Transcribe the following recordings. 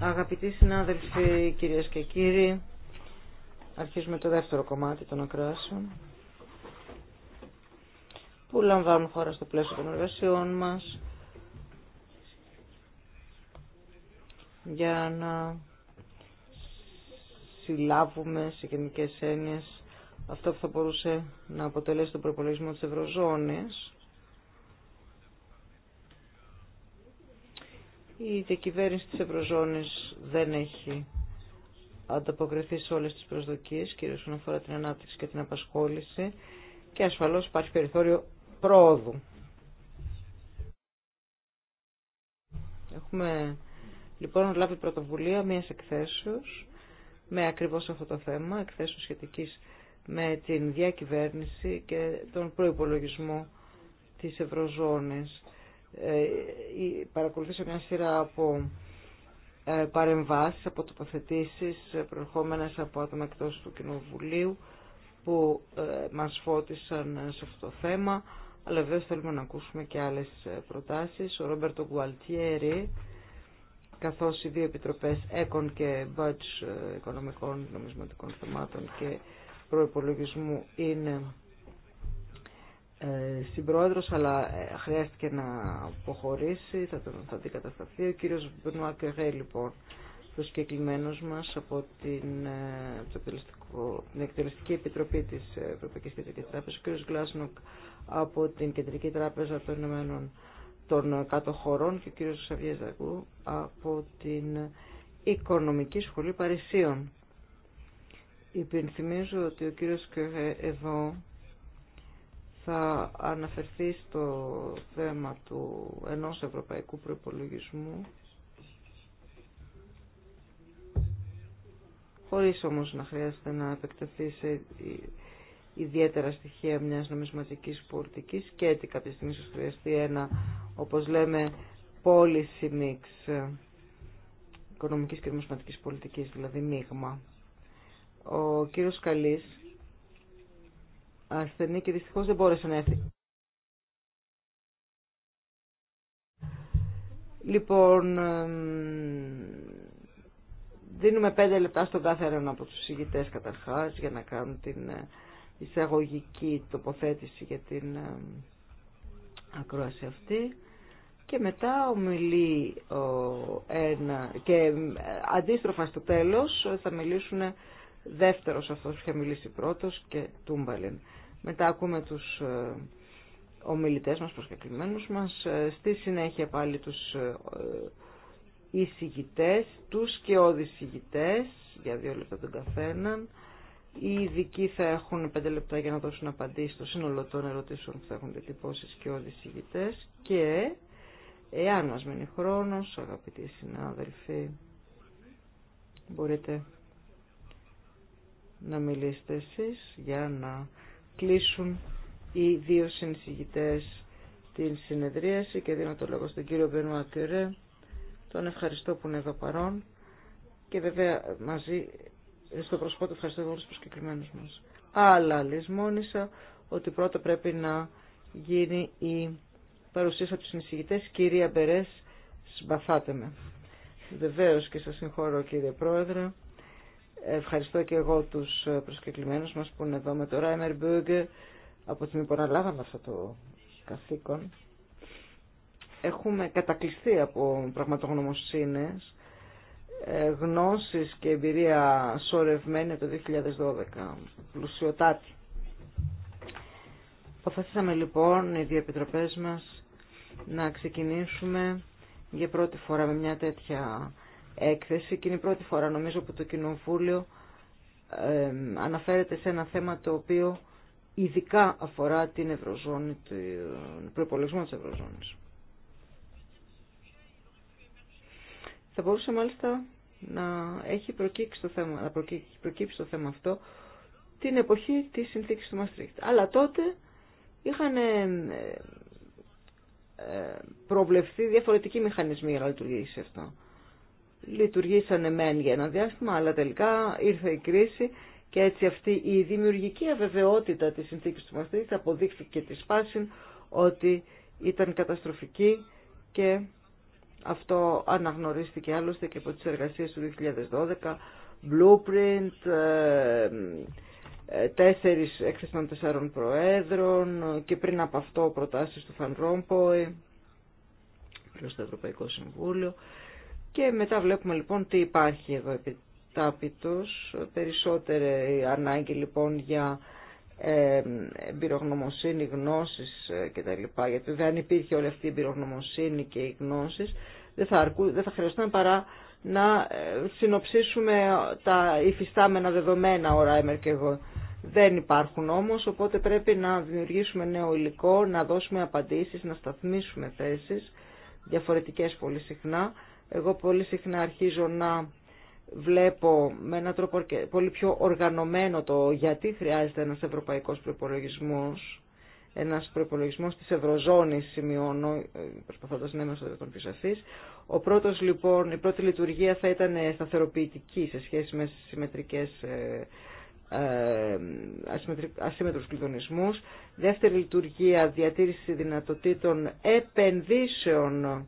Αγαπητοί συνάδελφοι, κυρίες και κύριοι, αρχίζουμε το δεύτερο κομμάτι των ακράσεων που λαμβάνουν χώρα στο πλαίσιο των εργασιών μας για να συλλάβουμε σε γενικέ έννοιε αυτό που θα μπορούσε να αποτελέσει τον προπολογισμό της Ευρωζώνης η διακυβέρνηση της Ευρωζώνης δεν έχει ανταποκριθεί σε όλες τις προσδοκίες, κυρίως όσον αφορά την ανάπτυξη και την απασχόληση και ασφαλώς υπάρχει περιθώριο πρόοδου. Έχουμε λοιπόν λάβει πρωτοβουλία μιας εκθέσεως με ακριβώς αυτό το θέμα, εκθέσεως σχετικής με την διακυβέρνηση και τον προϋπολογισμό της Ευρωζώνης. Ε, παρακολουθήσω μια σειρά από ε, παρεμβάσεις, από τοποθετήσεις ε, προερχόμενες από άτομα εκτός του Κοινοβουλίου που μας φώτισαν σε αυτό το θέμα αλλά βέβαια θέλουμε να ακούσουμε και άλλες προτάσεις. Ο Ρόμπερτο Γκουαλτιέρη καθώς οι δύο επιτροπές ΕΚΟΝ και ΜΠΑΤΣ Οικονομικών Νομισματικών Θεμάτων και Προϋπολογισμού είναι ε, στην αλλά ε, χρειάστηκε να αποχωρήσει, θα τον θα αντικατασταθεί. Ο κύριος Μπενουά Κεγέ, λοιπόν, συγκεκριμένος μας από την, ε, την Εκτελεστική Επιτροπή της ε, Ευρωπαϊκής Κεντρικής Τράπεζας, ο κύριος Γκλάσνοκ από την Κεντρική Τράπεζα των Ηνωμένων των Κάτω Χωρών και ο κύριος Σαβιές από την Οικονομική Σχολή Παρισίων. Υπενθυμίζω ότι ο κύριος Κεγέ εδώ θα αναφερθεί στο θέμα του ενός ευρωπαϊκού προϋπολογισμού χωρίς όμως να χρειάζεται να επεκτεθεί σε ιδιαίτερα στοιχεία μιας νομισματικής πολιτικής και έτσι κάποια στιγμή σας χρειαστεί ένα, όπως λέμε, policy mix οικονομικής και νομισματικής πολιτικής, δηλαδή μείγμα. Ο κύριος Καλής ασθενή και δυστυχώ δεν μπόρεσε να έρθει. Λοιπόν, δίνουμε πέντε λεπτά στον κάθε έναν από τους ηγητές καταρχάς για να κάνουν την ε, εισαγωγική τοποθέτηση για την ε, ακρόαση αυτή και μετά ομιλεί ο ένα και ε, αντίστροφα στο τέλος θα μιλήσουν δεύτερος αυτός που είχε μιλήσει πρώτος και Τούμπαλιν. Μετά ακούμε τους ε, ομιλητές μας, προσκεκλημένους μας, ε, στη συνέχεια πάλι τους ε, εισηγητές, τους και οδησηγητές, για δύο λεπτά τον καθέναν. Οι ειδικοί θα έχουν πέντε λεπτά για να δώσουν απαντήσεις στο σύνολο των ερωτήσεων που θα έχουν διατυπώσει και οδησηγητές και εάν μας μείνει χρόνος, αγαπητοί συνάδελφοι, μπορείτε να μιλήσετε εσείς για να κλείσουν οι δύο συνεισηγητές την συνεδρίαση και δίνω το λόγο στον κύριο Μπενουά Κυρέ. Τον ευχαριστώ που είναι εδώ παρόν και βέβαια μαζί στο πρόσωπό του ευχαριστώ όλους τους προσκεκριμένους μας. Αλλά λησμόνισα ότι πρώτα πρέπει να γίνει η παρουσίαση από τους Κυρία Μπερές, συμπαθάτε με. Βεβαίως και σας συγχωρώ κύριε Πρόεδρε. Ευχαριστώ και εγώ τους προσκεκλημένους μας που είναι εδώ με το Ράιμερ Μπούγκε από τη στιγμή που αυτό το καθήκον. Έχουμε κατακλειστεί από πραγματογνωμοσύνες, ε, γνώσεις και εμπειρία σωρευμένη το 2012, πλουσιοτάτη. Αποφασίσαμε λοιπόν οι δύο επιτροπές μας να ξεκινήσουμε για πρώτη φορά με μια τέτοια έκθεση και είναι η πρώτη φορά νομίζω που το Κοινοβούλιο ε, αναφέρεται σε ένα θέμα το οποίο ειδικά αφορά την Ευρωζώνη, τον προπολογισμό της Ευρωζώνης. Θα μπορούσε μάλιστα να έχει προκύψει το θέμα, να προκύψει το θέμα αυτό την εποχή της συνθήκης του Μαστρίχτ. Αλλά τότε είχαν ε, ε, προβλεφθεί διαφορετικοί μηχανισμοί για να λειτουργήσει αυτό λειτουργήσανε μεν για ένα διάστημα, αλλά τελικά ήρθε η κρίση και έτσι αυτή η δημιουργική αβεβαιότητα της συνθήκης του Μαστρίχτ αποδείχθηκε τη σπάση ότι ήταν καταστροφική και αυτό αναγνωρίστηκε άλλωστε και από τις εργασίες του 2012, blueprint, ε, ε, τέσσερις έξι των τεσσάρων προέδρων και πριν από αυτό προτάσεις του Φαν Ρόμποη προς το Ευρωπαϊκό Συμβούλιο. Και μετά βλέπουμε λοιπόν τι υπάρχει εδώ επιτάπητος, περισσότερη ανάγκη λοιπόν για ε, εμπειρογνωμοσύνη, γνώσεις ε, κτλ. Γιατί δεν αν υπήρχε όλη αυτή η εμπειρογνωμοσύνη και οι γνώσεις δεν θα, αρκού, δεν θα παρά να ε, συνοψίσουμε τα υφιστάμενα δεδομένα ο Ράιμερ και εγώ. Δεν υπάρχουν όμως, οπότε πρέπει να δημιουργήσουμε νέο υλικό, να δώσουμε απαντήσεις, να σταθμίσουμε θέσεις διαφορετικές πολύ συχνά εγώ πολύ συχνά αρχίζω να βλέπω με έναν τρόπο πολύ πιο οργανωμένο το γιατί χρειάζεται ένας ευρωπαϊκός προϋπολογισμός, ένας προϋπολογισμός της Ευρωζώνης, σημειώνω, ε, προσπαθώντας να είμαι στον τον πιο Ο πρώτος λοιπόν, η πρώτη λειτουργία θα ήταν σταθεροποιητική σε σχέση με συμμετρικές ε, ε, ασύμετρους κλειδονισμούς. Δεύτερη λειτουργία, διατήρηση δυνατοτήτων επενδύσεων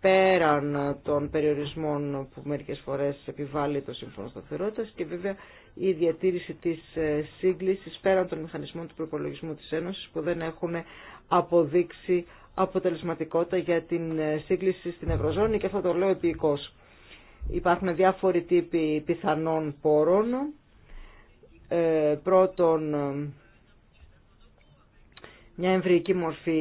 πέραν των περιορισμών που μερικές φορές επιβάλλει το Σύμφωνο Σταθερότητας και βέβαια η διατήρηση της ε, σύγκλησης πέραν των μηχανισμών του προπολογισμού της Ένωσης που δεν έχουν αποδείξει αποτελεσματικότητα για την ε, σύγκληση στην Ευρωζώνη και αυτό το λέω επίοικος. Υπάρχουν διάφοροι τύποι πιθανών πόρων. Ε, πρώτον, μια εμβρυϊκή μορφή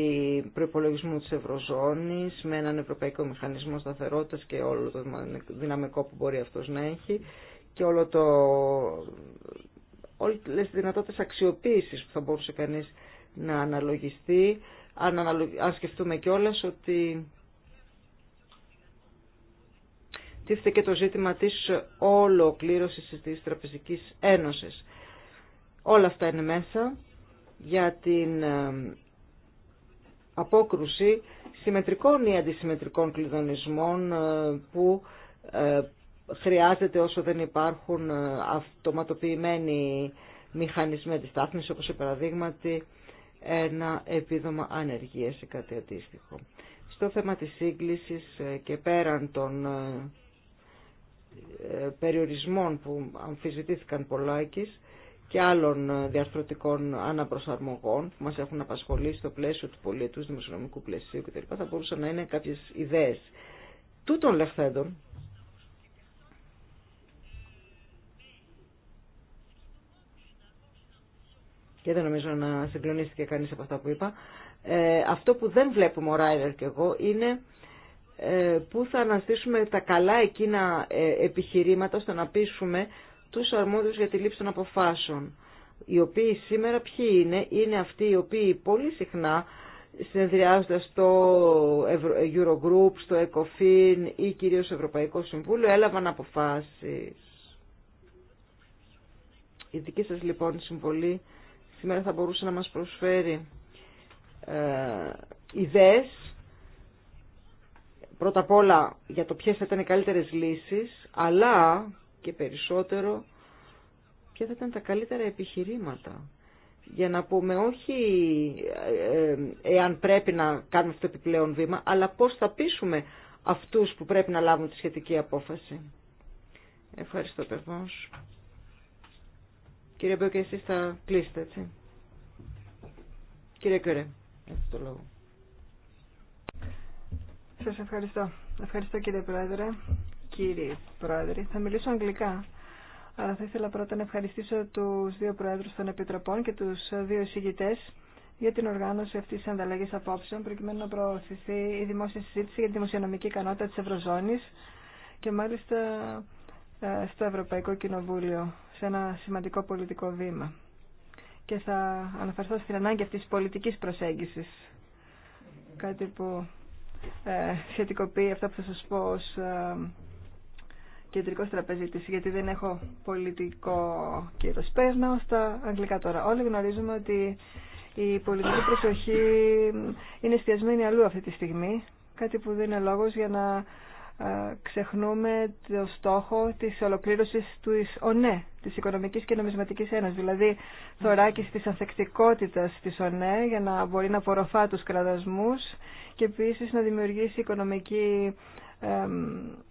προπολογισμού της Ευρωζώνης με έναν Ευρωπαϊκό Μηχανισμό Σταθερότητας και όλο το δυναμικό που μπορεί αυτός να έχει και όλο το, όλες τις δυνατότητες αξιοποίησης που θα μπορούσε κανείς να αναλογιστεί αν, αναλογ... σκεφτούμε κιόλα ότι τίθεται και το ζήτημα της ολοκλήρωσης της Τραπεζικής Ένωσης. Όλα αυτά είναι μέσα για την ε, απόκρουση συμμετρικών ή αντισυμμετρικών κλειδονισμών ε, που ε, χρειάζεται όσο δεν υπάρχουν αυτοματοποιημένοι μηχανισμοί αντιστάθμισης όπως σε παραδείγματι ένα επίδομα ανεργίας ή κάτι αντίστοιχο. Στο θέμα της σύγκλησης και πέραν των περιορισμών που αμφισβητήθηκαν εκείς, και άλλων ε, διαρθρωτικών αναπροσαρμογών που μας έχουν απασχολήσει στο πλαίσιο του του δημοσιονομικού πλαισίου κτλ. θα μπορούσαν να είναι κάποιες ιδέες. Τούτων λεχθέντων, και δεν νομίζω να συγκλονίστηκε κανείς από αυτά που είπα, ε, αυτό που δεν βλέπουμε ο Ράιλερ και εγώ είναι ε, πού θα αναστήσουμε τα καλά εκείνα ε, επιχειρήματα ώστε να πείσουμε τους αρμόδιους για τη λήψη των αποφάσεων. Οι οποίοι σήμερα ποιοι είναι, είναι αυτοί οι οποίοι πολύ συχνά συνεδριάζονται στο Eurogroup, στο ECOFIN ή κυρίως στο Ευρωπαϊκό Συμβούλιο έλαβαν αποφάσεις. Η δική σας λοιπόν συμβολή σήμερα θα μπορούσε να μας προσφέρει ε, ιδέες πρώτα απ' όλα για το ποιες θα ήταν οι καλύτερες λύσεις αλλά και περισσότερο ποια θα ήταν τα καλύτερα επιχειρήματα για να πούμε όχι ε, ε, εάν πρέπει να κάνουμε αυτό το επιπλέον βήμα, αλλά πώς θα πείσουμε αυτούς που πρέπει να λάβουν τη σχετική απόφαση. Ευχαριστώ, Περβόνς. Κύριε Μπέο, εσείς θα κλείσετε, έτσι. Κύριε Κερέ, έτσι το λόγο. Σας ευχαριστώ. Ευχαριστώ, κύριε Πρόεδρε. Κύριε Πρόεδρε, Θα μιλήσω αγγλικά, αλλά θα ήθελα πρώτα να ευχαριστήσω τους δύο πρόεδρους των Επιτροπών και τους δύο εισηγητές για την οργάνωση αυτής της ανταλλαγής απόψεων, προκειμένου να προωθηθεί η δημόσια συζήτηση για τη δημοσιονομική ικανότητα της Ευρωζώνης και μάλιστα ε, στο Ευρωπαϊκό Κοινοβούλιο, σε ένα σημαντικό πολιτικό βήμα. Και θα αναφερθώ στην ανάγκη αυτής της πολιτικής προσέγγισης, κάτι που ε, σχετικοποιεί αυτά που θα σα πω ως ε, κεντρικό τραπεζίτη, γιατί δεν έχω πολιτικό κύριο. Παίρνω στα αγγλικά τώρα. Όλοι γνωρίζουμε ότι η πολιτική προσοχή είναι εστιασμένη αλλού αυτή τη στιγμή, κάτι που δεν είναι λόγος για να ξεχνούμε το στόχο τη ολοκλήρωση του ΟΝΕ, τη ναι, Οικονομικής και Νομισματικής Ένωσης, δηλαδή θωράκιση τη ανθεκτικότητα τη ΟΝΕ ναι, για να μπορεί να απορροφά του κραδασμού και επίση να δημιουργήσει οικονομική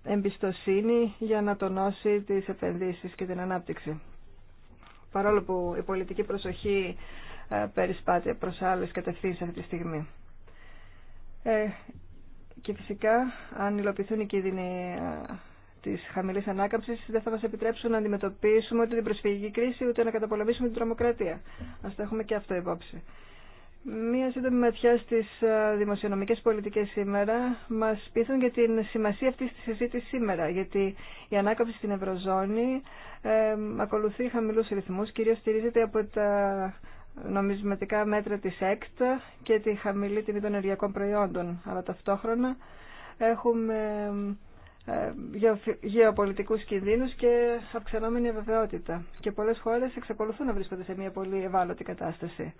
εμπιστοσύνη για να τονώσει τις επενδύσεις και την ανάπτυξη. Παρόλο που η πολιτική προσοχή ε, περισπάται προς άλλες κατευθύνσεις αυτή τη στιγμή. Ε, και φυσικά, αν υλοποιηθούν οι κίνδυνοι ε, της χαμηλής ανάκαμψης δεν θα μας επιτρέψουν να αντιμετωπίσουμε ούτε την προσφυγική κρίση ούτε να καταπολεμήσουμε την τρομοκρατία. Ας το έχουμε και αυτό υπόψη. Μία σύντομη ματιά στι ε, δημοσιονομικέ πολιτικέ σήμερα μα πείθουν για την σημασία αυτή τη συζήτηση σήμερα. Γιατί η ανάκαμψη στην Ευρωζώνη ε, ακολουθεί χαμηλού ρυθμού, κυρίω στηρίζεται από τα νομισματικά μέτρα της ΕΚΤ και τη χαμηλή τιμή των ενεργειακών προϊόντων. Αλλά ταυτόχρονα έχουμε ε, γεωπολιτικούς κινδύνους και αυξανόμενη αβεβαιότητα. Και πολλές χώρες εξακολουθούν να βρίσκονται σε μια πολύ ευάλωτη κατάσταση.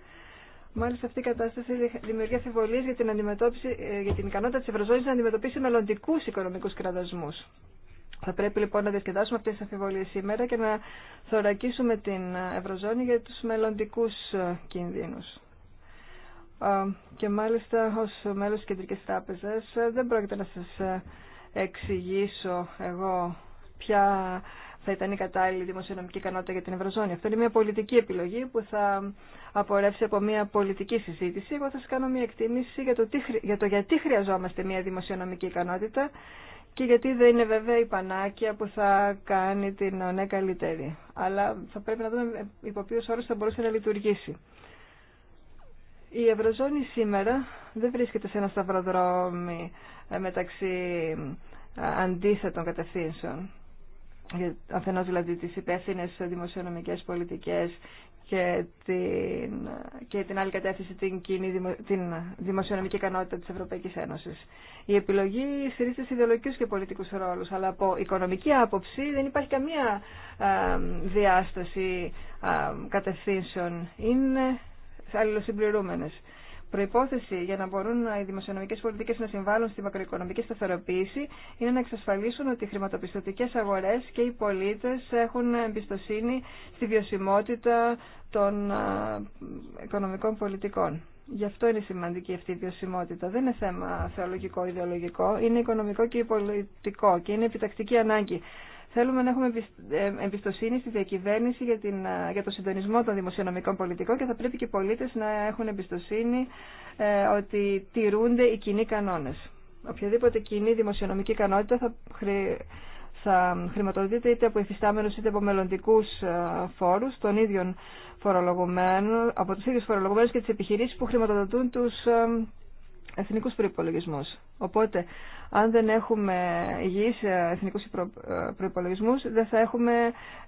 Μάλιστα αυτή η κατάσταση δημιουργεί αφιβολίε για την, αντιμετώπιση, ε, για την ικανότητα της Ευρωζώνης να αντιμετωπίσει μελλοντικού οικονομικούς κραδασμού. Θα πρέπει λοιπόν να διασκεδάσουμε αυτέ τις αμφιβολίες σήμερα και να θωρακίσουμε την Ευρωζώνη για τους μελλοντικού ε, κινδύνους. Και μάλιστα ως μέλος τη κεντρική Τράπεζα, ε, δεν πρόκειται να σα εξηγήσω εγώ ποια θα ήταν η κατάλληλη δημοσιονομική ικανότητα για την Ευρωζώνη. Αυτό είναι μια πολιτική επιλογή που θα απορρεύσει από μια πολιτική συζήτηση. Εγώ θα σα κάνω μια εκτίμηση για το, τι, για το γιατί χρειαζόμαστε μια δημοσιονομική ικανότητα και γιατί δεν είναι βέβαια η πανάκια που θα κάνει την ΟΝΕ ναι καλύτερη. Αλλά θα πρέπει να δούμε υπό ποιου όρου θα μπορούσε να λειτουργήσει. Η Ευρωζώνη σήμερα δεν βρίσκεται σε ένα σταυροδρόμι ε, μεταξύ ε, αντίθετων κατευθύνσεων αφενός δηλαδή τις υπεύθυνε δημοσιονομικές πολιτικές και την, και την άλλη κατεύθυνση την, κοινή, την δημοσιονομική ικανότητα της Ευρωπαϊκής Ένωσης. Η επιλογή στηρίζεται σε ιδεολογικούς και πολιτικούς ρόλους, αλλά από οικονομική άποψη δεν υπάρχει καμία διάσταση κατευθύνσεων. Είναι αλληλοσυμπληρούμενες. Προπόθεση για να μπορούν οι δημοσιονομικέ πολιτικέ να συμβάλλουν στη μακροοικονομική σταθεροποίηση είναι να εξασφαλίσουν ότι οι χρηματοπιστωτικέ αγορέ και οι πολίτε έχουν εμπιστοσύνη στη βιωσιμότητα των οικονομικών πολιτικών. Γι' αυτό είναι σημαντική αυτή η βιωσιμότητα. Δεν είναι θέμα θεολογικό-ιδεολογικό, είναι οικονομικό και πολιτικό και είναι επιτακτική ανάγκη Θέλουμε να έχουμε ε, εμπιστοσύνη στη διακυβέρνηση για, την, ε, για το συντονισμό των δημοσιονομικών πολιτικών και θα πρέπει και οι πολίτες να έχουν εμπιστοσύνη ε, ότι τηρούνται οι κοινοί κανόνες. Οποιαδήποτε κοινή δημοσιονομική ικανότητα θα, θα χρηματοδοτείται είτε από εφιστάμενους είτε από μελλοντικού φόρους των ίδιων φορολογουμένων, από τους ίδιους φορολογουμένους και τις επιχειρήσεις που χρηματοδοτούν τους Εθνικού προπολογισμού. Οπότε, αν δεν έχουμε υγιεί ε, εθνικού ε, προπολογισμού, δεν θα έχουμε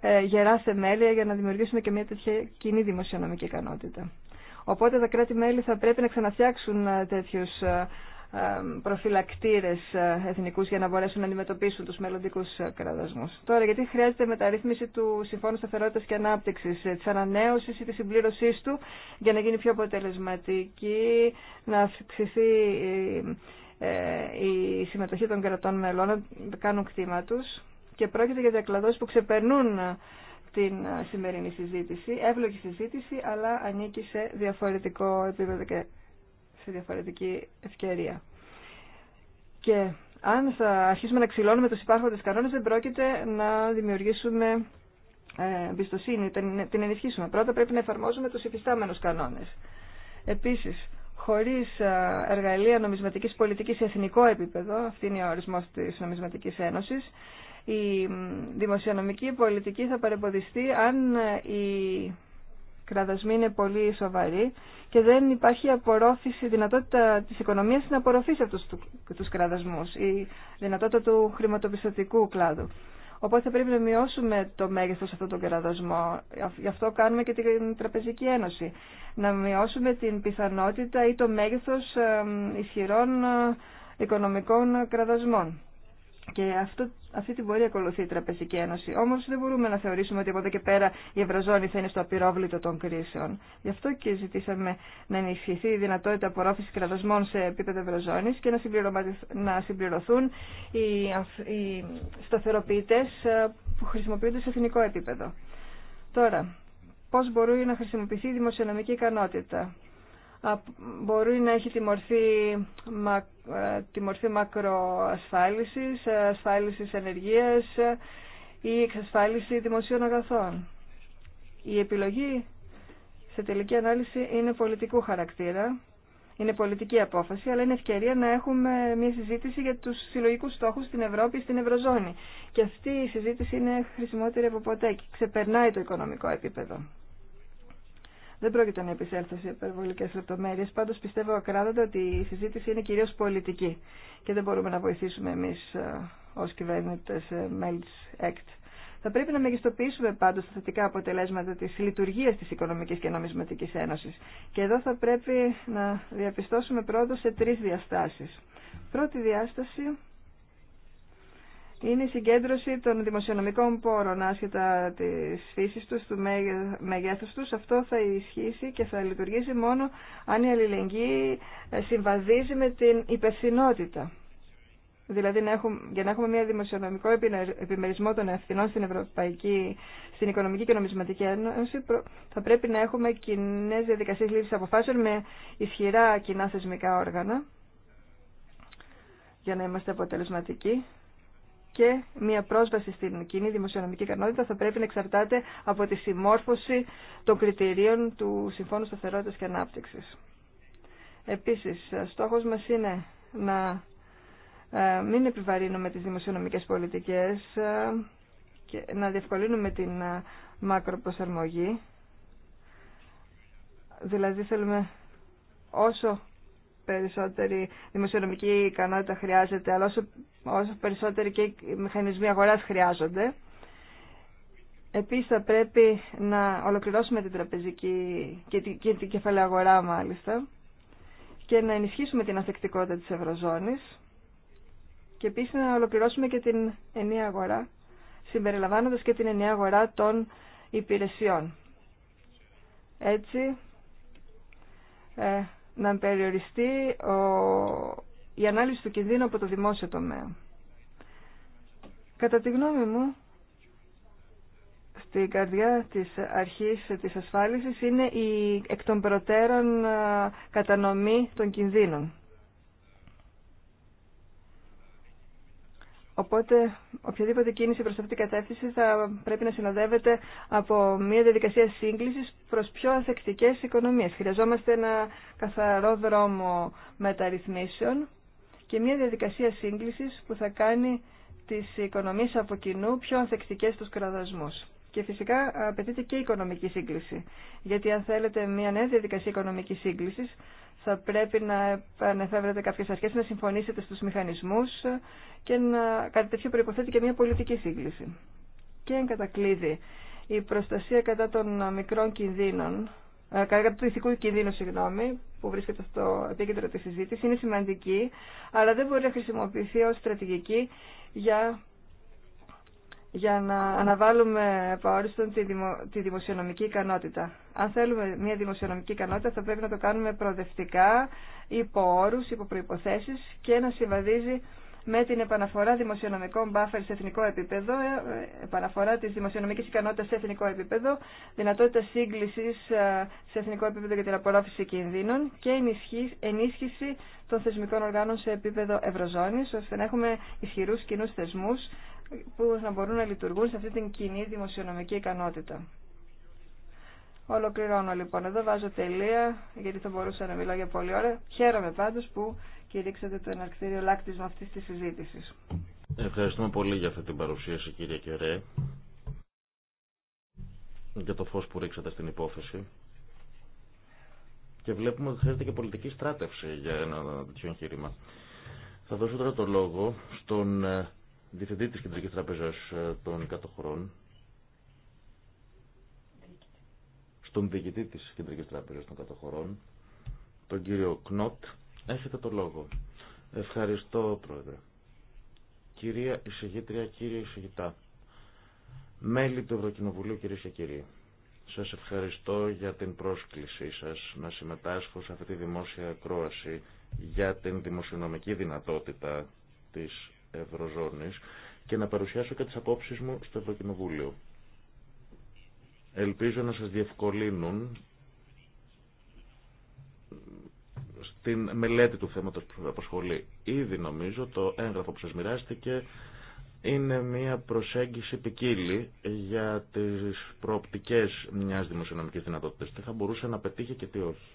ε, γερά θεμέλια για να δημιουργήσουμε και μια τέτοια κοινή δημοσιονομική ικανότητα. Οπότε τα κράτη-μέλη θα πρέπει να ξαναφτιάξουν τέτοιους ε, προφυλακτήρες ε, εθνικούς για να μπορέσουν να αντιμετωπίσουν τους μελλοντικού ε, κραδασμούς. Τώρα, γιατί χρειάζεται μεταρρύθμιση του Συμφώνου Σταθερότητας και ανάπτυξη, της ανανέωση ή της συμπλήρωσής του για να γίνει πιο αποτελεσματική, να αυξηθεί η συμμετοχή των κρατών μελών, να κάνουν κτήμα του. και πρόκειται για διακλαδώσει που ξεπερνούν την σημερινή συζήτηση, εύλογη συζήτηση, αλλά ανήκει σε διαφορετικό επίπεδο σε διαφορετική ευκαιρία. Και αν θα αρχίσουμε να ξυλώνουμε τους υπάρχοντες κανόνες δεν πρόκειται να δημιουργήσουμε ε, εμπιστοσύνη, την ενισχύσουμε. Πρώτα πρέπει να εφαρμόζουμε τους υφιστάμενους κανόνες. Επίσης, χωρίς ε, εργαλεία νομισματικής πολιτικής σε εθνικό επίπεδο, αυτή είναι ο ορισμός της νομισματικής ένωσης, η δημοσιονομική πολιτική θα παρεμποδιστεί αν ε, η κραδασμοί είναι πολύ σοβαροί και δεν υπάρχει απορρόφηση, δυνατότητα της οικονομίας να απορροφήσει αυτού τους κραδασμούς, η δυνατότητα του χρηματοπιστωτικού κλάδου. Οπότε θα πρέπει να μειώσουμε το μέγεθος αυτού του κραδασμών. Γι' αυτό κάνουμε και την Τραπεζική Ένωση. Να μειώσουμε την πιθανότητα ή το μέγεθος ε, ισχυρών ε, οικονομικών κραδασμών. Και αυτό αυτή την πορεία ακολουθεί η Τραπεζική Ένωση. Όμω δεν μπορούμε να θεωρήσουμε ότι από εδώ και πέρα η Ευρωζώνη θα είναι στο απειρόβλητο των κρίσεων. Γι' αυτό και ζητήσαμε να ενισχυθεί η δυνατότητα απορρόφηση κρατοσμών σε επίπεδο Ευρωζώνη και να συμπληρωθούν οι σταθεροποιητέ ε, που χρησιμοποιούνται σε εθνικό επίπεδο. Τώρα, πώ μπορεί να χρησιμοποιηθεί η δημοσιονομική ικανότητα μπορεί να έχει τη μορφή, ε, τη μορφή μακροασφάλισης, ε, ασφάλισης ενεργείας ε, ή εξασφάλιση δημοσίων αγαθών. Η επιλογή σε τελική ανάλυση είναι πολιτικού χαρακτήρα, είναι πολιτική απόφαση, αλλά είναι ευκαιρία να έχουμε μια συζήτηση για τους συλλογικούς στόχους στην Ευρώπη, στην Ευρωζώνη. Και αυτή η συζήτηση είναι χρησιμότερη από ποτέ και ξεπερνάει το οικονομικό επίπεδο. Δεν πρόκειται να επισέλθω σε υπερβολικέ λεπτομέρειε. Πάντω πιστεύω ακράδαντα ότι η συζήτηση είναι κυρίω πολιτική και δεν μπορούμε να βοηθήσουμε εμεί ε, ω κυβέρνητε ε, μέλη τη ΕΚΤ. Θα πρέπει να μεγιστοποιήσουμε πάντω τα θετικά αποτελέσματα τη λειτουργία τη Οικονομική και Νομισματική Ένωση. Και εδώ θα πρέπει να διαπιστώσουμε πρόοδο σε τρει διαστάσει. Πρώτη διάσταση είναι η συγκέντρωση των δημοσιονομικών πόρων άσχετα της φύσης τους, του μεγέθους τους. Αυτό θα ισχύσει και θα λειτουργήσει μόνο αν η αλληλεγγύη ε, συμβαδίζει με την υπευθυνότητα. Δηλαδή να έχουμε, για να έχουμε μια δημοσιονομικό επιμερισμό των ευθυνών στην Ευρωπαϊκή, στην Οικονομική και Νομισματική Ένωση, θα πρέπει να έχουμε κοινέ διαδικασίες λήψης αποφάσεων με ισχυρά κοινά θεσμικά όργανα για να είμαστε αποτελεσματικοί και μια πρόσβαση στην κοινή δημοσιονομική ικανότητα θα πρέπει να εξαρτάται από τη συμμόρφωση των κριτηρίων του Συμφώνου σταθερότητα και Ανάπτυξης. Επίσης, στόχο μας είναι να ε, μην επιβαρύνουμε τις δημοσιονομικές πολιτικές ε, και να διευκολύνουμε την ε, μακροπροσαρμογή. Δηλαδή θέλουμε όσο περισσότερη δημοσιονομική ικανότητα χρειάζεται, αλλά όσο, όσο περισσότεροι και οι μηχανισμοί αγοράς χρειάζονται. Επίσης θα πρέπει να ολοκληρώσουμε την τραπεζική και την, και κεφαλαία αγορά μάλιστα και να ενισχύσουμε την αφεκτικότητα της Ευρωζώνης και επίσης να ολοκληρώσουμε και την ενιαία αγορά συμπεριλαμβάνοντας και την ενιαία αγορά των υπηρεσιών. Έτσι, ε, να περιοριστεί ο, η ανάλυση του κινδύνου από το δημόσιο τομέα. Κατά τη γνώμη μου, στην καρδιά της αρχής της ασφάλισης είναι η εκ των προτέρων κατανομή των κινδύνων. Οπότε οποιαδήποτε κίνηση προς αυτήν την κατεύθυνση θα πρέπει να συνοδεύεται από μια διαδικασία σύγκλησης προς πιο ανθεκτικές οικονομίες. Χρειαζόμαστε ένα καθαρό δρόμο μεταρρυθμίσεων και μια διαδικασία σύγκλησης που θα κάνει τις οικονομίες από κοινού πιο ανθεκτικές στους κραδασμούς. Και φυσικά απαιτείται και οικονομική σύγκληση. Γιατί αν θέλετε μια νέα διαδικασία οικονομικής σύγκλησης, θα πρέπει να επανεφεύρετε κάποιε αρχέ να συμφωνήσετε στους μηχανισμούς και να κάτι τέτοιο και μια πολιτική σύγκληση. Και εν κατακλείδη, η προστασία κατά των μικρών κινδύνων, ε, κατά του ηθικού κινδύνου, συγγνώμη, που βρίσκεται στο επίκεντρο τη συζήτηση, είναι σημαντική, αλλά δεν μπορεί να χρησιμοποιηθεί ω στρατηγική για για να αναβάλουμε επαόριστον τη, δημοσιονομική ικανότητα. Αν θέλουμε μια δημοσιονομική ικανότητα θα πρέπει να το κάνουμε προοδευτικά, υπό όρους, υπό προϋποθέσεις και να συμβαδίζει με την επαναφορά δημοσιονομικών buffer σε εθνικό επίπεδο, ε, επαναφορά της δημοσιονομικής ικανότητας σε εθνικό επίπεδο, δυνατότητα σύγκλησης ε, σε εθνικό επίπεδο για την απορρόφηση κινδύνων και ενίσχυση των θεσμικών οργάνων σε επίπεδο ευρωζώνης, ώστε να έχουμε ισχυρούς κοινούς θεσμούς που να μπορούν να λειτουργούν σε αυτή την κοινή δημοσιονομική ικανότητα. Ολοκληρώνω λοιπόν. Εδώ βάζω τελεία, γιατί θα μπορούσα να μιλάω για πολλή ώρα. Χαίρομαι πάντως που κηρύξατε το εναρκτήριο λάκτισμα αυτή τη συζήτηση. Ευχαριστούμε πολύ για αυτή την παρουσίαση κύριε Κερέ για το φω που ρίξατε στην υπόθεση. Και βλέπουμε ότι χρειάζεται και πολιτική στράτευση για ένα τέτοιο εγχείρημα. Θα δώσω τώρα το λόγο στον ε, διευθυντή της Κεντρικής Τραπέζας ε, των Κατοχωρών, στον διοικητή της Κεντρικής Τράπεζας των Κατοχωρών, τον κύριο Κνότ, έχετε το λόγο. Ευχαριστώ, Πρόεδρε. Κυρία Εισηγήτρια, κύριε Εισηγητά, μέλη του Ευρωκοινοβουλίου, κυρίες και κύριοι, σας ευχαριστώ για την πρόσκλησή σας να συμμετάσχω σε αυτή τη δημόσια ακρόαση για την δημοσιονομική δυνατότητα της Ευρωζώνης και να παρουσιάσω και τις απόψεις μου στο Ευρωκοινοβούλιο. Ελπίζω να σας διευκολύνουν στην μελέτη του θέματος που σα απασχολεί. Ήδη νομίζω το έγγραφο που σας μοιράστηκε είναι μια προσέγγιση ποικίλη για τις προοπτικές μιας δημοσιονομικής δυνατότητας. Τι θα μπορούσε να πετύχει και τι όχι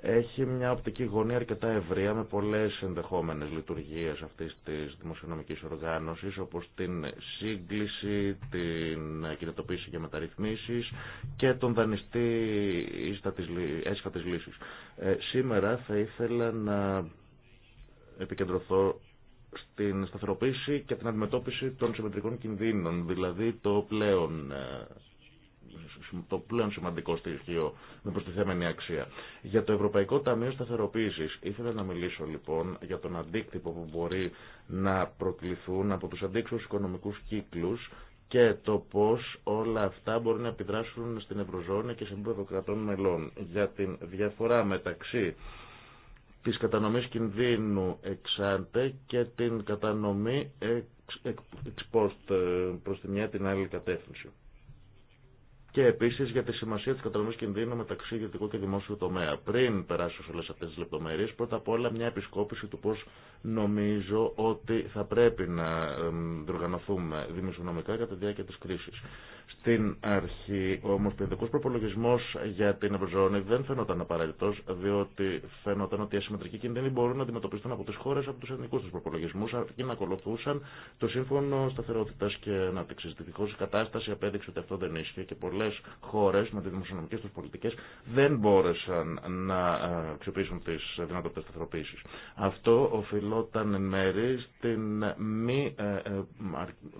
έχει μια οπτική γωνία αρκετά ευρεία με πολλές ενδεχόμενες λειτουργίες αυτής της δημοσιονομικής οργάνωσης όπως την σύγκληση, την κινητοποίηση για μεταρρυθμίσεις και τον δανειστή έσχα λύση. λύσης. Ε, σήμερα θα ήθελα να επικεντρωθώ στην σταθεροποίηση και την αντιμετώπιση των συμμετρικών κινδύνων, δηλαδή το πλέον ε, το πλέον σημαντικό στοιχείο με προστιθέμενη αξία. Για το Ευρωπαϊκό Ταμείο Σταθεροποίηση ήθελα να μιλήσω λοιπόν για τον αντίκτυπο που μπορεί να προκληθούν από του αντίξου οικονομικού κύκλου και το πώς όλα αυτά μπορεί να επιδράσουν στην Ευρωζώνη και σε επίπεδο κρατών μελών. Για τη διαφορά μεταξύ της κατανομής κινδύνου εξάντε και την κατανομή εξ, εξ, ε, τη μια την άλλη κατεύθυνση και επίση για τη σημασία τη κατανομή κινδύνου μεταξύ ιδιωτικού και δημόσιου τομέα. Πριν περάσω σε όλε αυτέ τι λεπτομέρειε, πρώτα απ' όλα μια επισκόπηση του πώ νομίζω ότι θα πρέπει να διοργανωθούμε δημοσιονομικά κατά τη διάρκεια τη κρίση. Στην αρχή ο ομοσπονδιακό προπολογισμό για την Ευρωζώνη δεν φαινόταν απαραίτητο, διότι φαινόταν ότι οι ασυμμετρικοί κινδύνοι μπορούν να αντιμετωπιστούν από τι χώρε από του εθνικού του προπολογισμού, αρκεί να ακολουθούσαν το Σύμφωνο Σταθερότητα και Ανάπτυξη. Δυστυχώ η κατάσταση απέδειξε ότι αυτό δεν ίσχυε και πολλέ χώρε με τι δημοσιονομικέ του πολιτικέ δεν μπόρεσαν να ε, αξιοποιήσουν τι δυνατότητε σταθεροποίηση. Αυτό οφειλόταν εν μέρη στην, μη, ε, ε,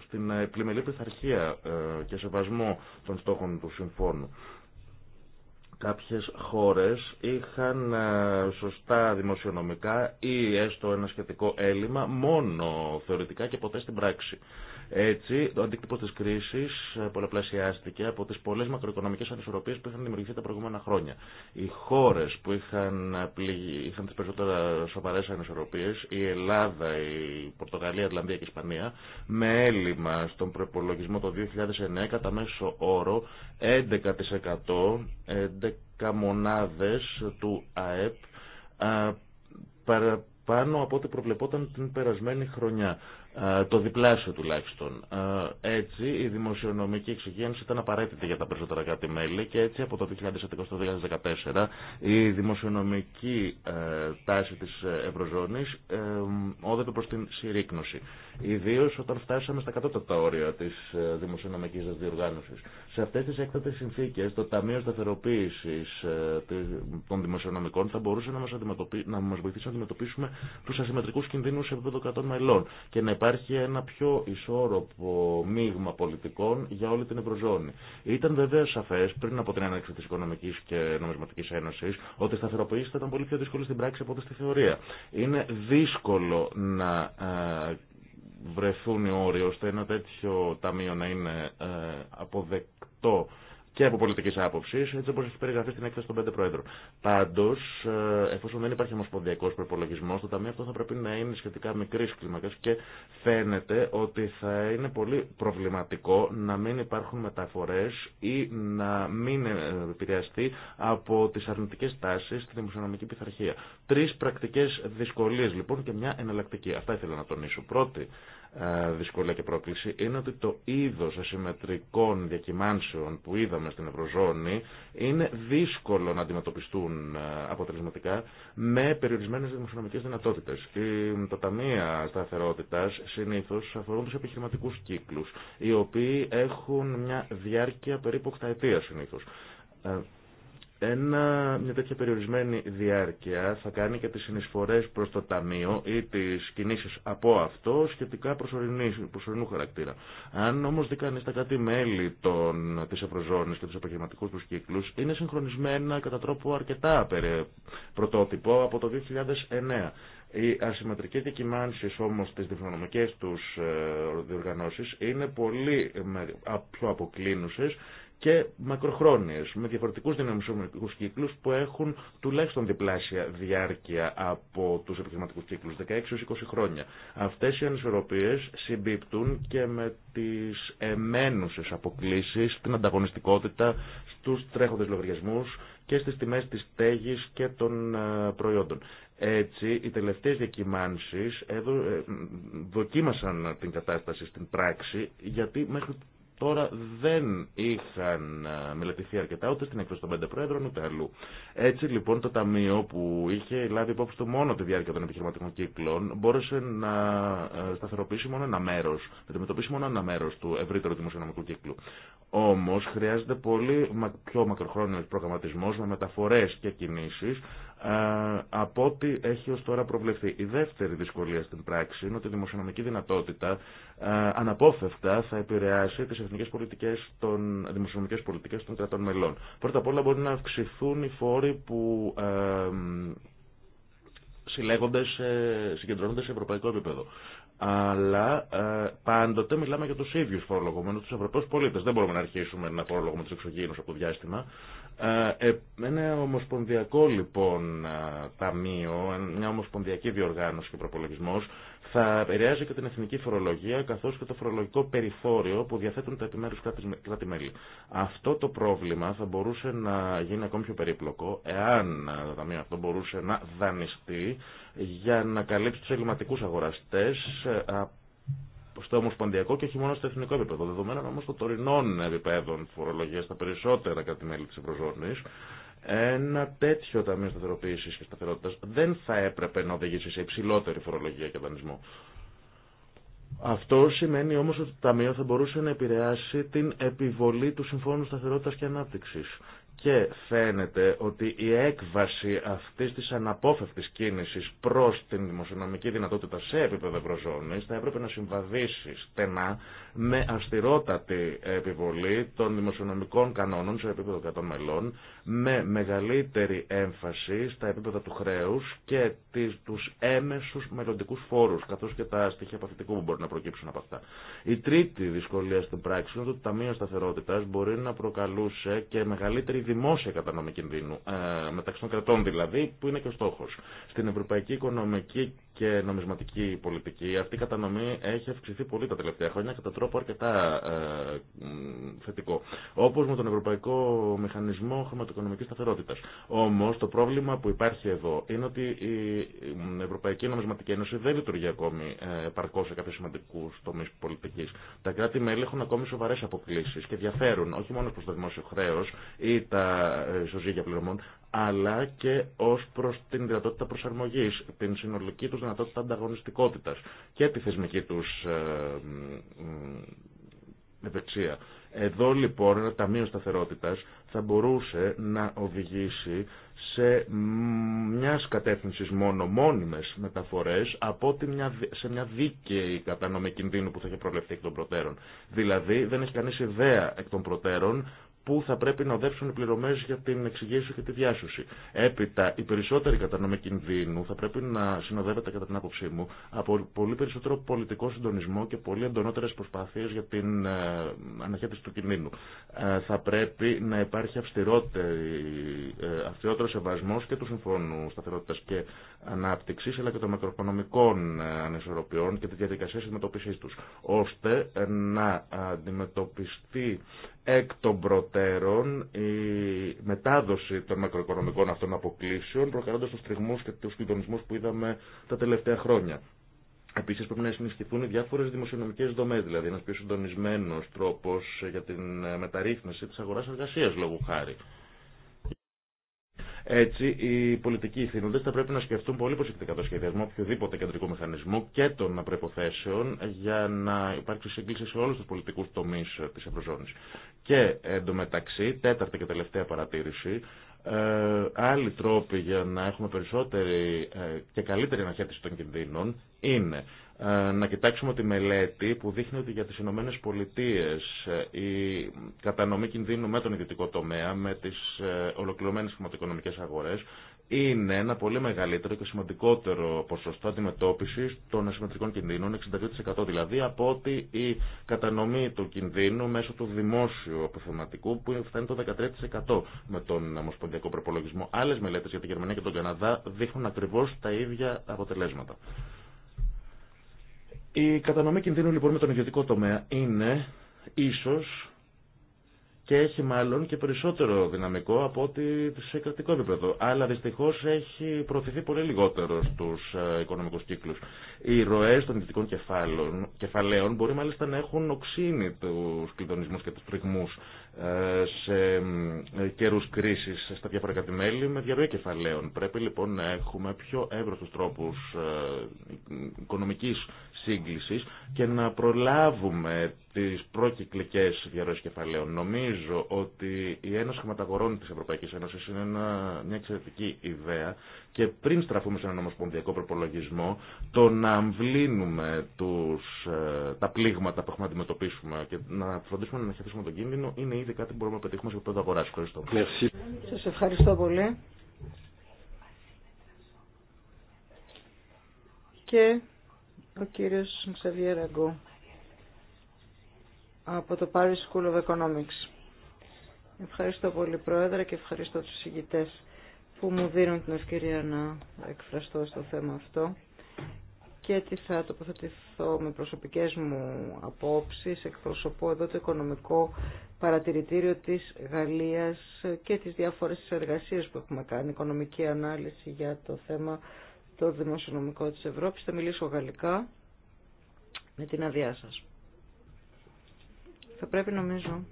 στην πλημελή πειθαρχία και σε σεβασμό των στόχων του συμφώνου. Κάποιες χώρες είχαν ε, σωστά δημοσιονομικά ή έστω ένα σχετικό έλλειμμα μόνο θεωρητικά και ποτέ στην πράξη. Έτσι, ο αντίκτυπο τη κρίση ε, πολλαπλασιάστηκε από τι πολλέ μακροοικονομικέ ανισορροπίε που είχαν δημιουργηθεί τα προηγούμενα χρόνια. Οι χώρε που είχαν, είχαν τι περισσότερα σοβαρέ ανισορροπίε, η Ελλάδα, η Πορτογαλία, η Ιρλανδία και η Ισπανία, με έλλειμμα στον προπολογισμό το 2009 κατά μέσο όρο 11%, 11 μονάδε του ΑΕΠ, παραπάνω από ό,τι προβλεπόταν την περασμένη χρονιά. Ε, το διπλάσιο τουλάχιστον. Ε, έτσι, η δημοσιονομική εξυγένση ήταν απαραίτητη για τα περισσότερα κράτη-μέλη και έτσι από το 2011 2014 η δημοσιονομική ε, τάση της Ευρωζώνης όδευε προς την συρρήκνωση. Ιδίω όταν φτάσαμε στα κατώτατα όρια τη ε, δημοσιονομική διοργάνωση. Σε αυτέ τι έκτατε συνθήκε, το Ταμείο Σταθεροποίηση ε, των Δημοσιονομικών θα μπορούσε να μα αντιμετωπι... βοηθήσει να αντιμετωπίσουμε του ασυμμετρικού κινδύνου σε επίπεδο κρατών μελών και να υπάρχει ένα πιο ισόρροπο μείγμα πολιτικών για όλη την Ευρωζώνη. Ήταν βέβαια σαφέ πριν από την έναρξη τη Οικονομική και Νομισματική Ένωση ότι η σταθεροποίηση θα ήταν πολύ πιο δύσκολη στην πράξη από ό,τι στη θεωρία. Είναι δύσκολο να ε, βρεθούν οι όροι ώστε ένα τέτοιο ταμείο να είναι ε, αποδεκτό και από πολιτική άποψη, έτσι όπω έχει περιγραφεί στην έκθεση των πέντε Προέδρων. Πάντω, ε, εφόσον δεν υπάρχει ομοσπονδιακό προπολογισμό, το ταμείο αυτό θα πρέπει να είναι σχετικά μικρή κλίμακα και φαίνεται ότι θα είναι πολύ προβληματικό να μην υπάρχουν μεταφορέ ή να μην ε, επηρεαστεί από τι αρνητικέ τάσει στη δημοσιονομική πειθαρχία. Τρει πρακτικέ δυσκολίε λοιπόν και μια εναλλακτική. Αυτά ήθελα να τονίσω. Πρώτη, ε, δυσκολία και πρόκληση είναι ότι το είδος ασυμμετρικών διακυμάνσεων που είδαμε στην Ευρωζώνη είναι δύσκολο να αντιμετωπιστούν ε, αποτελεσματικά με περιορισμένες δημοσιονομικές δυνατότητες. Τα ταμεία σταθερότητας συνήθως αφορούν τους επιχειρηματικούς κύκλους, οι οποίοι έχουν μια διάρκεια περίπου οκταετία συνήθως. Ε, ένα, μια τέτοια περιορισμένη διάρκεια θα κάνει και τις συνεισφορές προς το Ταμείο ή τις κινήσεις από αυτό σχετικά προσωρινού χαρακτήρα. Αν όμως δει κανείς τα κάτι μέλη των, της Ευρωζώνης και τους επαγγελματικούς τους κύκλους είναι συγχρονισμένα κατά τρόπο αρκετά πρωτότυπο από το 2009. Οι ασυμμετρικές δικημάνσεις όμως στις διφρονομικές τους ε, διοργανώσεις είναι πολύ ε, πιο αποκλίνουσες και μακροχρόνιες, με διαφορετικούς δυναμικούς κύκλους που έχουν τουλάχιστον διπλάσια διάρκεια από τους επιχειρηματικούς κύκλους, 16 20 χρόνια. Αυτές οι ανισορροπίες συμπίπτουν και με τις εμένουσες αποκλήσεις την ανταγωνιστικότητα, στους τρέχοντες λογαριασμούς και στις τιμές της στέγης και των ε, προϊόντων. Έτσι, οι τελευταίες διακυμάνσεις ε, δοκίμασαν την κατάσταση στην πράξη, γιατί μέχρι τώρα δεν είχαν ε, μελετηθεί αρκετά ούτε στην εκδοχή των πέντε πρόεδρων ούτε αλλού. Έτσι λοιπόν το Ταμείο που είχε λάβει υπόψη του μόνο τη διάρκεια των επιχειρηματικών κύκλων μπόρεσε να ε, σταθεροποιήσει μόνο ένα μέρο, να αντιμετωπίσει μόνο ένα μέρο του ευρύτερου δημοσιονομικού κύκλου. Όμω χρειάζεται πολύ πιο μακροχρόνιο προγραμματισμό με μεταφορέ και κινήσει ε, από ό,τι έχει ως τώρα προβλεφθεί. Η δεύτερη δυσκολία στην πράξη είναι ότι η δημοσιονομική δυνατότητα ε, αναπόφευκτα θα επηρεάσει τις εθνικές πολιτικές των, δημοσιονομικές πολιτικές των κρατών μελών. Πρώτα απ' όλα μπορεί να αυξηθούν οι φόροι που ε, συλλέγονται σε, συγκεντρώνονται σε ευρωπαϊκό επίπεδο. Αλλά πάντοτε μιλάμε για του ίδιου φορολογούμενου, του Ευρωπαίου πολίτε. Δεν μπορούμε να αρχίσουμε να φορολογούμε του εξωγήνου από διάστημα. Ε, ε, ένα ομοσπονδιακό λοιπόν ε, ταμείο, μια ομοσπονδιακή διοργάνωση και προπολογισμό θα επηρεάζει και την εθνική φορολογία καθώς και το φορολογικό περιθώριο που διαθέτουν τα επιμέρους κράτη-μέλη. Αυτό το πρόβλημα θα μπορούσε να γίνει ακόμη πιο περίπλοκο εάν το ταμείο αυτό μπορούσε να δανειστεί για να καλύψει τους ελληματικούς αγοραστές στο ομοσπονδιακό και όχι μόνο στο εθνικό επίπεδο. Δεδομένων όμω των τωρινών επίπεδων φορολογία στα περισσοτερα τη κράτη-μέλη τη Ευρωζώνη, ένα τέτοιο ταμείο σταθεροποίηση και σταθερότητα δεν θα έπρεπε να οδηγήσει σε υψηλότερη φορολογία και δανεισμό. Αυτό σημαίνει όμω ότι το Ταμείο θα μπορούσε να επηρεάσει την επιβολή του Συμφώνου Σταθερότητα και Ανάπτυξη και φαίνεται ότι η έκβαση αυτής της αναπόφευτης κίνησης προς την δημοσιονομική δυνατότητα σε επίπεδο ευρωζώνης θα έπρεπε να συμβαδίσει στενά με αυστηρότατη επιβολή των δημοσιονομικών κανόνων σε επίπεδο κατών μελών με μεγαλύτερη έμφαση στα επίπεδα του χρέους και τους έμεσους μελλοντικούς φόρους, καθώς και τα στοιχεία παθητικού που μπορεί να προκύψουν από αυτά. Η τρίτη δυσκολία στην πράξη είναι ότι το Ταμείο Σταθερότητας μπορεί να προκαλούσε και μεγαλύτερη δημόσια κατανομή κινδύνου, ε, μεταξύ των κρατών δηλαδή, που είναι και ο στόχος. Στην ευρωπαϊκή οικονομική και νομισματική πολιτική. Αυτή η κατανομή έχει αυξηθεί πολύ τα τελευταία χρόνια κατά τρόπο αρκετά ε, θετικό. Όπω με τον Ευρωπαϊκό Μηχανισμό Χρηματοοικονομική Σταθερότητα. Όμω το πρόβλημα που υπάρχει εδώ είναι ότι η Ευρωπαϊκή Νομισματική Ένωση δεν λειτουργεί ακόμη ε, παρκώ σε κάποιου σημαντικού τομεί πολιτική. Τα κράτη-μέλη έχουν ακόμη σοβαρέ αποκλήσει και διαφέρουν όχι μόνο προ το δημόσιο χρέο ή τα ε, ισοζύγια πληρωμών, αλλά και ω προ την δυνατότητα προσαρμογή, την συνολική του δυνατότητα ανταγωνιστικότητα και τη θεσμική του ε, ευεξία. Εδώ λοιπόν ένα ταμείο σταθερότητα θα μπορούσε να οδηγήσει σε μια κατεύθυνση μόνο μόνιμε μεταφορέ από μια, σε μια δίκαιη κατανομή κινδύνου που θα είχε προβλεφθεί εκ των προτέρων. Δηλαδή δεν έχει κανεί ιδέα εκ των προτέρων πού θα πρέπει να οδεύσουν οι πληρωμέ για την εξηγήση και τη διάσωση. Έπειτα, η περισσότερη κατανομή κινδύνου θα πρέπει να συνοδεύεται, κατά την άποψή μου, από πολύ περισσότερο πολιτικό συντονισμό και πολύ εντονότερε προσπάθειε για την ε, αναχέτηση του κινδύνου. Ε, θα πρέπει να υπάρχει ε, αυστηρότερο σεβασμό και του Συμφώνου Σταθερότητα και ανάπτυξη αλλά και των μακροοικονομικών ε, ανισορροπιών και τη διαδικασία αντιμετώπιση του, ώστε να αντιμετωπιστεί εκ των προτέρων η μετάδοση των μακροοικονομικών αυτών αποκλήσεων, προκαλώντα του τριγμού και του κλειδονισμού που είδαμε τα τελευταία χρόνια. Επίση, πρέπει να συνισχυθούν οι διάφορε δημοσιονομικέ δομέ, δηλαδή ένα πιο συντονισμένο τρόπο για την μεταρρύθμιση τη αγορά εργασία, λόγου χάρη. Έτσι, οι πολιτικοί ηθήνοντε θα πρέπει να σκεφτούν πολύ προσεκτικά το σχεδιασμό οποιοδήποτε κεντρικού μηχανισμού και των προποθέσεων για να υπάρξει σύγκληση σε όλου του πολιτικού τομεί τη Ευρωζώνη. Και εντωμεταξύ, τέταρτη και τελευταία παρατήρηση, ε, άλλοι τρόποι για να έχουμε περισσότερη ε, και καλύτερη αναχέτηση των κινδύνων είναι ε, να κοιτάξουμε τη μελέτη που δείχνει ότι για τις Ηνωμένε Πολιτείες ε, η κατανομή κινδύνου με τον ιδιωτικό τομέα, με τις ε, ολοκληρωμένες χρηματοοικονομικές αγορές, είναι ένα πολύ μεγαλύτερο και σημαντικότερο ποσοστό αντιμετώπιση των ασυμμετρικών κινδύνων, 62% δηλαδή, από ότι η κατανομή του κινδύνου μέσω του δημόσιου αποθεματικού που φτάνει το 13% με τον ομοσπονδιακό προπολογισμό. Άλλε μελέτε για τη Γερμανία και τον Καναδά δείχνουν ακριβώ τα ίδια αποτελέσματα. Η κατανομή κινδύνου λοιπόν με τον ιδιωτικό τομέα είναι ίσως και έχει μάλλον και περισσότερο δυναμικό από ότι σε κρατικό επίπεδο. Αλλά δυστυχώ έχει προωθηθεί πολύ λιγότερο στου ε, οικονομικού κύκλου. Οι ροέ των ιδιωτικών κεφάλων, κεφαλαίων μπορεί μάλιστα να έχουν οξύνει του κλειδονισμού και του τριγμού ε, σε ε, καιρού κρίση στα διάφορα κατημέλη με διαρροή κεφαλαίων. Πρέπει λοιπόν να έχουμε πιο εύρωστου τρόπου οικονομική και να προλάβουμε τις προκυκλικές διαρροές κεφαλαίων. Νομίζω ότι η Ένωση Χρηματαγορών της Ευρωπαϊκής Ένωσης είναι ένα, μια εξαιρετική ιδέα και πριν στραφούμε σε έναν ομοσπονδιακό προπολογισμό, το να αμβλύνουμε τους, ε, τα πλήγματα που έχουμε να αντιμετωπίσουμε και να φροντίσουμε να αναχαιθήσουμε τον κίνδυνο είναι ήδη κάτι που μπορούμε να πετύχουμε σε επίπεδο αγορά. Ευχαριστώ. Σας ευχαριστώ πολύ. Και ο κύριος Ξαβιέ από το Paris School of Economics. Ευχαριστώ πολύ Πρόεδρε και ευχαριστώ τους συγγητές που μου δίνουν την ευκαιρία να εκφραστώ στο θέμα αυτό και τι θα τοποθετηθώ με προσωπικές μου απόψεις, εκπροσωπώ εδώ το οικονομικό παρατηρητήριο της Γαλλίας και τις διάφορες εργασίες που έχουμε κάνει, οικονομική ανάλυση για το θέμα το δημοσιονομικό της Ευρώπης. Θα μιλήσω γαλλικά με την αδειά σας. Θα πρέπει νομίζω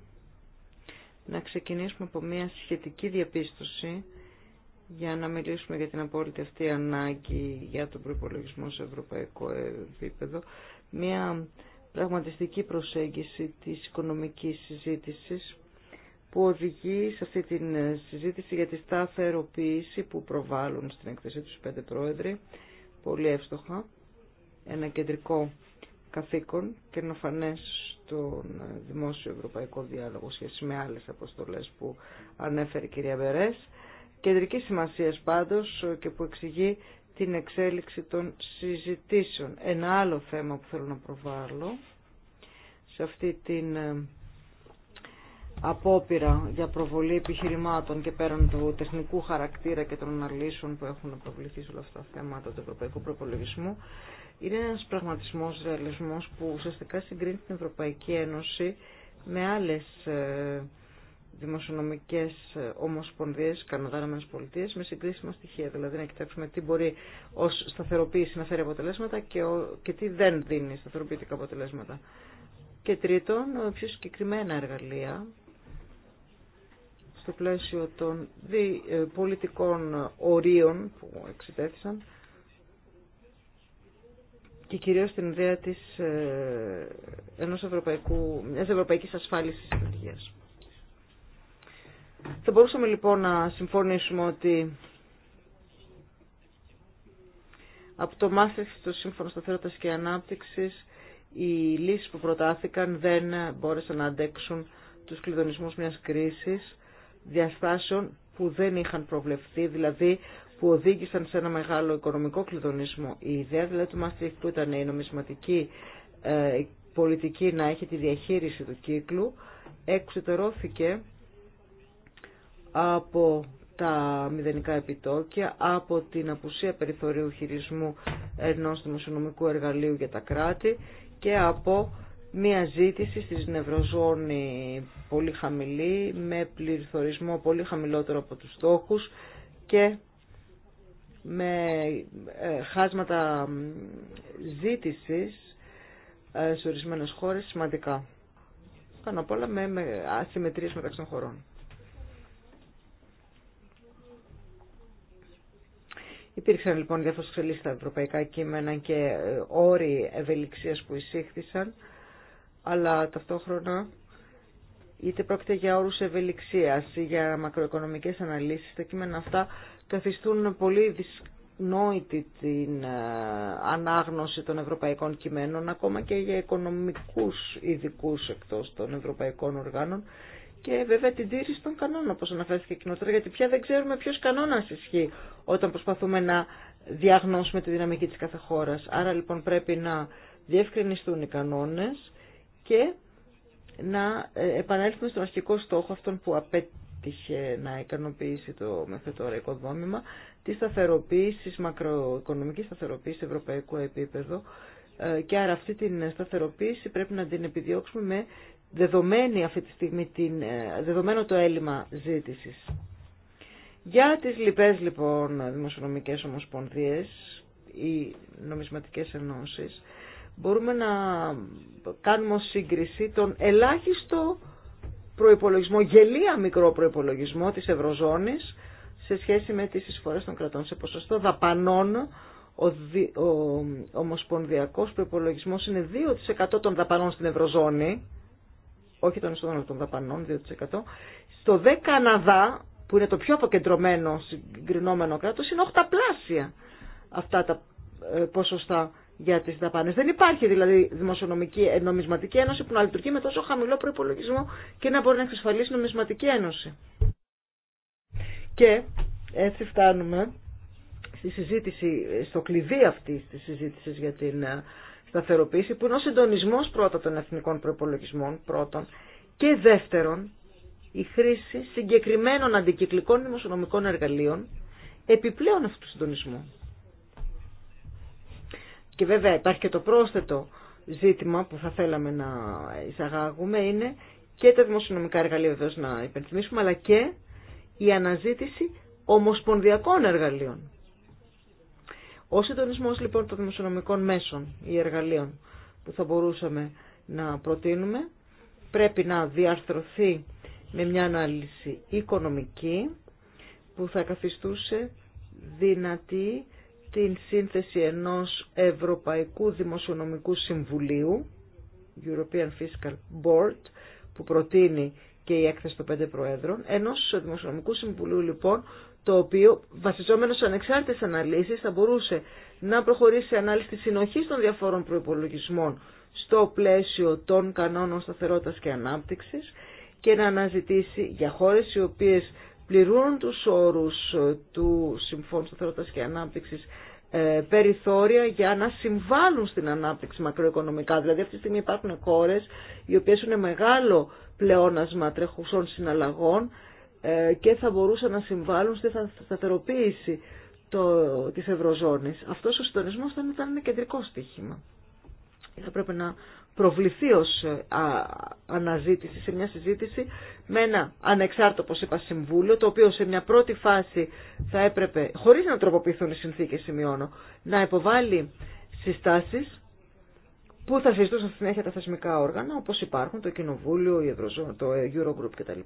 να ξεκινήσουμε από μια σχετική διαπίστωση για να μιλήσουμε για την απόλυτη αυτή ανάγκη για τον προπολογισμό σε ευρωπαϊκό επίπεδο. Μια πραγματιστική προσέγγιση της οικονομικής συζήτησης που οδηγεί σε αυτή τη ε, συζήτηση για τη σταθεροποίηση που προβάλλουν στην εκθεσή τους πέντε πρόεδροι, πολύ εύστοχα, ένα κεντρικό καθήκον και νοφανές στον ε, Δημόσιο Ευρωπαϊκό Διάλογο σχέση με άλλες αποστολές που ανέφερε η κυρία Μπερές. Κεντρική σημασία πάντως ε, και που εξηγεί την εξέλιξη των συζητήσεων. Ένα άλλο θέμα που θέλω να προβάλλω σε αυτή την απόπειρα για προβολή επιχειρημάτων και πέραν του τεχνικού χαρακτήρα και των αναλύσεων που έχουν προβληθεί σε όλα αυτά τα θέματα του ευρωπαϊκού προπολογισμού, είναι ένας πραγματισμός, ρεαλισμός που ουσιαστικά συγκρίνει την Ευρωπαϊκή Ένωση με άλλες ε, δημοσιονομικές ε, ομοσπονδίες, Καναδά, Πολιτείες, με συγκρίσιμα στοιχεία. Δηλαδή να κοιτάξουμε τι μπορεί ως σταθεροποίηση να φέρει αποτελέσματα και, και τι δεν δίνει σταθεροποιητικά αποτελέσματα. Και τρίτον, ε, πιο συγκεκριμένα εργαλεία στο πλαίσιο των ε, πολιτικών ορίων που εξετέθησαν και κυρίως την ιδέα της, ε, ενός ευρωπαϊκού, μιας ευρωπαϊκής ασφάλισης Θα μπορούσαμε λοιπόν να συμφωνήσουμε ότι από το μάθηση του Σύμφωνο Σταθερότητας και Ανάπτυξης οι λύσεις που προτάθηκαν δεν μπόρεσαν να αντέξουν τους κλειδονισμούς μιας κρίσης διαστάσεων που δεν είχαν προβλεφθεί, δηλαδή που οδήγησαν σε ένα μεγάλο οικονομικό κλειδονισμό. Η ιδέα δηλαδή του Μαστρίχ που ήταν η νομισματική ε, πολιτική να έχει τη διαχείριση του κύκλου εξωτερώθηκε από τα μηδενικά επιτόκια, από την απουσία περιθωρίου χειρισμού ενός δημοσιονομικού εργαλείου για τα κράτη και από μια ζήτηση στις νευροζώνη πολύ χαμηλή, με πληθωρισμό πολύ χαμηλότερο από τους στόχους και με ε, χάσματα ζήτησης ε, σε ορισμένες χώρες σημαντικά. Πάνω απ' όλα με ασυμμετρίες μεταξύ των χωρών. Υπήρξαν λοιπόν διάφορες εξελίξεις στα ευρωπαϊκά κείμενα και ε, όροι ευελιξίας που εισήχθησαν αλλά ταυτόχρονα είτε πρόκειται για όρους ευελιξίας ή για μακροοικονομικές αναλύσεις, τα κείμενα αυτά καθιστούν πολύ δυσνόητη την ε, ανάγνωση των ευρωπαϊκών κειμένων, ακόμα και για οικονομικούς ειδικού εκτός των ευρωπαϊκών οργάνων και βέβαια την τήρηση των κανόνων, όπως αναφέρθηκε κοινότερα, γιατί πια δεν ξέρουμε ποιος κανόνας ισχύει όταν προσπαθούμε να διαγνώσουμε τη δυναμική της κάθε χώρας. Άρα λοιπόν πρέπει να διευκρινιστούν οι κανόνες, και να ε, επανέλθουμε στον αρχικό στόχο αυτόν που απέτυχε να ικανοποιήσει το μεθετόρα δόμημα τη σταθεροποίηση, μακροοικονομική σταθεροποίηση σε επίπεδο ε, και άρα αυτή την σταθεροποίηση πρέπει να την επιδιώξουμε με δεδομένη αυτή την, ε, δεδομένο το έλλειμμα ζήτησης. Για τις λοιπές λοιπόν δημοσιονομικές ομοσπονδίες ή νομισματικές ενώσεις μπορούμε να κάνουμε ως σύγκριση τον ελάχιστο προϋπολογισμό, γελία μικρό προϋπολογισμό της Ευρωζώνης σε σχέση με τις εισφορές των κρατών σε ποσοστό δαπανών ο, δι, ο ομοσπονδιακός προϋπολογισμός είναι 2% των δαπανών στην Ευρωζώνη, όχι των εισόδων των δαπανών, 2%. Στο δε Καναδά, που είναι το πιο αποκεντρωμένο συγκρινόμενο κράτος, είναι 8 πλάσια αυτά τα ε, ποσοστά για τις δαπάνες. Δεν υπάρχει δηλαδή δημοσιονομική ε, νομισματική ένωση που να λειτουργεί με τόσο χαμηλό προϋπολογισμό και να μπορεί να εξασφαλίσει νομισματική ένωση. Και έτσι φτάνουμε στη συζήτηση, στο κλειδί αυτή τη συζήτηση για την ε, σταθεροποίηση, που είναι ο συντονισμό πρώτα των εθνικών προπολογισμών, πρώτον, και δεύτερον, η χρήση συγκεκριμένων αντικυκλικών δημοσιονομικών εργαλείων επιπλέον αυτού του συντονισμού. Και βέβαια υπάρχει και το πρόσθετο ζήτημα που θα θέλαμε να εισαγάγουμε είναι και τα δημοσιονομικά εργαλεία βεβαίως να υπενθυμίσουμε αλλά και η αναζήτηση ομοσπονδιακών εργαλείων. Ο συντονισμό λοιπόν των δημοσιονομικών μέσων ή εργαλείων που θα μπορούσαμε να προτείνουμε πρέπει να διαρθρωθεί με μια ανάλυση οικονομική που θα καθιστούσε δυνατή την σύνθεση ενός Ευρωπαϊκού Δημοσιονομικού Συμβουλίου, European Fiscal Board, που προτείνει και η έκθεση των πέντε προέδρων, ενός Δημοσιονομικού Συμβουλίου λοιπόν, το οποίο βασιζόμενο σε ανεξάρτητες αναλύσεις θα μπορούσε να προχωρήσει σε ανάλυση της συνοχής των διαφόρων προϋπολογισμών στο πλαίσιο των κανόνων σταθερότητας και ανάπτυξης και να αναζητήσει για χώρες οι οποίες πληρούν τους όρους του Συμφώνου Σταθερότητας και Ανάπτυξης ε, περιθώρια για να συμβάλλουν στην ανάπτυξη μακροοικονομικά. Δηλαδή αυτή τη στιγμή υπάρχουν χώρε οι οποίες έχουν μεγάλο πλεόνασμα τρεχουσών συναλλαγών ε, και θα μπορούσαν να συμβάλλουν στη σταθεροποίηση το, της Ευρωζώνης. Αυτός ο συντονισμός θα ήταν ένα κεντρικό στοίχημα. Θα πρέπει να προβληθεί ως ε, αναζήτηση, σε μια συζήτηση με ένα ανεξάρτητο, όπως είπα, συμβούλιο, το οποίο σε μια πρώτη φάση θα έπρεπε, χωρίς να τροποποιηθούν οι συνθήκες, σημειώνω, να υποβάλει συστάσεις που θα συζητούσαν συνέχεια τα θεσμικά όργανα, όπως υπάρχουν το Κοινοβούλιο, το ε, Eurogroup κτλ.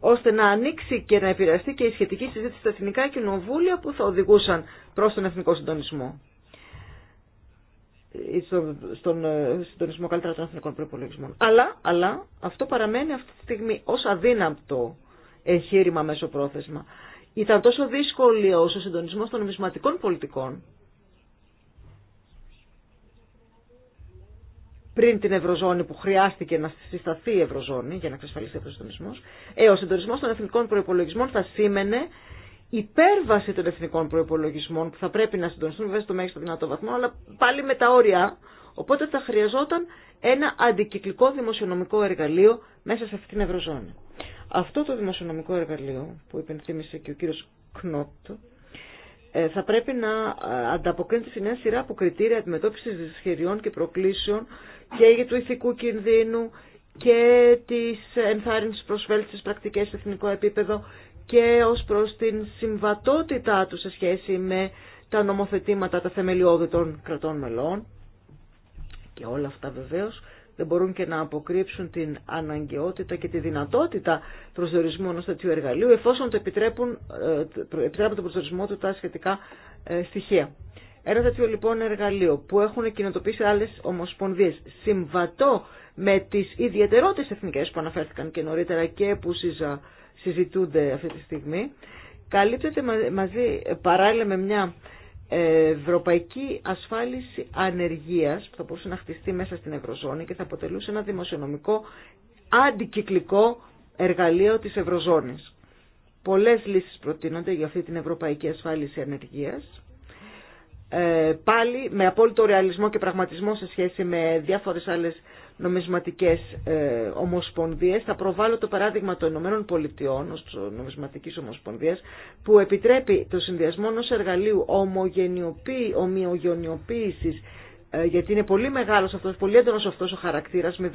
ώστε να ανοίξει και να επηρεαστεί και η σχετική συζήτηση στα εθνικά κοινοβούλια που θα οδηγούσαν προς τον εθνικό συντονισμό. Στον, στον ε, συντονισμό καλύτερα των εθνικών προπολογισμών. Αλλά, αλλά αυτό παραμένει αυτή τη στιγμή ως αδύναμπτο εγχείρημα μέσω πρόθεσμα. Ήταν τόσο δύσκολο ο συντονισμό των νομισματικών πολιτικών πριν την Ευρωζώνη που χρειάστηκε να συσταθεί η Ευρωζώνη για να εξασφαλίσει ο συντονισμό, ε, ο συντονισμό των εθνικών προπολογισμών θα σήμαινε υπέρβαση των εθνικών προπολογισμών που θα πρέπει να συντονιστούν βέβαια στο μέγιστο δυνατό βαθμό, αλλά πάλι με τα όρια. Οπότε θα χρειαζόταν ένα αντικυκλικό δημοσιονομικό εργαλείο μέσα σε αυτή την Ευρωζώνη. Αυτό το δημοσιονομικό εργαλείο που υπενθύμησε και ο κύριο Κνότ, ε, θα πρέπει να ε, ανταποκρίνεται σε μια σειρά από κριτήρια αντιμετώπιση δυσχεριών και προκλήσεων και του ηθικού κινδύνου και της ενθάρρυνσης προσφέλτησης πρακτικές σε εθνικό επίπεδο και ως προς την συμβατότητά του σε σχέση με τα νομοθετήματα, τα θεμελιώδη των κρατών μελών και όλα αυτά βεβαίως δεν μπορούν και να αποκρύψουν την αναγκαιότητα και τη δυνατότητα προσδιορισμού ενός τέτοιου εργαλείου εφόσον το επιτρέπουν, ε, επιτρέπουν τον προσδιορισμό του τα σχετικά ε, στοιχεία. Ένα τέτοιο λοιπόν εργαλείο που έχουν κοινοτοποιήσει άλλε ομοσπονδίε συμβατό με τι ιδιαιτερότητε εθνικέ που αναφέρθηκαν και νωρίτερα και που συζητούνται αυτή τη στιγμή, καλύπτεται μαζί παράλληλα με μια ευρωπαϊκή ασφάλιση ανεργία που θα μπορούσε να χτιστεί μέσα στην Ευρωζώνη και θα αποτελούσε ένα δημοσιονομικό αντικυκλικό εργαλείο τη Ευρωζώνης. Πολλέ λύσει προτείνονται για αυτή την ευρωπαϊκή ασφάλιση ανεργία. Ε, πάλι με απόλυτο ρεαλισμό και πραγματισμό σε σχέση με διάφορες άλλες νομισματικές ε, ομοσπονδίες. Θα προβάλλω το παράδειγμα των Ηνωμένων Πολιτειών ως νομισματικής ομοσπονδίας που επιτρέπει το συνδυασμό ενός εργαλείου ομοιογενειοποίησης ε, γιατί είναι πολύ μεγάλος αυτός, πολύ έντονος αυτός ο χαρακτήρας 0,3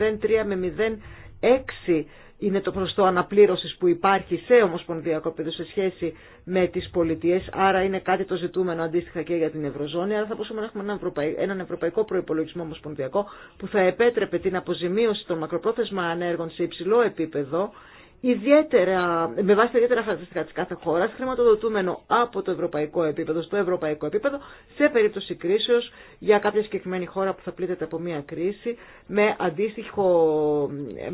με 0,6 είναι το το αναπλήρωσης που υπάρχει σε ομοσπονδιακό επίπεδο σε σχέση με τις πολιτείες, άρα είναι κάτι το ζητούμενο αντίστοιχα και για την Ευρωζώνη, Αλλά θα μπορούσαμε να έχουμε έναν ευρωπαϊκό, έναν ευρωπαϊκό προϋπολογισμό ομοσπονδιακό που θα επέτρεπε την αποζημίωση των μακροπρόθεσμα ανέργων σε υψηλό επίπεδο, ιδιαίτερα, με βάση τα ιδιαίτερα χαρακτηριστικά τη κάθε χώρα, χρηματοδοτούμενο από το ευρωπαϊκό επίπεδο στο ευρωπαϊκό επίπεδο, σε περίπτωση κρίσεω για κάποια συγκεκριμένη χώρα που θα πλήττεται από μια κρίση, με, αντίστοιχο,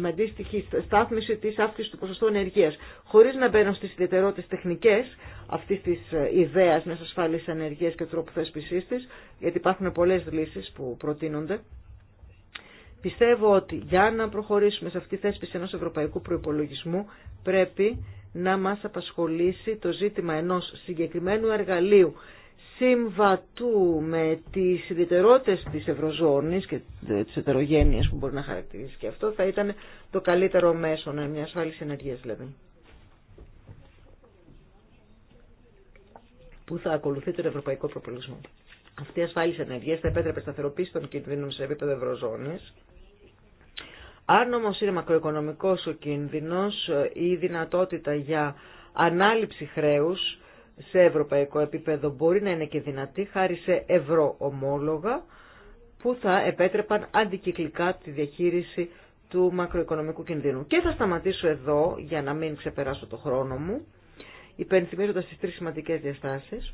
αντίστοιχη στάθμιση τη αύξηση του ποσοστού ενεργεία. Χωρί να μπαίνω στι ιδιαιτερότητε τεχνικέ αυτή τη ε, ιδέα μια ασφάλισης ενέργεια και τρόπου θέσπισής γιατί υπάρχουν πολλέ λύσει που προτείνονται Πιστεύω ότι για να προχωρήσουμε σε αυτή τη θέσπιση ενός ευρωπαϊκού προϋπολογισμού πρέπει να μας απασχολήσει το ζήτημα ενός συγκεκριμένου εργαλείου συμβατού με τις ιδιαιτερότητες της Ευρωζώνης και τις ετερογένειες που μπορεί να χαρακτηρίσει και αυτό θα ήταν το καλύτερο μέσο να μια ασφάλιση ενεργείας δηλαδή. Που θα ακολουθεί τον ευρωπαϊκό προπολογισμό. Αυτή η ασφάλιση ενεργείας θα επέτρεπε σταθεροποίηση των κινδύνων σε επίπεδο Ευρωζώνης αν όμως είναι μακροοικονομικός ο κίνδυνος, ε, η δυνατότητα για ανάληψη χρέους σε ευρωπαϊκό επίπεδο μπορεί να είναι και δυνατή χάρη σε ομόλογα που θα επέτρεπαν αντικυκλικά τη διαχείριση του μακροοικονομικού κινδύνου. Και θα σταματήσω εδώ για να μην ξεπεράσω το χρόνο μου, υπενθυμίζοντας τις τρεις σημαντικές διαστάσεις,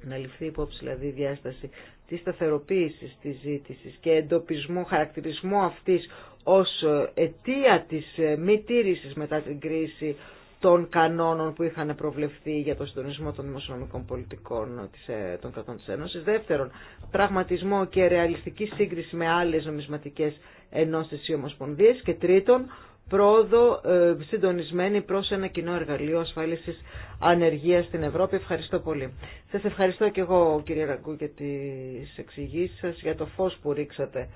να ληφθεί υπόψη δηλαδή η διάσταση της σταθεροποίησης της ζήτησης και εντοπισμό, χαρακτηρισμό αυτής ως αιτία της μη τήρησης μετά την κρίση των κανόνων που είχαν προβλεφθεί για το συντονισμό των δημοσιονομικών πολιτικών ε, των κρατών της Ένωσης. Δεύτερον, πραγματισμό και ρεαλιστική σύγκριση με άλλες νομισματικές ενώσεις ή ομοσπονδίες. Και τρίτον, πρόοδο ε, συντονισμένη προς ένα κοινό εργαλείο ασφάλισης ανεργίας στην Ευρώπη. Ευχαριστώ πολύ. Σας ευχαριστώ και εγώ κύριε Ραγκού για τις εξηγήσεις σας, για το φως που ρίξατε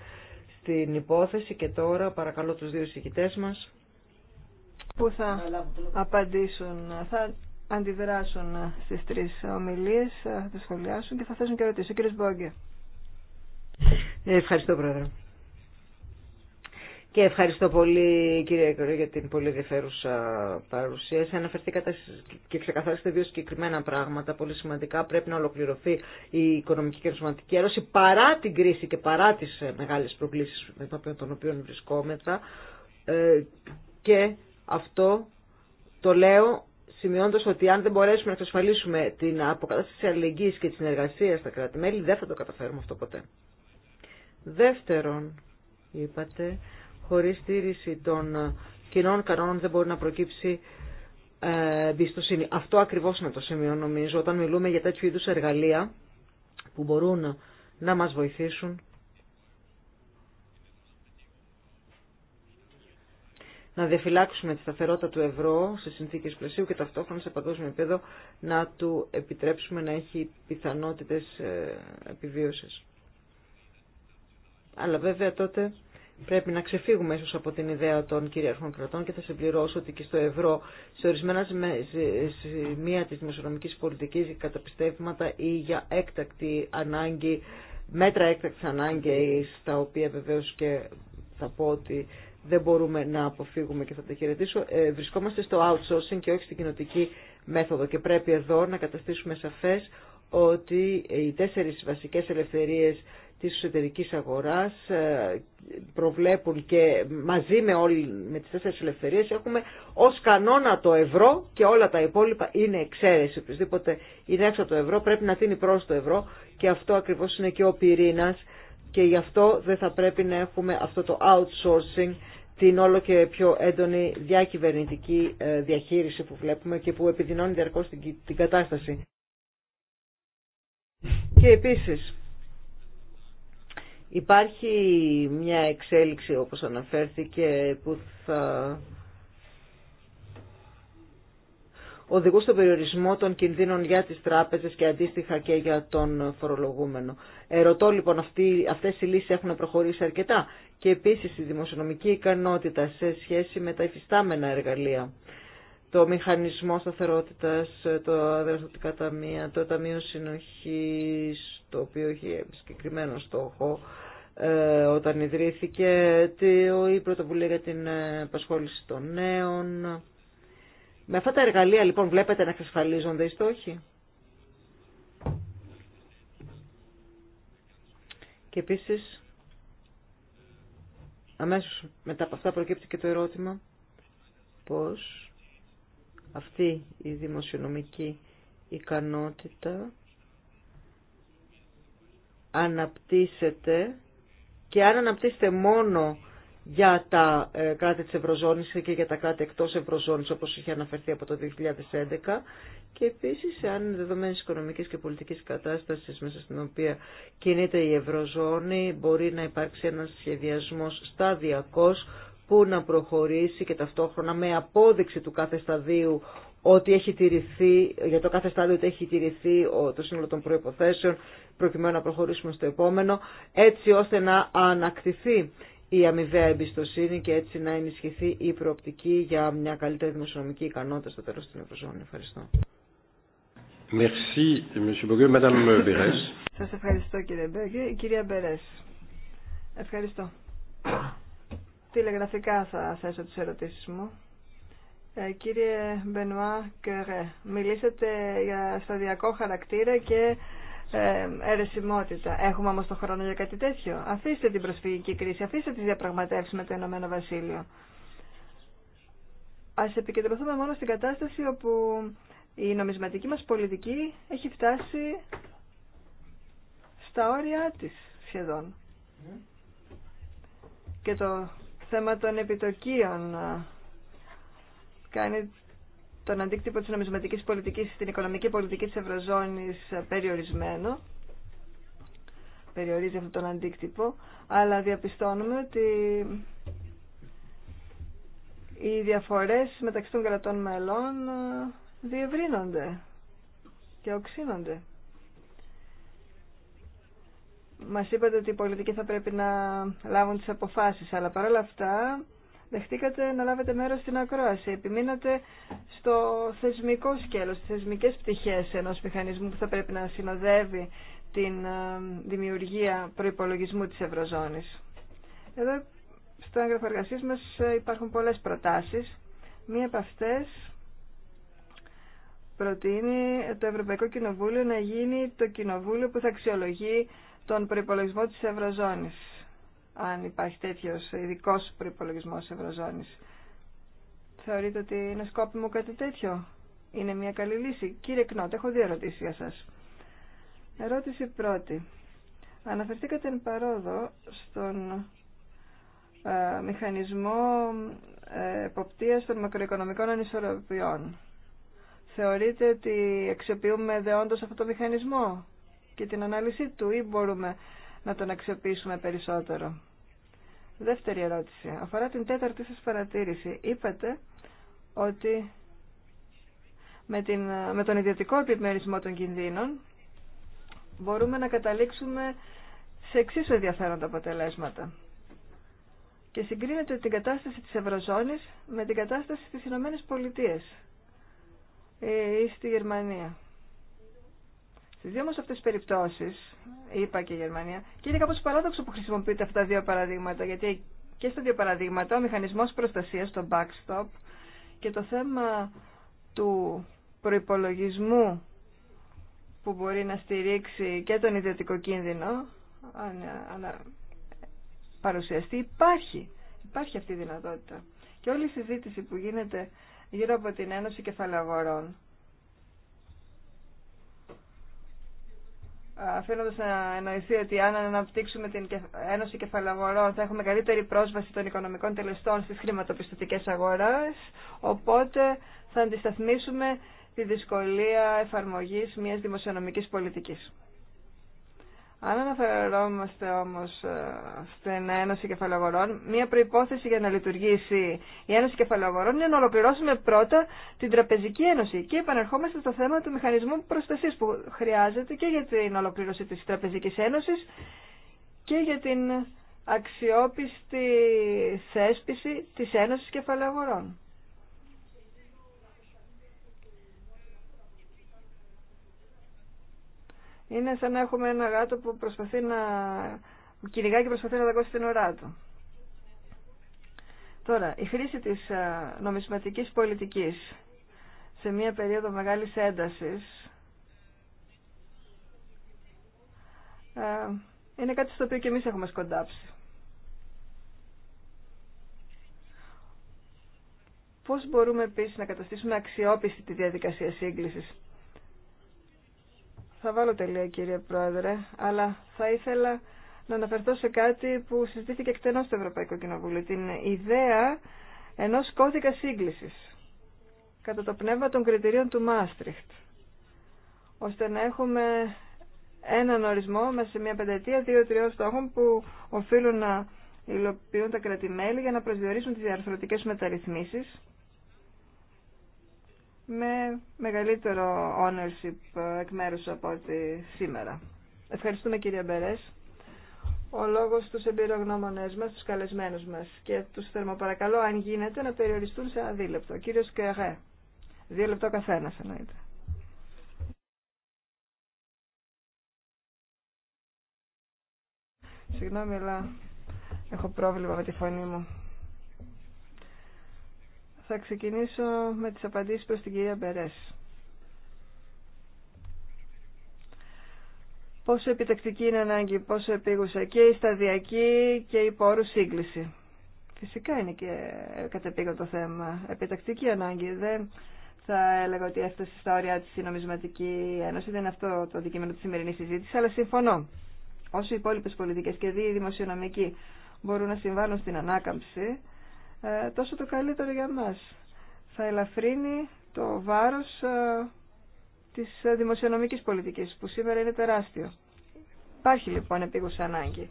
στην υπόθεση και τώρα παρακαλώ τους δύο συγκητές μας που θα απαντήσουν, θα αντιδράσουν στις τρεις ομιλίες, θα σχολιάσουν και θα θέσουν και ερωτήσεις. Ο κύριος Μπόγκε. Ε, ευχαριστώ πρόεδρε. Και ευχαριστώ πολύ κύριε Εκρό για την πολύ ενδιαφέρουσα παρουσίαση. Αναφερθήκατε και ξεκαθάρισατε δύο συγκεκριμένα πράγματα πολύ σημαντικά. Πρέπει να ολοκληρωθεί η οικονομική και νοσηματική έρωση παρά την κρίση και παρά τις ε, μεγάλες προκλήσεις με των οποίων βρισκόμεθα. Ε, και αυτό το λέω σημειώνοντα ότι αν δεν μπορέσουμε να εξασφαλίσουμε την αποκατάσταση αλληλεγγύη και τη συνεργασία στα κράτη-μέλη, δεν θα το καταφέρουμε αυτό ποτέ. Δεύτερον, είπατε χωρίς στήριση των ε, κοινών κανόνων δεν μπορεί να προκύψει ε, εμπιστοσύνη. Αυτό ακριβώς είναι το σημείο νομίζω όταν μιλούμε για τέτοιου είδους εργαλεία που μπορούν να μας βοηθήσουν να διαφυλάξουμε τη σταθερότητα του ευρώ σε συνθήκες πλαισίου και ταυτόχρονα σε παγκόσμιο επίπεδο να του επιτρέψουμε να έχει πιθανότητες ε, επιβίωσης. Αλλά βέβαια τότε Πρέπει να ξεφύγουμε ίσως από την ιδέα των κυριαρχών κρατών και θα συμπληρώσω ότι και στο ευρώ σε ορισμένα σημεία της δημοσιονομικής πολιτικής για καταπιστεύματα ή για έκτακτη ανάγκη, μέτρα έκτακτης ανάγκη τα οποία βεβαίως και θα πω ότι δεν μπορούμε να αποφύγουμε και θα τα χαιρετήσω. Ε, βρισκόμαστε στο outsourcing και όχι στην κοινοτική μέθοδο και πρέπει εδώ να καταστήσουμε σαφές ότι οι τέσσερις βασικές ελευθερίες της εσωτερικής αγοράς ε, προβλέπουν και μαζί με, όλοι, με τις τέσσερις ελευθερίες έχουμε ως κανόνα το ευρώ και όλα τα υπόλοιπα είναι εξαίρεση. Οπωσδήποτε είναι έξω το ευρώ, πρέπει να τίνει προς το ευρώ και αυτό ακριβώς είναι και ο πυρήνας και γι' αυτό δεν θα πρέπει να έχουμε αυτό το outsourcing την όλο και πιο έντονη διακυβερνητική ε, διαχείριση που βλέπουμε και που επιδεινώνει διαρκώς την κατάσταση. Και επίσης, Υπάρχει μια εξέλιξη όπως αναφέρθηκε που θα οδηγούσε στον περιορισμό των κινδύνων για τις τράπεζες και αντίστοιχα και για τον φορολογούμενο. Ερωτώ λοιπόν, αυτοί, αυτές οι λύσεις έχουν προχωρήσει αρκετά και επίσης η δημοσιονομική ικανότητα σε σχέση με τα υφιστάμενα εργαλεία. Το μηχανισμό σταθερότητας, το αδερφωτικά ταμεία, το ταμείο συνοχής, το οποίο έχει συγκεκριμένο στόχο ε, όταν ιδρύθηκε η πρωτοβουλία για την ε, πασχόληση των νέων. Με αυτά τα εργαλεία λοιπόν βλέπετε να εξασφαλίζονται οι στόχοι. Και επίσης αμέσως μετά από αυτά προκύπτει και το ερώτημα πώς αυτή η δημοσιονομική ικανότητα αναπτύσσεται και αν αναπτύσσεται μόνο για τα ε, κράτη της Ευρωζώνης και για τα κράτη εκτός Ευρωζώνης όπως είχε αναφερθεί από το 2011 και επίσης αν δεδομένης οικονομικής και πολιτικής κατάστασης μέσα στην οποία κινείται η Ευρωζώνη μπορεί να υπάρξει ένας σχεδιασμός σταδιακός που να προχωρήσει και ταυτόχρονα με απόδειξη του κάθε σταδίου ότι έχει τηρηθεί, για το κάθε στάδιο ότι έχει τηρηθεί το σύνολο των προϋποθέσεων προκειμένου να προχωρήσουμε στο επόμενο, έτσι ώστε να ανακτηθεί η αμοιβαία εμπιστοσύνη και έτσι να ενισχυθεί η προοπτική για μια καλύτερη δημοσιονομική ικανότητα στο τέλος της Ευρωζώνη. Ευχαριστώ. Merci, Σας ευχαριστώ κύριε Μπέγκε. Κυρία Μπερές, ευχαριστώ. Τηλεγραφικά θα θέσω τις ερωτήσεις μου. Ε, κύριε Μπενουά Κερέ, μιλήσατε για σταδιακό χαρακτήρα και ε, αιρεσιμότητα. Έχουμε όμως το χρόνο για κάτι τέτοιο. Αφήστε την προσφυγική κρίση, αφήστε τις διαπραγματεύσεις με το Ηνωμένο Βασίλειο. Ας επικεντρωθούμε μόνο στην κατάσταση όπου η νομισματική μας πολιτική έχει φτάσει στα όρια της σχεδόν. Ναι. Και το θέμα των επιτοκίων κάνει τον αντίκτυπο της νομισματικής πολιτικής στην οικονομική πολιτική της Ευρωζώνης περιορισμένο. Περιορίζει αυτόν τον αντίκτυπο. Αλλά διαπιστώνουμε ότι οι διαφορές μεταξύ των κρατών μελών ε, διευρύνονται και οξύνονται. Μας είπατε ότι οι πολιτικοί θα πρέπει να λάβουν τις αποφάσεις, αλλά παρόλα αυτά δεχτήκατε να λάβετε μέρος στην ακρόαση. Επιμείνατε στο θεσμικό σκέλος, στις θεσμικές πτυχές ενός μηχανισμού που θα πρέπει να συνοδεύει την ε, δημιουργία προϋπολογισμού της Ευρωζώνης. Εδώ στο έγγραφο εργασία μας ε, υπάρχουν πολλές προτάσεις. Μία από αυτές προτείνει το Ευρωπαϊκό Κοινοβούλιο να γίνει το κοινοβούλιο που θα αξιολογεί τον προϋπολογισμό της Ευρωζώνης αν υπάρχει τέτοιο ειδικό προπολογισμό Ευρωζώνης. Θεωρείτε ότι είναι σκόπιμο κάτι τέτοιο. Είναι μια καλή λύση. Κύριε Κνότ, έχω δύο ερωτήσεις για σας. Ερώτηση πρώτη. Αναφερθήκατε εν παρόδο στον ε, μηχανισμό ε, εποπτείας των μακροοικονομικών ανισορροπιών. Θεωρείτε ότι αξιοποιούμε δεόντως αυτό το μηχανισμό και την ανάλυση του ή μπορούμε να τον αξιοποιήσουμε περισσότερο. Δεύτερη ερώτηση. Αφορά την τέταρτη σας παρατήρηση. Είπατε ότι με, την, με τον ιδιωτικό επιμερισμό των κινδύνων μπορούμε να καταλήξουμε σε εξίσου ενδιαφέροντα αποτελέσματα. Και συγκρίνεται την κατάσταση της Ευρωζώνης με την κατάσταση της Ηνωμένες Πολιτείες ε, ή στη Γερμανία. Στι δύο όμω αυτέ τι περιπτώσει, είπα και η Γερμανία, και είναι κάπω παράδοξο που χρησιμοποιείτε αυτά τα δύο παραδείγματα, γιατί και στα δύο παραδείγματα ο μηχανισμό προστασία, το backstop, και το θέμα του προπολογισμού που μπορεί να στηρίξει και τον ιδιωτικό κίνδυνο αν, αν παρουσιαστεί υπάρχει υπάρχει αυτή η δυνατότητα και όλη η συζήτηση που γίνεται γύρω από την Ένωση Κεφαλαγορών Αφήνοντα να εννοηθεί ότι αν αναπτύξουμε την Ένωση Κεφαλαγορών θα έχουμε καλύτερη πρόσβαση των οικονομικών τελεστών στις χρηματοπιστωτικές αγορέ, οπότε θα αντισταθμίσουμε τη δυσκολία εφαρμογής μιας δημοσιονομικής πολιτικής. Αν αναφερόμαστε όμως ε, στην Ένωση Κεφαλαγορών, μία προϋπόθεση για να λειτουργήσει η Ένωση Κεφαλαγορών είναι να ολοκληρώσουμε πρώτα την Τραπεζική Ένωση και επανερχόμαστε στο θέμα του μηχανισμού προστασίας που χρειάζεται και για την ολοκλήρωση της Τραπεζικής Ένωσης και για την αξιόπιστη θέσπιση της Ένωσης Κεφαλαγορών. Είναι σαν να έχουμε ένα γάτο που προσπαθεί να και προσπαθεί να δακώσει την ωρά του. Τώρα, η χρήση της νομισματικής πολιτικής σε μια περίοδο μεγάλης έντασης είναι κάτι στο οποίο και εμείς έχουμε σκοντάψει. Πώς μπορούμε επίσης να καταστήσουμε αξιόπιστη τη διαδικασία σύγκλησης θα βάλω τελεία κύριε Πρόεδρε, αλλά θα ήθελα να αναφερθώ σε κάτι που συζητήθηκε εκτενώς στο Ευρωπαϊκό Κοινοβούλιο. Την ιδέα ενός κώδικα σύγκλησης κατά το πνεύμα των κριτηρίων του Μάστριχτ ώστε να έχουμε έναν ορισμό μέσα σε μια πενταετία δύο-τριών στόχων που οφείλουν να υλοποιούν τα κρατημέλη για να προσδιορίσουν τις διαρθρωτικές μεταρρυθμίσεις με μεγαλύτερο ownership εκ μέρου από ότι σήμερα. Ευχαριστούμε κύριε Μπερέ. Ο λόγο στου εμπειρογνώμονέ μας, τους καλεσμένους μας και τους θερμοπαρακαλώ αν γίνεται να περιοριστούν σε ένα δίλεπτο. Κύριος Κερέ, δύο λεπτό καθένας εννοείται. Συγγνώμη, αλλά έχω πρόβλημα με τη φωνή μου. Θα ξεκινήσω με τις απαντήσεις προς την κυρία Μπερές. Πόσο επιτακτική είναι ανάγκη, πόσο επίγουσα και η σταδιακή και η πόρου σύγκληση. Φυσικά είναι και κατεπήγον το θέμα. Επιτακτική ανάγκη. Δεν θα έλεγα ότι έφτασε στα όρια της η ένωση. Δεν είναι αυτό το αντικείμενο της σημερινής συζήτησης, αλλά συμφωνώ. Όσο οι υπόλοιπε πολιτικές και οι δημοσιονομικοί μπορούν να συμβάλλουν στην ανάκαμψη, ε, τόσο το καλύτερο για μας. Θα ελαφρύνει το βάρος ε, της δημοσιονομικής πολιτικής που σήμερα είναι τεράστιο. Υπάρχει λοιπόν επίγουσα ανάγκη.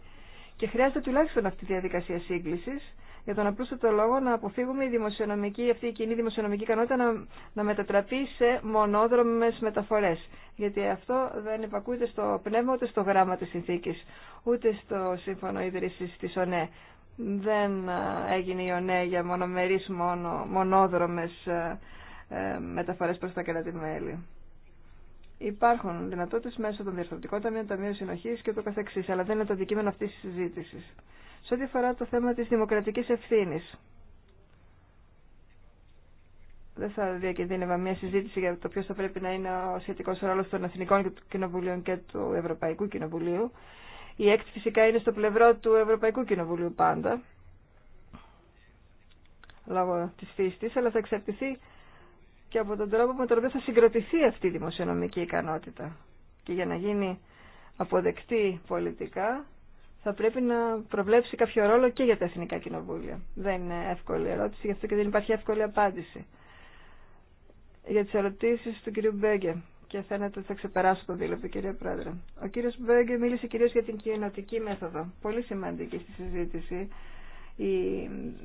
Και χρειάζεται τουλάχιστον αυτή τη διαδικασία σύγκληση για τον απλούστατο λόγο να αποφύγουμε η δημοσιονομική, αυτή η κοινή δημοσιονομική ικανότητα να, να μετατραπεί σε μονόδρομε μεταφορέ. Γιατί αυτό δεν υπακούεται στο πνεύμα ούτε στο γράμμα τη συνθήκη, ούτε στο σύμφωνο ίδρυση τη ΟΝΕ δεν ε, έγινε η ΟΝΕ για μονομερείς μόνο, μονόδρομες ε, ε, μεταφορές προς τα κράτη-μέλη. Υπάρχουν δυνατότητες μέσω των διαρθρωτικών ταμείων, ταμείων συνοχής και το καθεξής, αλλά δεν είναι το αντικείμενο αυτή τη συζήτηση. Σε ό,τι αφορά το θέμα της δημοκρατικής ευθύνης, δεν θα διακινδύνευα μια συζήτηση για το ποιο θα πρέπει να είναι ο σχετικό ρόλο των Εθνικών Κοινοβουλίων και του Ευρωπαϊκού Κοινοβουλίου. Η ΕΚΤ φυσικά είναι στο πλευρό του Ευρωπαϊκού Κοινοβουλίου πάντα, λόγω της φύσης της, αλλά θα εξαρτηθεί και από τον τρόπο με τον οποίο θα συγκροτηθεί αυτή η δημοσιονομική ικανότητα. Και για να γίνει αποδεκτή πολιτικά, θα πρέπει να προβλέψει κάποιο ρόλο και για τα εθνικά κοινοβούλια. Δεν είναι εύκολη ερώτηση, γι' αυτό και δεν υπάρχει εύκολη απάντηση. Για τις ερωτήσεις του κ. Μπέγκε και φαίνεται ότι θα ξεπεράσω το δίλεπτο, κυρία Πρόεδρε. Ο κύριος Μπέγκε μίλησε κυρίως για την κοινοτική μέθοδο. Πολύ σημαντική στη συζήτηση η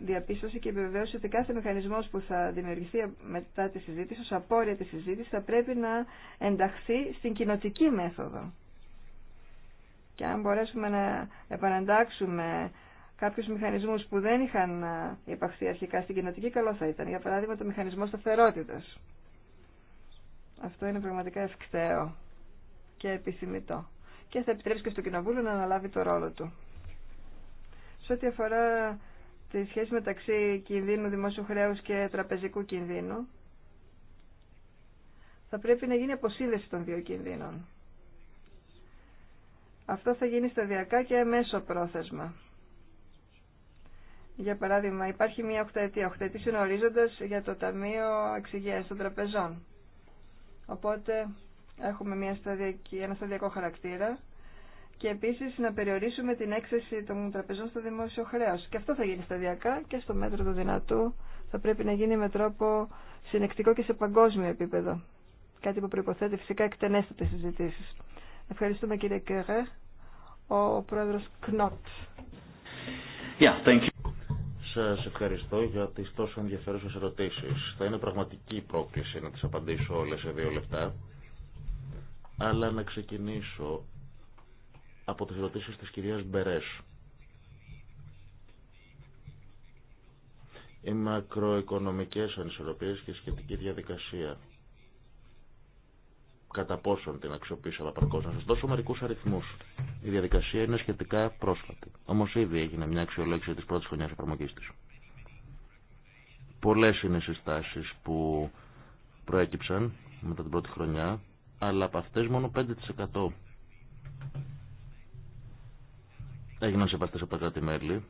διαπίστωση και η επιβεβαίωση ότι κάθε μηχανισμό που θα δημιουργηθεί μετά τη συζήτηση, ω απόρρια τη συζήτηση, θα πρέπει να ενταχθεί στην κοινοτική μέθοδο. Και αν μπορέσουμε να επαναντάξουμε κάποιου μηχανισμού που δεν είχαν υπαχθεί αρχικά στην κοινοτική, καλό θα ήταν. Για παράδειγμα, το μηχανισμό σταθερότητα. Αυτό είναι πραγματικά ευκταίο και επιθυμητό. Και θα επιτρέψει και στο Κοινοβούλιο να αναλάβει το ρόλο του. Σε ό,τι αφορά τη σχέση μεταξύ κινδύνου δημόσιου χρέους και τραπεζικού κινδύνου, θα πρέπει να γίνει αποσύνδεση των δύο κινδύνων. Αυτό θα γίνει σταδιακά και μέσω πρόθεσμα. Για παράδειγμα, υπάρχει μια οχταετία. οχταετή είναι για το Ταμείο Εξυγείας των Τραπεζών. Οπότε έχουμε μια σταδιακή, ένα σταδιακό χαρακτήρα και επίσης να περιορίσουμε την έξεση των τραπεζών στο δημόσιο χρέος. Και αυτό θα γίνει σταδιακά και στο μέτρο του δυνατού θα πρέπει να γίνει με τρόπο συνεκτικό και σε παγκόσμιο επίπεδο. Κάτι που προϋποθέτει φυσικά εκτενέστατες συζητήσεις. Ευχαριστούμε κύριε Κέρε, ο πρόεδρος Κνότ. Yeah, thank you σας ευχαριστώ για τις τόσο ενδιαφέρουσες ερωτήσεις. Θα είναι πραγματική πρόκληση να τις απαντήσω όλες σε δύο λεπτά. Αλλά να ξεκινήσω από τις ερωτήσεις της κυρίας Μπερές. Οι μακροοικονομικές ανισορροπίες και σχετική διαδικασία κατά πόσον την αξιοποιήσαμε παρκώ. Να σα δώσω μερικού αριθμού. Η διαδικασία είναι σχετικά πρόσφατη. Όμω ήδη έγινε μια αξιολόγηση τη πρώτη χρονιά εφαρμογή τη. Πολλέ είναι οι συστάσει που προέκυψαν μετά την πρώτη χρονιά, αλλά από αυτέ μόνο 5% έγιναν σεβαστέ από τα κράτη-μέλη.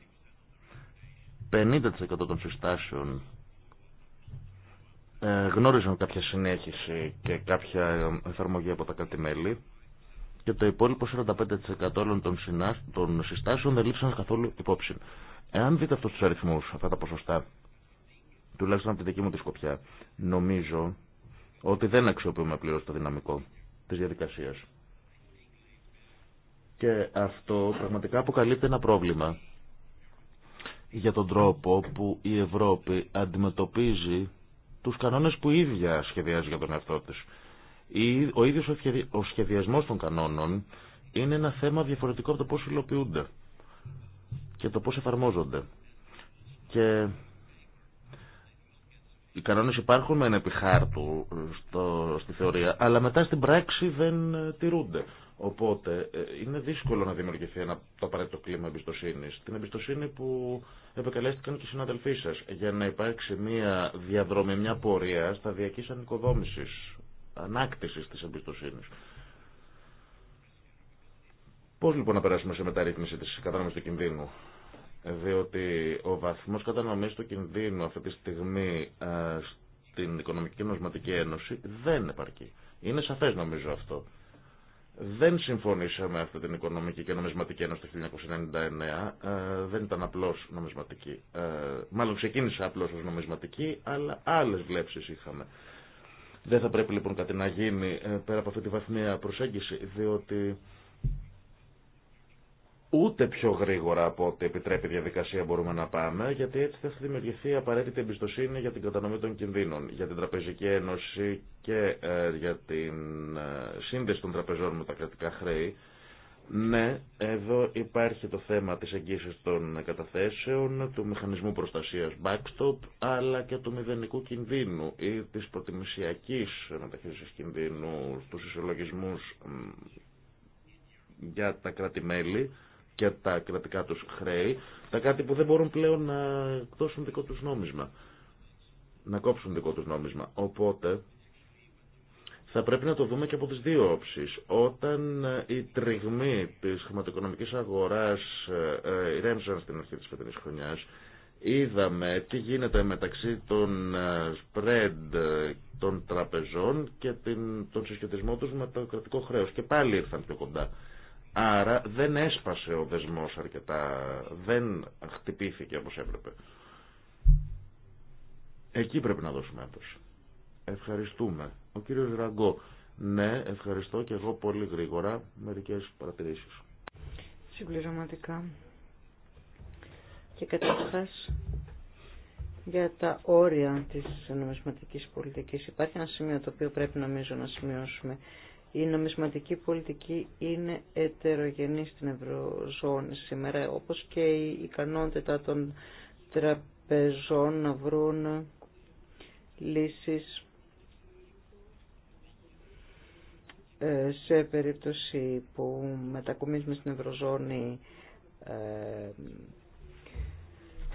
50% των συστάσεων ε, γνώριζαν κάποια συνέχιση και κάποια εφαρμογή από τα κατημέλη και το υπόλοιπο 45% όλων των συστάσεων δεν λήψαν καθόλου υπόψη. Εάν δείτε αυτού του αριθμού, αυτά τα ποσοστά, τουλάχιστον από τη δική μου τη σκοπιά, νομίζω ότι δεν αξιοποιούμε πλήρω το δυναμικό τη διαδικασία. Και αυτό πραγματικά αποκαλύπτει ένα πρόβλημα για τον τρόπο που η Ευρώπη αντιμετωπίζει τους κανόνες που η ίδια σχεδιάζει για τον εαυτό τη. Ο ίδιος ο σχεδιασμός των κανόνων είναι ένα θέμα διαφορετικό από το πώς υλοποιούνται και το πώς εφαρμόζονται. Και οι κανόνες υπάρχουν με ένα επιχάρτου ε, στο, στη θεωρία, αλλά μετά στην πράξη δεν ε, τηρούνται. Οπότε ε, είναι δύσκολο να δημιουργηθεί ένα, το απαραίτητο κλίμα εμπιστοσύνη. Την εμπιστοσύνη που επεκαλέστηκαν και οι συναδελφοί σα για να υπάρξει μια διαδρομή, μια πορεία σταδιακή ανοικοδόμηση, ανάκτηση τη εμπιστοσύνη. Πώ λοιπόν να περάσουμε σε μεταρρύθμιση τη κατανομή του κινδύνου, διότι ο βαθμό κατανομή του κινδύνου αυτή τη στιγμή ε, στην Οικονομική Νοσματική Ένωση δεν επαρκεί. Είναι σαφέ νομίζω αυτό. Δεν συμφωνήσαμε αυτή την Οικονομική και Νομισματική Ένωση το 1999. Ε, δεν ήταν απλώς νομισματική. Ε, μάλλον ξεκίνησε απλώς ως νομισματική, αλλά άλλες βλέψεις είχαμε. Δεν θα πρέπει λοιπόν κάτι να γίνει ε, πέρα από αυτή τη βαθμία προσέγγιση, διότι Ούτε πιο γρήγορα από ό,τι επιτρέπει η διαδικασία μπορούμε να πάμε, γιατί έτσι θα δημιουργηθεί απαραίτητη εμπιστοσύνη για την κατανομή των κινδύνων, για την Τραπεζική Ένωση και ε, για την ε, σύνδεση των τραπεζών με τα κρατικά χρέη. Ναι, εδώ υπάρχει το θέμα της εγγύησης των καταθέσεων, του μηχανισμού προστασίας backstop, αλλά και του μηδενικού κινδύνου ή της προτιμησιακής μεταχείρισης κινδύνου στους ισολογισμούς για τα κράτη-μέλη και τα κρατικά τους χρέη, τα κάτι που δεν μπορούν πλέον να δώσουν δικό τους νόμισμα, να κόψουν δικό τους νόμισμα. Οπότε θα πρέπει να το δούμε και από τις δύο όψεις. Όταν ε, η τριγμή της χρηματοοικονομικής αγοράς ε, ε, ηρέμησαν στην αρχή της φετινής χρονιάς, είδαμε τι γίνεται μεταξύ των spread των τραπεζών και τον συσχετισμό τους με το κρατικό χρέος. Και πάλι ήρθαν πιο κοντά. Άρα δεν έσπασε ο δεσμός αρκετά, δεν χτυπήθηκε όπως έπρεπε. Εκεί πρέπει να δώσουμε ένταση. Ευχαριστούμε. Ο κύριος Ραγκό. Ναι, ευχαριστώ και εγώ πολύ γρήγορα μερικές παρατηρήσεις. Συμπληρωματικά. Και καταρχά για τα όρια της νομισματικής πολιτικής υπάρχει ένα σημείο το οποίο πρέπει νομίζω να σημειώσουμε η νομισματική πολιτική είναι ετερογενή στην Ευρωζώνη σήμερα, όπως και η ικανότητα των τραπεζών να βρουν λύσεις ε, σε περίπτωση που μετακομίζουμε στην Ευρωζώνη ε,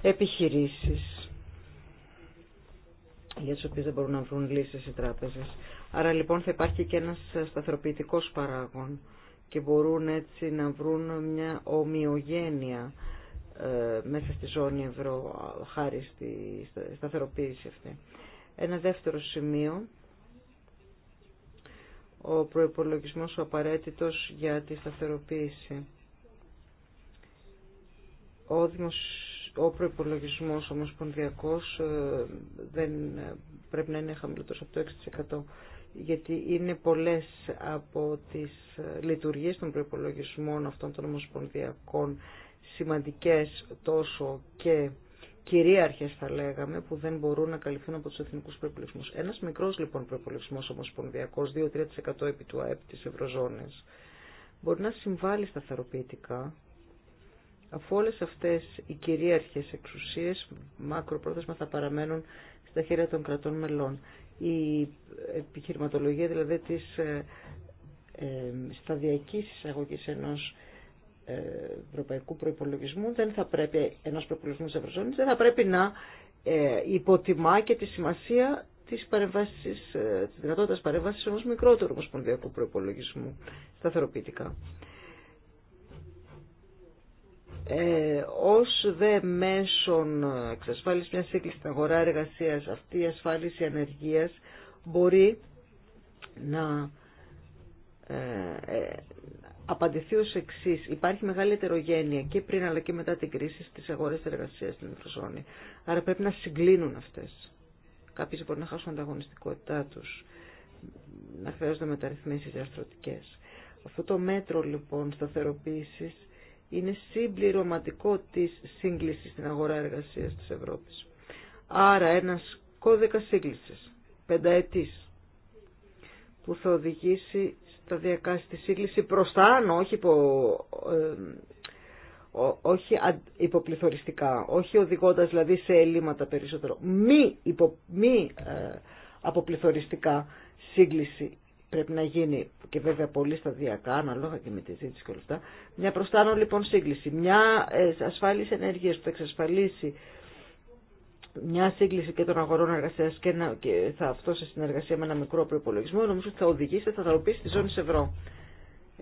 επιχειρήσεις για τις οποίες δεν μπορούν να βρουν λύσεις οι τράπεζες. Άρα λοιπόν θα υπάρχει και ένας σταθεροποιητικός παράγων και μπορούν έτσι να βρουν μια ομοιογένεια ε, μέσα στη ζώνη ευρώ χάρη στη σταθεροποίηση αυτή. Ένα δεύτερο σημείο, ο προϋπολογισμός ο απαραίτητος για τη σταθεροποίηση. Ο, δημοσ... ο προϋπολογισμός ομοσπονδιακός ε, δεν ε, πρέπει να είναι χαμηλότερος από το 6% γιατί είναι πολλές από τις ε, λειτουργίες των προϋπολογισμών αυτών των ομοσπονδιακών σημαντικές τόσο και κυρίαρχες θα λέγαμε που δεν μπορούν να καλυφθούν από τους εθνικούς προϋπολογισμούς. Ένας μικρός λοιπόν προϋπολογισμός ομοσπονδιακός, 2-3% επί του ΑΕΠ της Ευρωζώνης, μπορεί να συμβάλλει σταθεροποιητικά αφού όλες αυτές οι κυρίαρχες εξουσίες μακροπρόθεσμα θα παραμένουν στα χέρια των κρατών μελών. Η επιχειρηματολογία δηλαδή της ε, ε, σταδιακής εισαγωγής ενός ε, ευρωπαϊκού προϋπολογισμού δεν θα πρέπει, ενός προϋπολογισμού της Ευρωζώνης δεν θα πρέπει να ε, υποτιμά και τη σημασία της, παρεμβάσης, ε, της δυνατότητας παρέμβασης ενός μικρότερου ομοσπονδιακού προϋπολογισμού σταθεροποιητικά ε, ως δε μέσον εξασφάλιση μιας σύγκλησης στην αγορά εργασίας αυτή η ασφάλιση ανεργίας μπορεί να ε, ε, απαντηθεί ως εξή. Υπάρχει μεγάλη ετερογένεια και πριν αλλά και μετά την κρίση στις αγορές εργασίας στην Ευρωζώνη. Άρα πρέπει να συγκλίνουν αυτές. Κάποιοι μπορεί λοιπόν να χάσουν ανταγωνιστικότητά τους, να χρειάζονται μεταρρυθμίσεις διαστρωτικές. Αυτό το μέτρο λοιπόν σταθεροποίησης είναι συμπληρωματικό της σύγκλησης στην αγορά εργασίας της Ευρώπης. Άρα ένας κώδικας σύγκλησης, πενταετής, που θα οδηγήσει σταδιακά στη σύγκληση προς τα άνω, όχι υπό, όχι υποπληθωριστικά, όχι οδηγώντας δηλαδή σε ελλείμματα περισσότερο, μη, υπο, μη ε, αποπληθωριστικά σύγκληση πρέπει να γίνει και βέβαια πολύ σταδιακά, ανάλογα και με τη ζήτηση και όλα αυτά, μια προστάνω λοιπόν σύγκληση, μια ε, ασφάλιση ενέργειας που θα εξασφαλίσει μια σύγκληση και των αγορών εργασία και, και, θα αυτό σε συνεργασία με ένα μικρό προπολογισμό, νομίζω ότι θα οδηγήσει, θα οπίσει τη ζώνη σε ευρώ.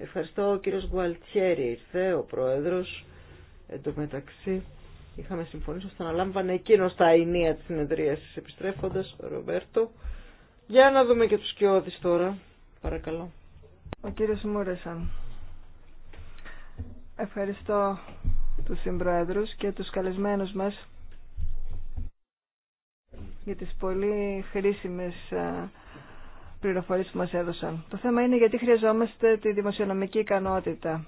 Ευχαριστώ ο κύριος Γκουαλτιέρη, ήρθε ο πρόεδρος. Εν τω μεταξύ είχαμε συμφωνήσει ώστε να λάμβανε εκείνο τα ενία της συνεδρίασης επιστρέφοντας, Ρομπέρτο. Για να δούμε και τους κοιόδης τώρα. Παρακαλώ. Ο κύριος Μούρεσαν. Ευχαριστώ τους συμπροέδρους και τους καλεσμένους μας για τις πολύ χρήσιμες ε, πληροφορίες που μας έδωσαν. Το θέμα είναι γιατί χρειαζόμαστε τη δημοσιονομική ικανότητα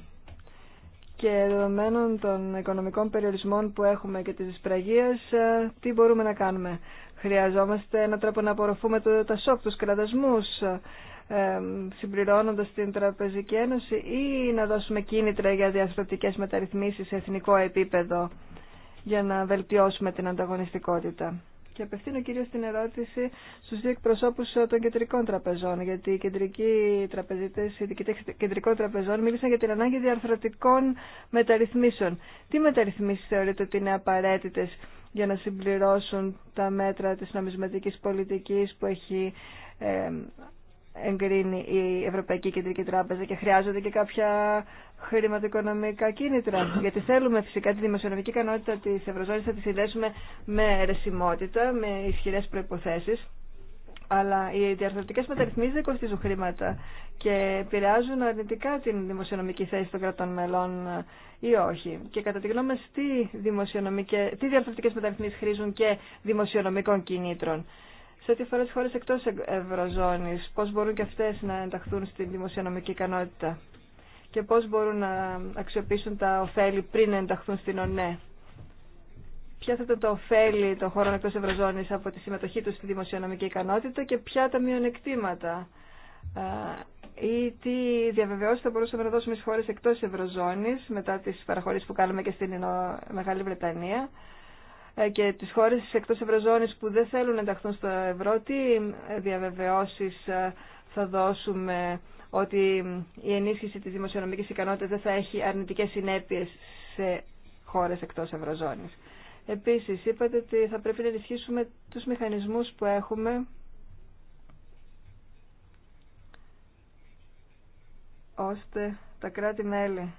και δεδομένων των οικονομικών περιορισμών που έχουμε και της δυσπραγίας, ε, τι μπορούμε να κάνουμε. Χρειαζόμαστε ένα τρόπο να απορροφούμε τα σοκ, τους κρατασμούς συμπληρώνοντας την Τραπεζική Ένωση ή να δώσουμε κίνητρα για διαστροτικές μεταρρυθμίσεις σε εθνικό επίπεδο για να βελτιώσουμε την ανταγωνιστικότητα. Και απευθύνω κυρίως την ερώτηση στους δύο εκπροσώπους ε, των κεντρικών τραπεζών, γιατί οι κεντρικοί τραπεζίτες, οι διοικητές κεντρικών τραπεζών μίλησαν για την ανάγκη διαρθρωτικών μεταρρυθμίσεων. Τι μεταρρυθμίσεις θεωρείτε ότι είναι απαραίτητες για να συμπληρώσουν τα μέτρα της νομισματικής πολιτικής που έχει ε, εγκρίνει η Ευρωπαϊκή Κεντρική Τράπεζα και χρειάζονται και κάποια χρηματοοικονομικά κίνητρα. Γιατί θέλουμε φυσικά τη δημοσιονομική ικανότητα τη Ευρωζώνη να τη συνδέσουμε με ρεσιμότητα, με ισχυρέ προποθέσει. Αλλά οι διαρθρωτικέ μεταρρυθμίσει δεν κοστίζουν χρήματα και επηρεάζουν αρνητικά την δημοσιονομική θέση των κρατών μελών ε, ή όχι. Και κατά τη γνώμη μα, τι, τι διαρθρωτικέ μεταρρυθμίσει χρήζουν και δημοσιονομικών κινήτρων σε ό,τι αφορά τι χώρε εκτό Ευρωζώνη, πώ μπορούν και αυτέ να ενταχθούν στην δημοσιονομική ικανότητα και πώ μπορούν να αξιοποιήσουν τα ωφέλη πριν να ενταχθούν στην ΟΝΕ. Ποια θα ήταν τα ωφέλη των χώρων εκτό Ευρωζώνη από τη συμμετοχή του στη δημοσιονομική ικανότητα και ποια τα μειονεκτήματα ή τι διαβεβαιώσει θα μπορούσαμε να δώσουμε στι χώρε εκτό Ευρωζώνη μετά τι παραχωρήσει που κάνουμε και στην Μεγάλη Βρετανία ε, και τις χώρες εκτός Ευρωζώνης που δεν θέλουν να ενταχθούν στο ευρώ, τι ε, διαβεβαιώσεις ε, θα δώσουμε ότι η ενίσχυση της δημοσιονομικής ικανότητας δεν θα έχει αρνητικές συνέπειες σε χώρες εκτός Ευρωζώνης. Επίσης, είπατε ότι θα πρέπει να ενισχύσουμε τους μηχανισμούς που έχουμε ώστε τα κράτη-μέλη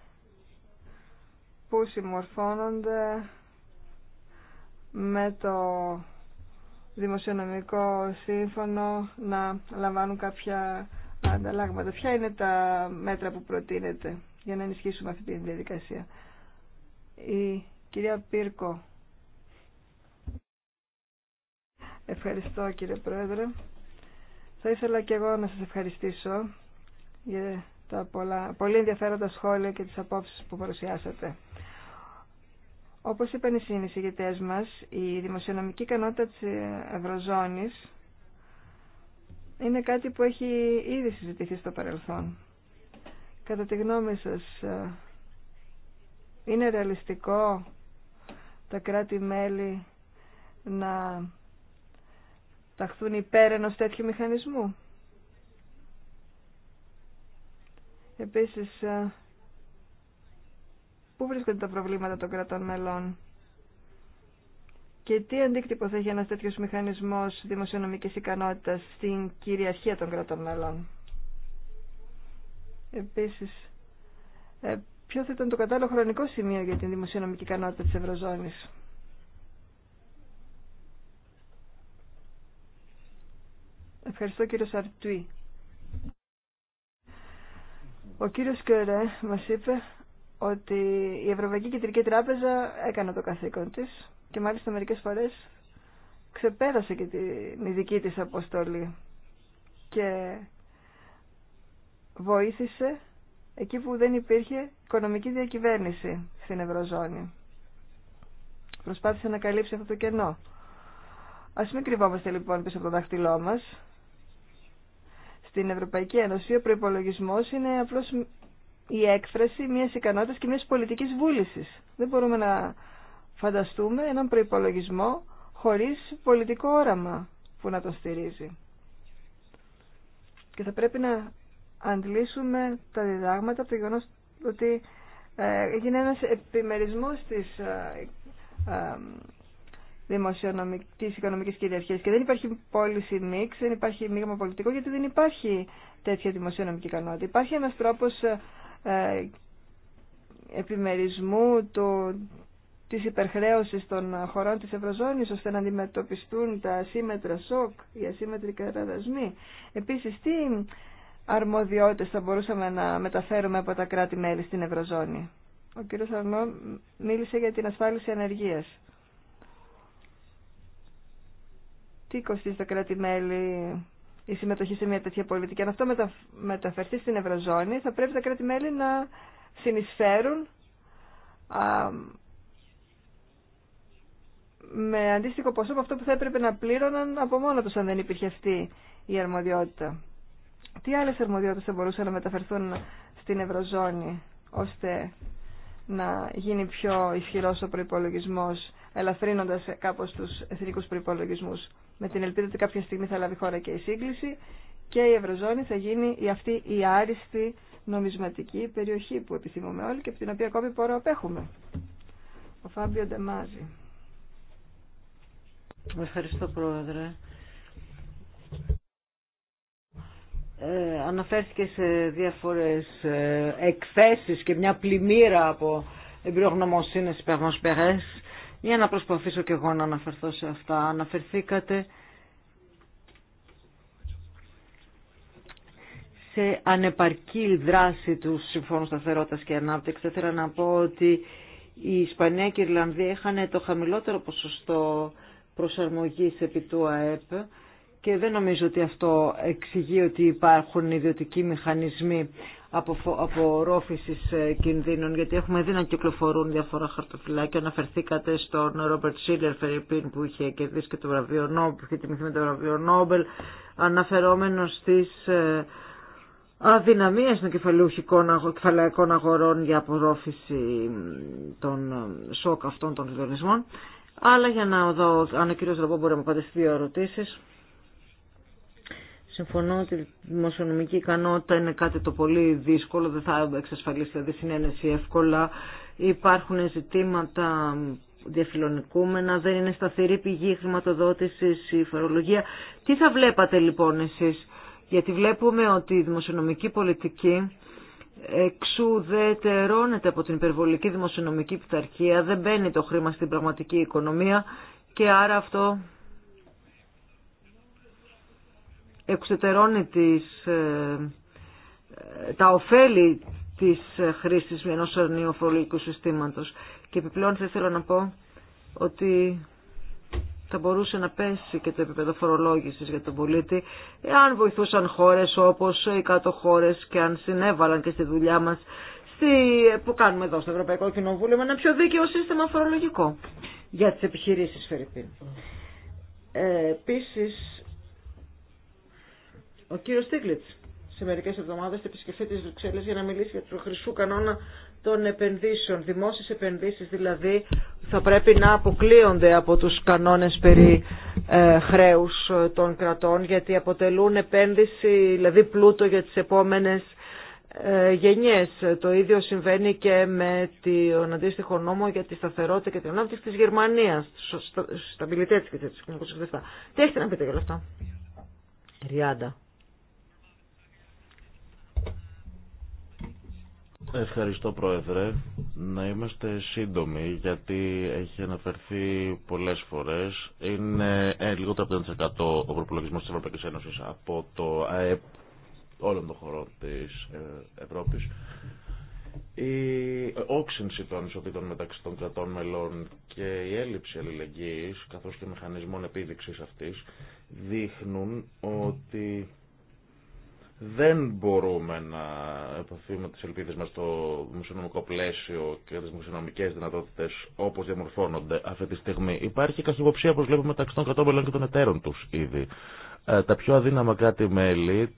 που συμμορφώνονται με το δημοσιονομικό σύμφωνο να λαμβάνουν κάποια ανταλλάγματα. Ποια είναι τα μέτρα που προτείνετε για να ενισχύσουμε αυτή τη διαδικασία. Η κυρία Πύρκο. Ευχαριστώ κύριε Πρόεδρε. Θα ήθελα και εγώ να σας ευχαριστήσω για τα πολλά, πολύ ενδιαφέροντα σχόλια και τις απόψεις που παρουσιάσατε. Όπως είπαν οι συνεισηγητές μας, η δημοσιονομική ικανότητα της Ευρωζώνης είναι κάτι που έχει ήδη συζητηθεί στο παρελθόν. Κατά τη γνώμη σας, είναι ρεαλιστικό τα κράτη-μέλη να ταχθούν υπέρ ενός τέτοιου μηχανισμού. Επίσης, πού βρίσκονται τα προβλήματα των κρατών μελών και τι αντίκτυπο θα έχει ένας τέτοιος μηχανισμός δημοσιονομικής ικανότητας στην κυριαρχία των κρατών μελών. Επίσης, ε, ποιο θα ήταν το κατάλληλο χρονικό σημείο για την δημοσιονομική ικανότητα της Ευρωζώνης. Ευχαριστώ κύριο Σαρτουί. Ο κύριος Κερέ μας είπε ότι η Ευρωπαϊκή Κεντρική Τράπεζα έκανε το καθήκον της και μάλιστα μερικές φορές ξεπέρασε και την ειδική της αποστολή και βοήθησε εκεί που δεν υπήρχε οικονομική διακυβέρνηση στην Ευρωζώνη. Προσπάθησε να καλύψει αυτό το κενό. Ας μην κρυβόμαστε λοιπόν πίσω από το δάχτυλό μας. Στην Ευρωπαϊκή Ένωση ο προϋπολογισμός είναι απλώς η έκφραση μιας ικανότητας και μιας πολιτικής βούλησης. Δεν μπορούμε να φανταστούμε έναν προπολογισμό χωρίς πολιτικό όραμα που να τον στηρίζει. Και θα πρέπει να αντλήσουμε τα διδάγματα από το γεγονό ότι ε, έγινε ένας επιμερισμός της ε, ε, δημοσιονομικής, κυριαρχία. οικονομικής κυριαρχίας και δεν υπάρχει πώληση μίξ, δεν υπάρχει μείγμα πολιτικό γιατί δεν υπάρχει τέτοια δημοσιονομική ικανότητα. Υπάρχει ένας τρόπος ε, επιμερισμού του, της υπερχρέωσης των χωρών της Ευρωζώνης ώστε να αντιμετωπιστούν τα ασύμετρα σοκ, οι ασύμετροι καταδασμοί. Επίσης, τι αρμοδιότητες θα μπορούσαμε να μεταφέρουμε από τα κράτη-μέλη στην Ευρωζώνη. Ο κύριος Αρμό μίλησε για την ασφάλιση ανεργίας. Τι κοστίζει τα κράτη-μέλη η συμμετοχή σε μια τέτοια πολιτική. Αν αυτό μεταφερθεί στην Ευρωζώνη, θα πρέπει τα κράτη-μέλη να συνεισφέρουν με αντίστοιχο ποσό από αυτό που θα έπρεπε να πλήρωναν από μόνο τους αν δεν υπήρχε αυτή η αρμοδιότητα. Τι άλλες αρμοδιότητες θα μπορούσαν να μεταφερθούν στην Ευρωζώνη ώστε να γίνει πιο ισχυρός ο προϋπολογισμός ελαφρύνοντας κάπως τους εθνικούς προϋπολογισμούς. Με την ελπίδα ότι κάποια στιγμή θα λάβει χώρα και η σύγκληση και η Ευρωζώνη θα γίνει η αυτή η άριστη νομισματική περιοχή που επιθυμούμε όλοι και από την οποία ακόμη πόρο απέχουμε. Ο Φάμπιο Ντεμάζη. Ευχαριστώ Πρόεδρε. Ε, αναφέρθηκε σε διάφορες ε, εκθέσεις και μια πλημμύρα από εμπειρογνωμοσύνες για να προσπαθήσω και εγώ να αναφερθώ σε αυτά. Αναφερθήκατε σε ανεπαρκή δράση του Συμφώνου Σταθερότητας και Ανάπτυξης. Θέλω να πω ότι η Ισπανία και η Ιρλανδία είχαν το χαμηλότερο ποσοστό προσαρμογής επί του ΑΕΠ και δεν νομίζω ότι αυτό εξηγεί ότι υπάρχουν ιδιωτικοί μηχανισμοί από ρόφηση ε, κινδύνων, γιατί έχουμε δει να κυκλοφορούν διάφορα χαρτοφυλάκια. Αναφερθήκατε στον Ρόμπερτ Σίλερ Φερρυπίν που είχε κερδίσει και το βραβείο Νόμπελ, που είχε τιμηθεί με το βραβείο Νόμπελ, αναφερόμενος στις ε, αδυναμίες των κεφαλαϊκών αγορών για απορρόφηση των ε, σοκ αυτών των διδονισμών. Αλλά για να δω αν ο κύριος Ραμπό μπορεί να μου απαντήσει δύο ερωτήσεις. Συμφωνώ ότι η δημοσιονομική ικανότητα είναι κάτι το πολύ δύσκολο, δεν θα εξασφαλίσει δηλαδή συνένεση εύκολα. Υπάρχουν ζητήματα διαφιλονικούμενα, δεν είναι σταθερή πηγή χρηματοδότησης, η φορολογία. Τι θα βλέπατε λοιπόν εσείς, γιατί βλέπουμε ότι η δημοσιονομική πολιτική εξουδετερώνεται από την υπερβολική δημοσιονομική πειθαρχία, δεν μπαίνει το χρήμα στην πραγματική οικονομία και άρα αυτό εξωτερώνει ε, τα ωφέλη της χρήσης ενός αρνίου συστήματος. Και επιπλέον θα ήθελα να πω ότι θα μπορούσε να πέσει και το επίπεδο φορολόγησης για τον πολίτη, εάν βοηθούσαν χώρες όπως οι κάτω χώρες και αν συνέβαλαν και στη δουλειά μας που κάνουμε εδώ στο Ευρωπαϊκό Κοινοβούλιο με ένα πιο δίκαιο σύστημα φορολογικό για τις επιχειρήσεις Φερρυπίν. Ε, επίσης ο κύριος Στίγλιτ σε εβδομάδε εβδομάδες επισκεφθεί τις Βρυξέλλε για να μιλήσει για του χρυσού κανόνα των επενδύσεων. Δημόσιε επενδύσει, δηλαδή θα πρέπει να αποκλείονται από του κανόνε περί ε, χρέους των κρατών γιατί αποτελούν επένδυση, δηλαδή πλούτο για τις επόμενες γενιές. Το ίδιο συμβαίνει και με τον αντίστοιχο νόμο για τη σταθερότητα και την ανάπτυξη της Γερμανίας. στα και τέτοια. Τι έχετε να πείτε για όλα αυτά. Ριάντα. Ευχαριστώ Πρόεδρε. Να είμαστε σύντομοι γιατί έχει αναφερθεί πολλές φορές. Είναι ε, λιγότερο από 1% ο προπολογισμός της Ευρωπαϊκής Ένωσης από το ΑΕΠ όλων των χωρών της ε, Ευρώπης. Η όξυνση των ισοτήτων μεταξύ των κρατών μελών και η έλλειψη αλληλεγγύης καθώς και μηχανισμών επίδειξης αυτής δείχνουν ότι δεν μπορούμε να επαφήσουμε τις ελπίδες μας στο δημοσιονομικό πλαίσιο και τις δημοσιονομικές δυνατότητες όπως διαμορφώνονται αυτή τη στιγμή. Υπάρχει καχυποψία, όπως βλέπουμε, μεταξύ των κρατών και των εταίρων τους ήδη. Ε, τα πιο αδύναμα κράτη-μέλη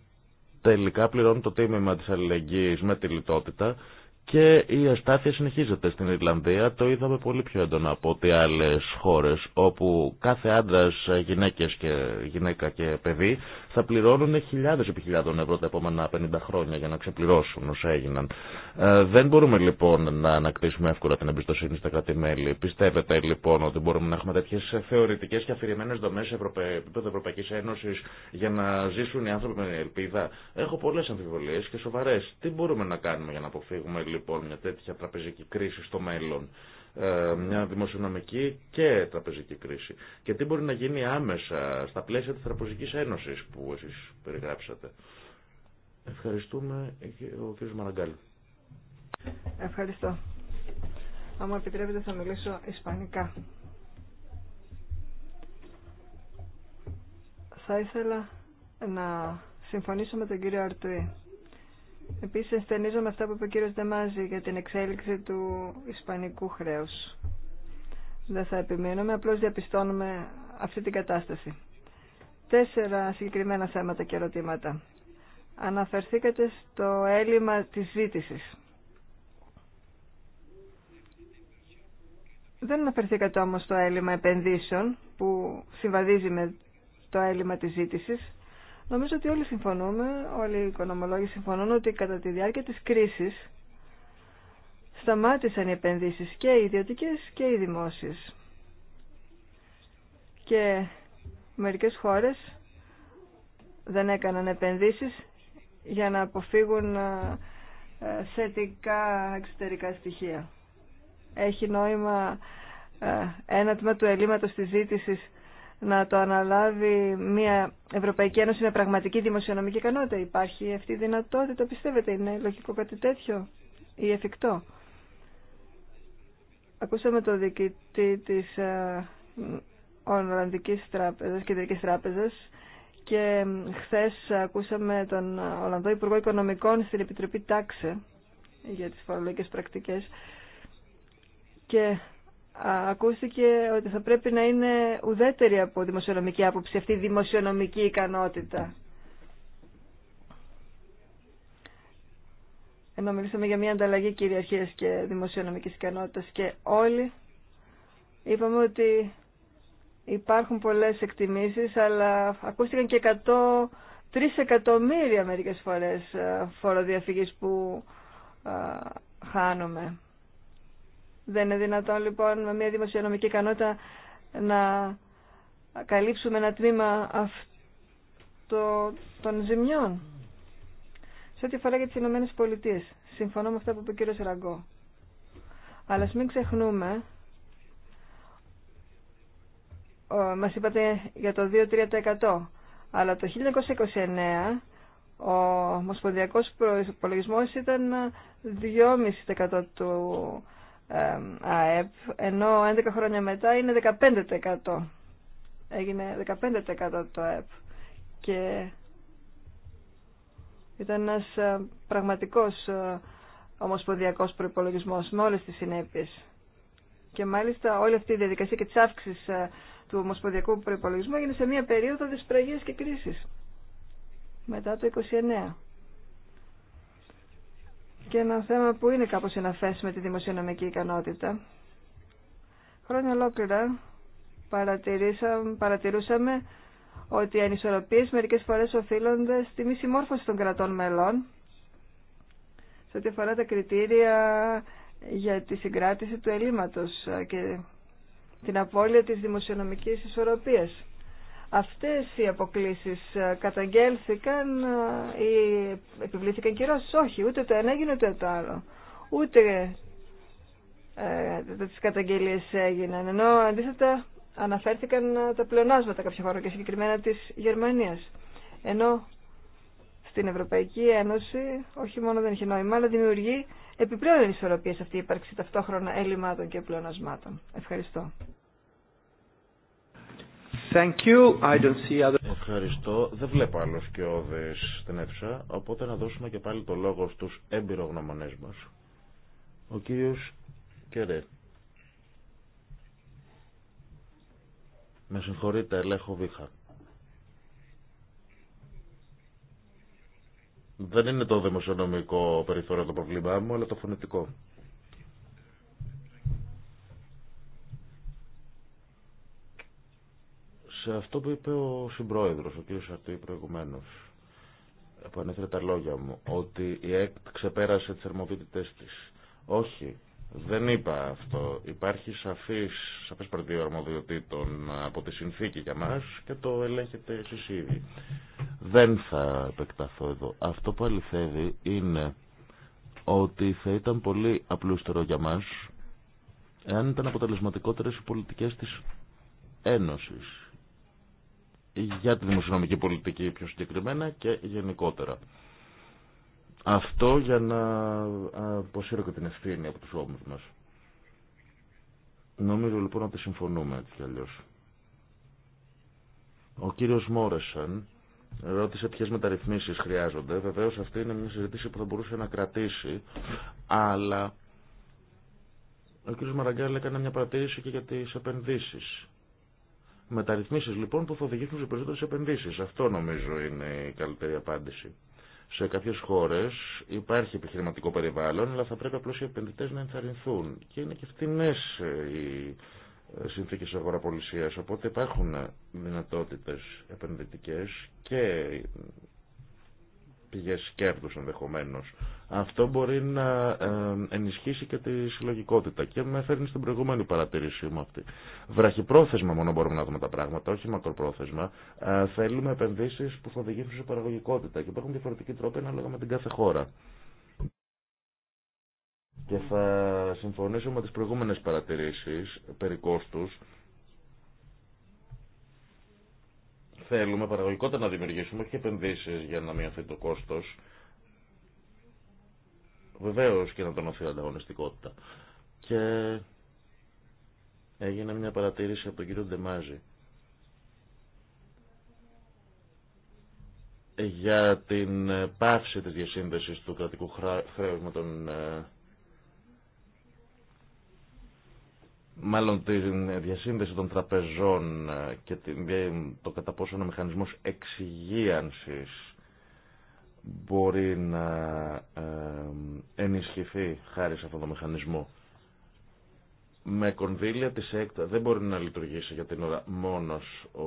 τελικά πληρώνουν το τίμημα της αλληλεγγύης με τη λιτότητα και η αστάθεια συνεχίζεται στην Ιρλανδία. Το είδαμε πολύ πιο έντονα από ό,τι άλλε χώρε, όπου κάθε άντρα, γυναίκες και, γυναίκα και παιδί θα πληρώνουν χιλιάδε επί χιλιάδων ευρώ τα επόμενα 50 χρόνια για να ξεπληρώσουν όσα έγιναν. Ε, δεν μπορούμε λοιπόν να ανακτήσουμε εύκολα την εμπιστοσύνη στα κράτη-μέλη. Πιστεύετε λοιπόν ότι μπορούμε να έχουμε τέτοιε θεωρητικέ και αφηρημένε δομέ σε επίπεδο Ευρωπαϊκή Ένωση για να ζήσουν οι άνθρωποι με ελπίδα. Έχω πολλέ αμφιβολίε και σοβαρέ. Τι μπορούμε να κάνουμε για να αποφύγουμε λοιπόν μια τέτοια τραπεζική κρίση στο μέλλον ε, μια δημοσιονομική και τραπεζική κρίση. Και τι μπορεί να γίνει άμεσα στα πλαίσια της Τραπεζικής Ένωσης που εσείς περιγράψατε. Ευχαριστούμε ε, ο κ. Μαραγκάλη. Ευχαριστώ. Αν μου επιτρέπετε θα μιλήσω ισπανικά. Θα ήθελα να συμφωνήσω με τον κύριο Αρτουή. Επίσης ενστενίζομαι αυτά που είπε ο κύριο Δεμάζη για την εξέλιξη του ισπανικού χρέους. Δεν θα επιμείνουμε, απλώς διαπιστώνουμε αυτή την κατάσταση. Τέσσερα συγκεκριμένα θέματα και ερωτήματα. Αναφερθήκατε στο έλλειμμα της ζήτησης. Δεν αναφερθήκατε όμως στο έλλειμμα επενδύσεων που συμβαδίζει με το έλλειμμα της ζήτησης. Νομίζω ότι όλοι συμφωνούμε, όλοι οι οικονομολόγοι συμφωνούν ότι κατά τη διάρκεια της κρίσης σταμάτησαν οι επενδύσεις και οι ιδιωτικές και οι δημόσιες. Και μερικές χώρες δεν έκαναν επενδύσεις για να αποφύγουν ε, ε, θετικά εξωτερικά στοιχεία. Έχει νόημα ε, ένα τμήμα του ελλείμματος της ζήτησης να το αναλάβει μια Ευρωπαϊκή Ένωση με πραγματική δημοσιονομική ικανότητα. Υπάρχει αυτή η δυνατότητα, πιστεύετε, είναι λογικό κάτι τέτοιο ή εφικτό. Ακούσαμε το διοικητή της ε, Ολλανδικής Τράπεζας, Κεντρικής Τράπεζας και χθες ακούσαμε τον Ολλανδό Υπουργό Οικονομικών στην Επιτροπή Τάξε για τις φορολογικές πρακτικές και ακούστηκε ότι θα πρέπει να είναι ουδέτερη από δημοσιονομική άποψη αυτή η δημοσιονομική ικανότητα. Ενώ μιλήσαμε για μια ανταλλαγή κυριαρχίας και δημοσιονομικής ικανότητας και όλοι είπαμε ότι υπάρχουν πολλές εκτιμήσεις αλλά ακούστηκαν και 100 εκατομμύρια μερικές φορές φοροδιαφυγής που χάνουμε. Δεν είναι δυνατόν λοιπόν με μια δημοσιονομική ικανότητα να καλύψουμε ένα τμήμα αυτό των ζημιών. Σε ό,τι αφορά για τις Ηνωμένες Πολιτείες, συμφωνώ με αυτά που είπε ο κύριος Ραγκό. Αλλά μην ξεχνούμε, μας είπατε για το 2-3%, αλλά το 1929 ο ομοσπονδιακός προϋπολογισμός ήταν 2,5% του ΑΕΠ, ενώ 11 χρόνια μετά είναι 15%. Έγινε 15% το ΑΕΠ. Και ήταν ένας ε, πραγματικός ε, ομοσπονδιακός προϋπολογισμός με όλες τις συνέπειες. Και μάλιστα όλη αυτή η διαδικασία και της αύξησης ε, του ομοσπονδιακού προϋπολογισμού έγινε σε μια περίοδο δυσπραγίας και κρίσης. Μετά το 29 και ένα θέμα που είναι κάπως συναφές με τη δημοσιονομική ικανότητα. Χρόνια ολόκληρα παρατηρούσαμε ότι οι ανισορροπίες μερικές φορές οφείλονται στη μη συμμόρφωση των κρατών μελών σε ό,τι αφορά τα κριτήρια για τη συγκράτηση του ελλείμματος και την απώλεια της δημοσιονομικής ισορροπίας αυτές οι αποκλήσεις ε, καταγγέλθηκαν ε, ή επιβλήθηκαν κυρώσεις. Όχι, ούτε το ένα έγινε ούτε το άλλο. Ούτε ε, τις καταγγελίες έγιναν, ενώ αντίθετα αναφέρθηκαν ε, τα πλεονάσματα κάποια χώρα και συγκεκριμένα της Γερμανίας. Ενώ στην Ευρωπαϊκή Ένωση όχι μόνο δεν είχε νόημα, αλλά δημιουργεί επιπλέον ισορροπίες αυτή η ύπαρξη ταυτόχρονα ελλειμματων και πλεονασμάτων. Ευχαριστώ. Ευχαριστώ. Δεν βλέπω άλλου σκιώδε στην αίθουσα, οπότε να δώσουμε και πάλι το λόγο στου εμπειρογνωμονέ μα. Ο κύριο Κερέ. Με συγχωρείτε, ελέγχω βήχα. Δεν είναι το δημοσιονομικό περιθώριο το προβλήμα μου, αλλά το φωνητικό. σε αυτό που είπε ο συμπρόεδρος, ο κ. Σαρτή προηγουμένως, που ανέφερε τα λόγια μου, ότι η ΕΚΤ ξεπέρασε τις θερμοβίτητες της. Όχι, δεν είπα αυτό. Υπάρχει σαφής, παρτίο αρμοδιοτήτων από τη συνθήκη για μας και το ελέγχετε εσείς ήδη. Δεν θα επεκταθώ εδώ. Αυτό που αληθεύει είναι ότι θα ήταν πολύ απλούστερο για μας εάν ήταν αποτελεσματικότερες οι πολιτικές της Ένωσης για τη δημοσιονομική πολιτική πιο συγκεκριμένα και γενικότερα. Αυτό για να αποσύρω και την ευθύνη από τους ώμους μας. Νομίζω λοιπόν ότι συμφωνούμε έτσι κι αλλιώς. Ο κύριος Μόρεσαν ρώτησε ποιες μεταρρυθμίσεις χρειάζονται. Βεβαίως αυτή είναι μια συζήτηση που θα μπορούσε να κρατήσει, αλλά ο κύριος Μαραγκάλ έκανε μια παρατήρηση και για τις επενδύσεις. Μεταρρυθμίσεις λοιπόν που θα οδηγήσουν σε περισσότερες επενδύσεις. Αυτό νομίζω είναι η καλύτερη απάντηση. Σε κάποιες χώρες υπάρχει επιχειρηματικό περιβάλλον, αλλά θα πρέπει απλώς οι επενδυτές να ενθαρρυνθούν. Και είναι και φτηνές ε, οι ε, συνθήκες αγοραπολισίας, οπότε υπάρχουν δυνατότητες επενδυτικές και πηγές κέρδους ενδεχομένως. Αυτό μπορεί να ε, ενισχύσει και τη συλλογικότητα και με φέρνει στην προηγούμενη παρατηρήσή μου αυτή. Βραχυπρόθεσμα μόνο μπορούμε να δούμε τα πράγματα, όχι μακροπρόθεσμα. Ε, θέλουμε επενδύσεις που θα οδηγήσουν σε παραγωγικότητα και υπάρχουν διαφορετικοί τρόποι ανάλογα με την κάθε χώρα. Και θα συμφωνήσω με τις προηγούμενες παρατηρήσεις περί κόστους Θέλουμε παραγωγικότητα να δημιουργήσουμε, και επενδύσεις για να μειωθεί το κόστος. Βεβαίως και να τονωθεί η ανταγωνιστικότητα. Και έγινε μια παρατήρηση από τον κύριο Ντεμάζη. για την πάυση της διασύνδεσης του κρατικού χρέους με τον ε, μάλλον τη διασύνδεση των τραπεζών ε, και ε, το κατά πόσο ένα μηχανισμός εξυγίανσης μπορεί να ε, ενισχυθεί χάρη σε αυτό το μηχανισμό. Με κονδύλια της ΕΚΤΑ δεν μπορεί να λειτουργήσει για την ώρα μόνος ο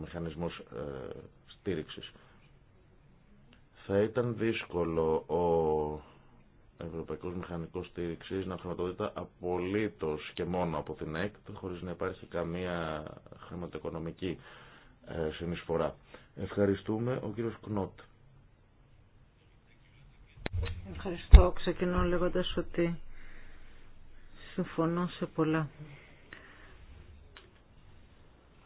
μηχανισμός στήριξης. Θα ήταν δύσκολο ο Ευρωπαϊκό Μηχανικό Στήριξη να χρηματοδοτείται απολύτω και μόνο από την ΕΚΤ, χωρί να υπάρχει καμία χρηματοοικονομική ε, συνεισφορά. Ευχαριστούμε. Ο κύριος Κνότ. Ευχαριστώ. Ξεκινώ λέγοντα ότι συμφωνώ σε πολλά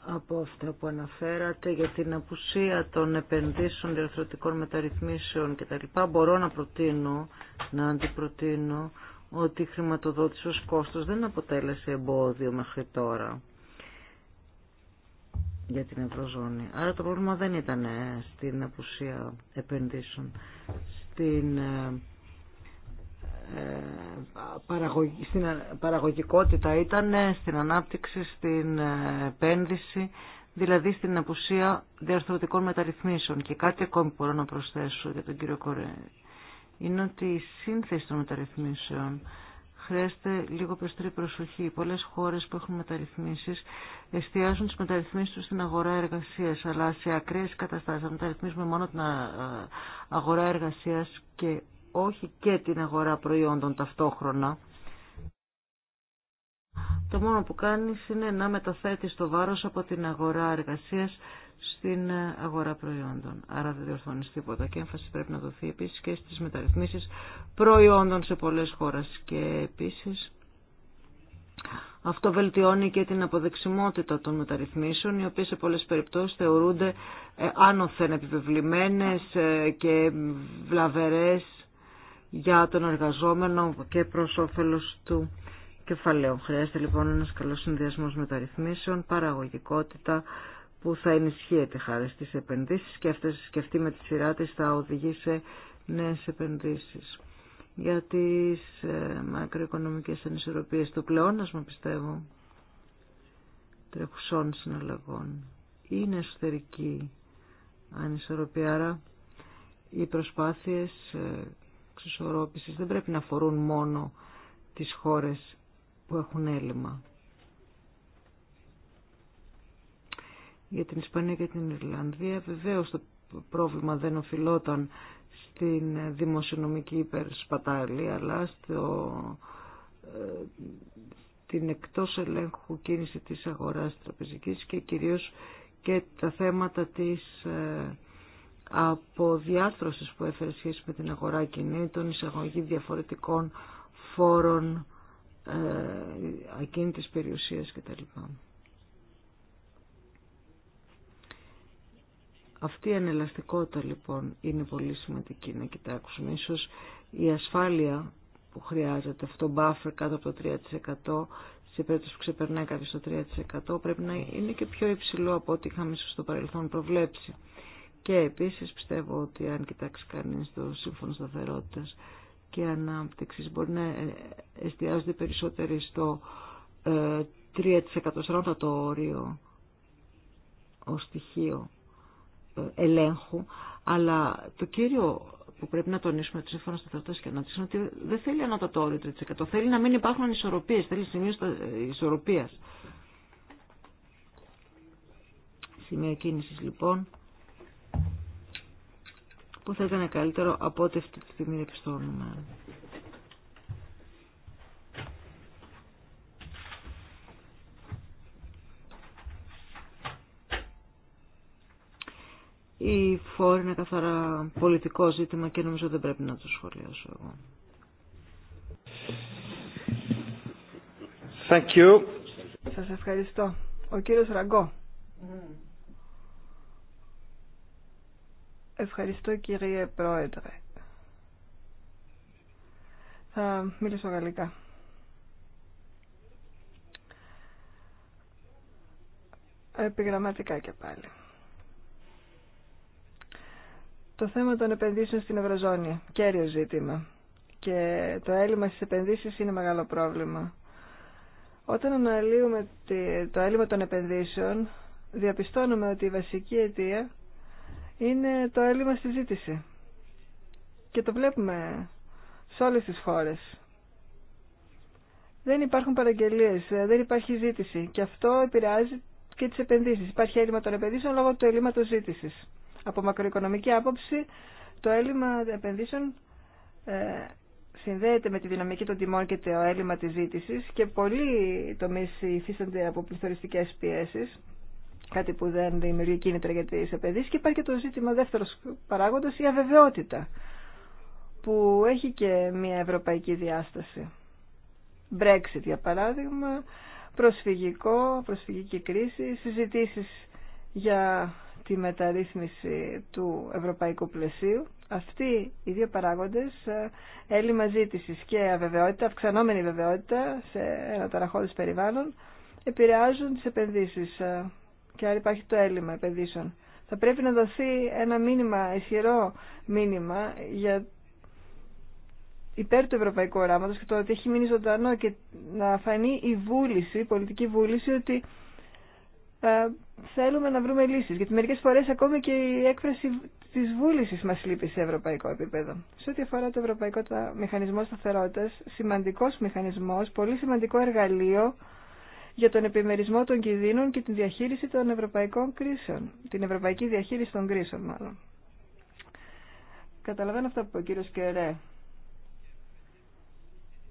από αυτά που αναφέρατε για την απουσία των επενδύσεων, διαρθρωτικών μεταρρυθμίσεων κτλ. Μπορώ να προτείνω, να αντιπροτείνω ότι η χρηματοδότηση ως κόστος δεν αποτέλεσε εμπόδιο μέχρι τώρα για την Ευρωζώνη. Άρα το πρόβλημα δεν ήταν στην απουσία επενδύσεων. Στην ε, στην παραγωγικότητα ήταν στην ανάπτυξη, στην επένδυση, δηλαδή στην απουσία διαρθρωτικών μεταρρυθμίσεων. Και κάτι ακόμη μπορώ να προσθέσω για τον κύριο Κορέ. Είναι ότι η σύνθεση των μεταρρυθμίσεων χρειάζεται λίγο περισσότερη προσοχή. Πολλές χώρες που έχουν μεταρρυθμίσεις εστιάζουν τι μεταρρυθμίσει του στην αγορά εργασία, αλλά σε ακραίε καταστάσει, Αν μεταρρυθμίσουμε μόνο την ε, αγορά εργασία και όχι και την αγορά προϊόντων ταυτόχρονα. Το μόνο που κάνεις είναι να μεταθέτεις το βάρος από την αγορά εργασίας στην αγορά προϊόντων. Άρα δεν διορθώνεις τίποτα και έμφαση πρέπει να δοθεί επίσης και στις μεταρρυθμίσεις προϊόντων σε πολλές χώρες και επίσης αυτό βελτιώνει και την αποδεξιμότητα των μεταρρυθμίσεων, οι οποίες σε πολλές περιπτώσεις θεωρούνται ε, άνωθεν επιβεβλημένες ε, και βλαβερές για τον εργαζόμενο και προς όφελος του κεφαλαίου. Χρειάζεται λοιπόν ένας καλός συνδυασμός μεταρρυθμίσεων, παραγωγικότητα που θα ενισχύεται χάρη στις επενδύσεις και, αυτές, και αυτή με τη σειρά της θα οδηγεί σε νέες επενδύσεις. Για τις ε, μακροοικονομικές ανισορροπίες του πλεόνασμα πιστεύω τρεχουσών συναλλαγών είναι εσωτερική ανισορροπία, άρα οι προσπάθειες ε, δεν πρέπει να αφορούν μόνο τις χώρες που έχουν έλλειμμα. Για την Ισπανία και την Ιρλανδία βεβαίως το πρόβλημα δεν οφειλόταν στην δημοσιονομική υπερσπατάλη αλλά στο, ε, την εκτός ελέγχου κίνηση της αγοράς τραπεζικής και κυρίως και τα θέματα της ε, από διάρθρωσεις που έφερε σχέση με την αγορά κινήτων, εισαγωγή διαφορετικών φόρων ε, ακίνητης περιουσίας κτλ. Αυτή η ανελαστικότητα λοιπόν είναι πολύ σημαντική να κοιτάξουμε. Ίσως η ασφάλεια που χρειάζεται, αυτό το buffer κάτω από το 3% σε περίπτωση που ξεπερνάει κάτι το 3% πρέπει να είναι και πιο υψηλό από ό,τι είχαμε στο παρελθόν προβλέψει. Και επίσης πιστεύω ότι αν κοιτάξει κανείς το σύμφωνο σταθερότητα και ανάπτυξη μπορεί να ε, εστιάζονται περισσότερο στο 3% σαν το όριο ως στοιχείο ε, ελέγχου, αλλά το κύριο που πρέπει να τονίσουμε το σύμφωνο σταθερότητα και ανάπτυξη είναι ότι δεν θέλει το όριο 3%. Θέλει να μην υπάρχουν ανισορροπίε, θέλει σημείο ε, ισορροπία. Σημείο κίνηση λοιπόν που θα ήταν καλύτερο από ό,τι αυτή τη στιγμή διαπιστώνουμε. Η φόρη είναι καθαρά πολιτικό ζήτημα και νομίζω δεν πρέπει να το σχολιάσω εγώ. Thank you. Σας ευχαριστώ. Ο κύριος Ραγκό. Mm. Ευχαριστώ κύριε Πρόεδρε. Θα μιλήσω γαλλικά. Επιγραμματικά και πάλι. Το θέμα των επενδύσεων στην Ευρωζώνη, κέριο ζήτημα. Και το έλλειμμα στις επενδύσεις είναι μεγάλο πρόβλημα. Όταν αναλύουμε το έλλειμμα των επενδύσεων, διαπιστώνουμε ότι η βασική αιτία είναι το έλλειμμα στη ζήτηση. Και το βλέπουμε σε όλες τις χώρες. Δεν υπάρχουν παραγγελίες, ε, δεν υπάρχει ζήτηση και αυτό επηρεάζει και τις επενδύσεις. Υπάρχει έλλειμμα των επενδύσεων λόγω του έλλειμματος ζήτησης. Από μακροοικονομική άποψη το έλλειμμα επενδύσεων ε, συνδέεται με τη δυναμική των τιμών και το έλλειμμα της ζήτησης και πολλοί τομείς υφίστανται από πληθωριστικές πιέσεις κάτι που δεν δημιουργεί κίνητρα για τις επενδύσεις και υπάρχει και το ζήτημα δεύτερος παράγοντας, η αβεβαιότητα που έχει και μια ευρωπαϊκή διάσταση. Brexit για παράδειγμα, προσφυγικό, προσφυγική κρίση, συζητήσεις για τη μεταρρύθμιση του ευρωπαϊκού πλαισίου. Αυτοί οι δύο παράγοντες, ε, έλλειμμα ζήτηση και αβεβαιότητα, αυξανόμενη βεβαιότητα σε ένα περιβάλλον, επηρεάζουν τις επενδύσεις ε, και άρα υπάρχει το έλλειμμα επενδύσεων. Θα πρέπει να δοθεί ένα μήνυμα, ισχυρό μήνυμα για υπέρ του ευρωπαϊκού οράματο και το ότι έχει μείνει ζωντανό και να φανεί η βούληση, η πολιτική βούληση ότι ε, θέλουμε να βρούμε λύσει. Γιατί μερικέ φορέ ακόμη και η έκφραση τη βούληση μα λείπει σε ευρωπαϊκό επίπεδο. Σε ό,τι αφορά το Ευρωπαϊκό Μηχανισμό Σταθερότητα, σημαντικό μηχανισμό, πολύ σημαντικό εργαλείο για τον επιμερισμό των κινδύνων και την διαχείριση των ευρωπαϊκών κρίσεων. Την ευρωπαϊκή διαχείριση των κρίσεων, μάλλον. Καταλαβαίνω αυτό που είπε ο κύριο Κερέ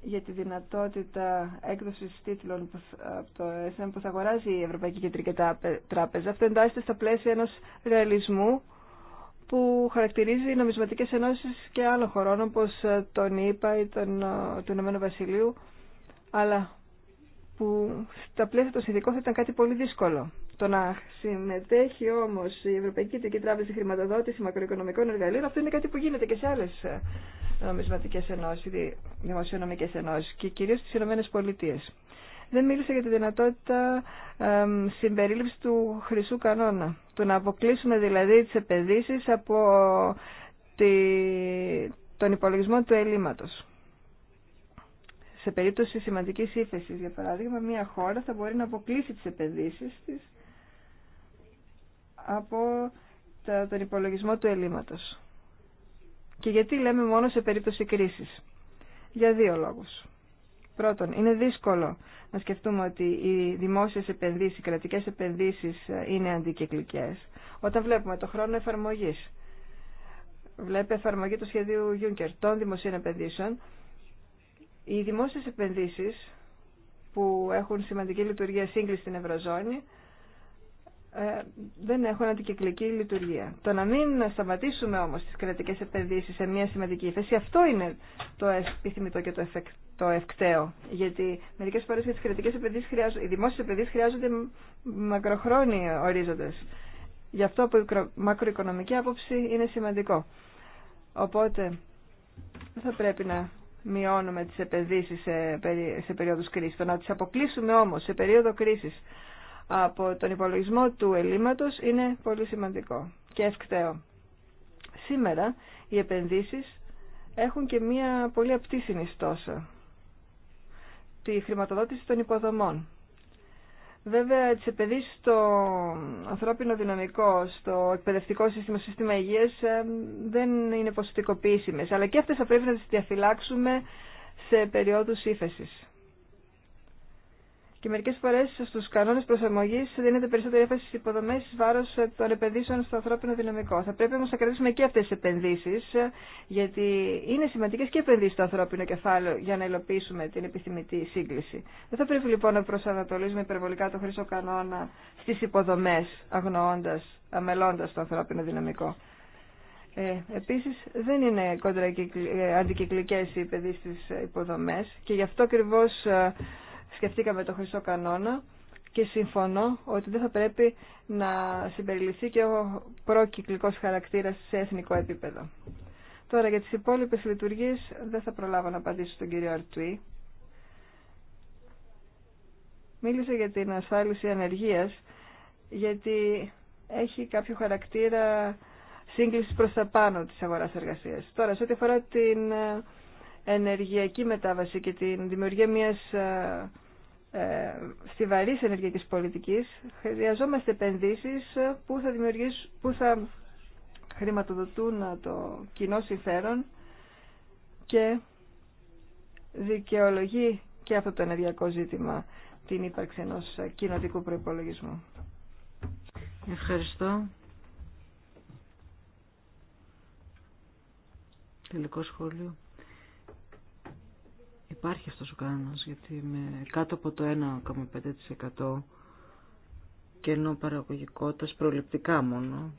για τη δυνατότητα έκδοσης τίτλων από το ΕΣΕΜ που θα αγοράζει η Ευρωπαϊκή Κεντρική Τράπεζα. Αυτό εντάσσεται στα πλαίσια ενός ρεαλισμού που χαρακτηρίζει οι νομισματικές ενώσεις και άλλων χωρών όπως τον ΙΠΑ ΕΕ ή τον, του Ηνωμένου Βασιλείου αλλά που στα πλαίσια των συνδικών θα ήταν κάτι πολύ δύσκολο. Το να συμμετέχει όμω η Ευρωπαϊκή Κεντρική Τράπεζα χρηματοδότηση μακροοικονομικών εργαλείων, αυτό είναι κάτι που γίνεται και σε άλλε νομισματικέ ενώσει, δημοσιονομικέ ενώσει και κυρίω στι ΗΠΑ. Δεν μίλησε για τη δυνατότητα ε, συμπερίληψη του χρυσού κανόνα. Του να αποκλείσουμε δηλαδή τι επενδύσει από τη, τον υπολογισμό του ελλείμματος σε περίπτωση σημαντικής ύφεση, για παράδειγμα, μια χώρα θα μπορεί να αποκλείσει τις επενδύσεις της από τον υπολογισμό του ελλείμματος. Και γιατί λέμε μόνο σε περίπτωση κρίσης. Για δύο λόγους. Πρώτον, είναι δύσκολο να σκεφτούμε ότι οι δημόσιες επενδύσεις, οι κρατικές επενδύσεις ε, είναι αντικυκλικές. Όταν βλέπουμε το χρόνο εφαρμογής, βλέπει εφαρμογή του σχεδίου Juncker των δημοσίων επενδύσεων, οι δημόσιες επενδύσεις που έχουν σημαντική λειτουργία σύγκληση στην Ευρωζώνη ε, δεν έχουν αντικυκλική λειτουργία. Το να μην σταματήσουμε όμως τις κρατικές επενδύσεις σε μια σημαντική θέση, αυτό είναι το επιθυμητό και το εφεκτό το ευκταίο. Γιατί μερικέ φορέ για τι κρατικέ επενδύσει οι δημόσιε επενδύσει χρειάζονται μακροχρόνιοι ορίζοντε. Γι' αυτό από μακροοικονομική άποψη είναι σημαντικό. Οπότε θα πρέπει να μειώνουμε τις επενδύσεις σε, σε περίοδους κρίσης. Το να τις αποκλείσουμε όμως σε περίοδο κρίσης από τον υπολογισμό του ελλείμματος είναι πολύ σημαντικό και ευκταίο. Σήμερα οι επενδύσεις έχουν και μία πολύ απτή συνιστόσα, τη χρηματοδότηση των υποδομών. Βέβαια, τι επενδύσει στο ανθρώπινο δυναμικό, στο εκπαιδευτικό σύστημα, στο σύστημα υγείας ε, δεν είναι ποσοτικοποιήσιμες. Αλλά και αυτές θα πρέπει να τις διαφυλάξουμε σε περίοδους ύφεση. Και μερικέ φορέ στου κανόνε προσαρμογή δίνεται περισσότερη έμφαση στι υποδομέ βάρο των επενδύσεων στο ανθρώπινο δυναμικό. Θα πρέπει όμω να κρατήσουμε και αυτέ τι επενδύσει, γιατί είναι σημαντικέ και επενδύσει στο ανθρώπινο κεφάλαιο για να υλοποιήσουμε την επιθυμητή σύγκληση. Δεν θα πρέπει λοιπόν να προσανατολίζουμε υπερβολικά το χρήσιμο κανόνα στι υποδομέ, αγνοώντα, αμελώντα το ανθρώπινο δυναμικό. Ε, δεν είναι ε, αντικυκλικέ οι επενδύσει στι υποδομέ και γι' αυτό ακριβώ ε, σκεφτήκαμε το χρυσό κανόνα και συμφωνώ ότι δεν θα πρέπει να συμπεριληφθεί και ο προκυκλικός χαρακτήρας σε εθνικό επίπεδο. Τώρα για τις υπόλοιπες λειτουργίες δεν θα προλάβω να απαντήσω στον κύριο Αρτουή. Μίλησε για την ασφάλιση ανεργίας γιατί έχει κάποιο χαρακτήρα σύγκλησης προς τα πάνω της αγοράς εργασίας. Τώρα, σε ό,τι αφορά την ε, ενεργειακή μετάβαση και την δημιουργία μιας ε, ε, στιβαρής ενεργειακής πολιτικής, χρειαζόμαστε επενδύσεις που θα, που θα χρηματοδοτούν το κοινό συμφέρον και δικαιολογεί και αυτό το ενεργειακό ζήτημα την ύπαρξη ενός κοινοτικού προϋπολογισμού. Ευχαριστώ. Τελικό σχόλιο υπάρχει αυτός ο κανόνας γιατί με κάτω από το 1,5% κενό παραγωγικότητας προληπτικά μόνο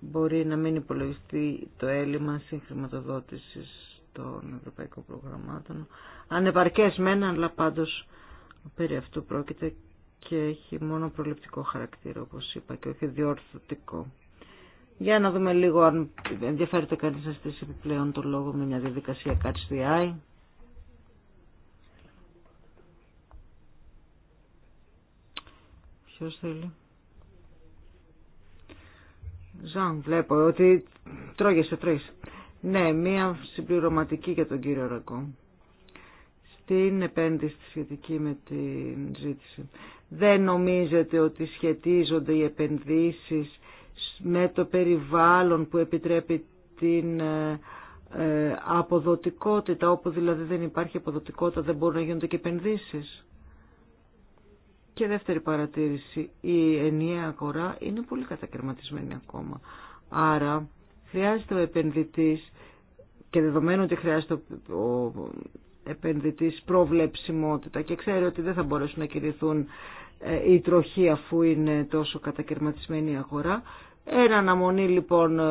μπορεί να μην υπολογιστεί το έλλειμμα συγχρηματοδότησης των ευρωπαϊκών προγραμμάτων ανεπαρκές μένα αλλά πάντως περί αυτού πρόκειται και έχει μόνο προληπτικό χαρακτήρα όπως είπα και όχι διορθωτικό. Για να δούμε λίγο αν ενδιαφέρεται κανείς να στήσει επιπλέον το λόγο με μια διαδικασία catch the Ποιος θέλει. Ζαν, βλέπω ότι τρώγεσαι, τρεις. Ναι, μία συμπληρωματική για τον κύριο Ρακό. Στην επένδυση σχετική με την ζήτηση. Δεν νομίζετε ότι σχετίζονται οι επενδύσεις με το περιβάλλον που επιτρέπει την ε, ε, αποδοτικότητα, όπου δηλαδή δεν υπάρχει αποδοτικότητα δεν μπορούν να γίνονται και επενδύσεις. Και δεύτερη παρατήρηση, η ενιαία αγορά είναι πολύ κατακαιρματισμένη ακόμα. Άρα χρειάζεται ο επενδυτής και δεδομένου ότι χρειάζεται ο επενδυτής προβλεψιμότητα και ξέρει ότι δεν θα μπορέσουν να κηρυθούν ε, οι τροχοί αφού είναι τόσο κατακαιρματισμένη η αγορά. Ένα αναμονή λοιπόν ε,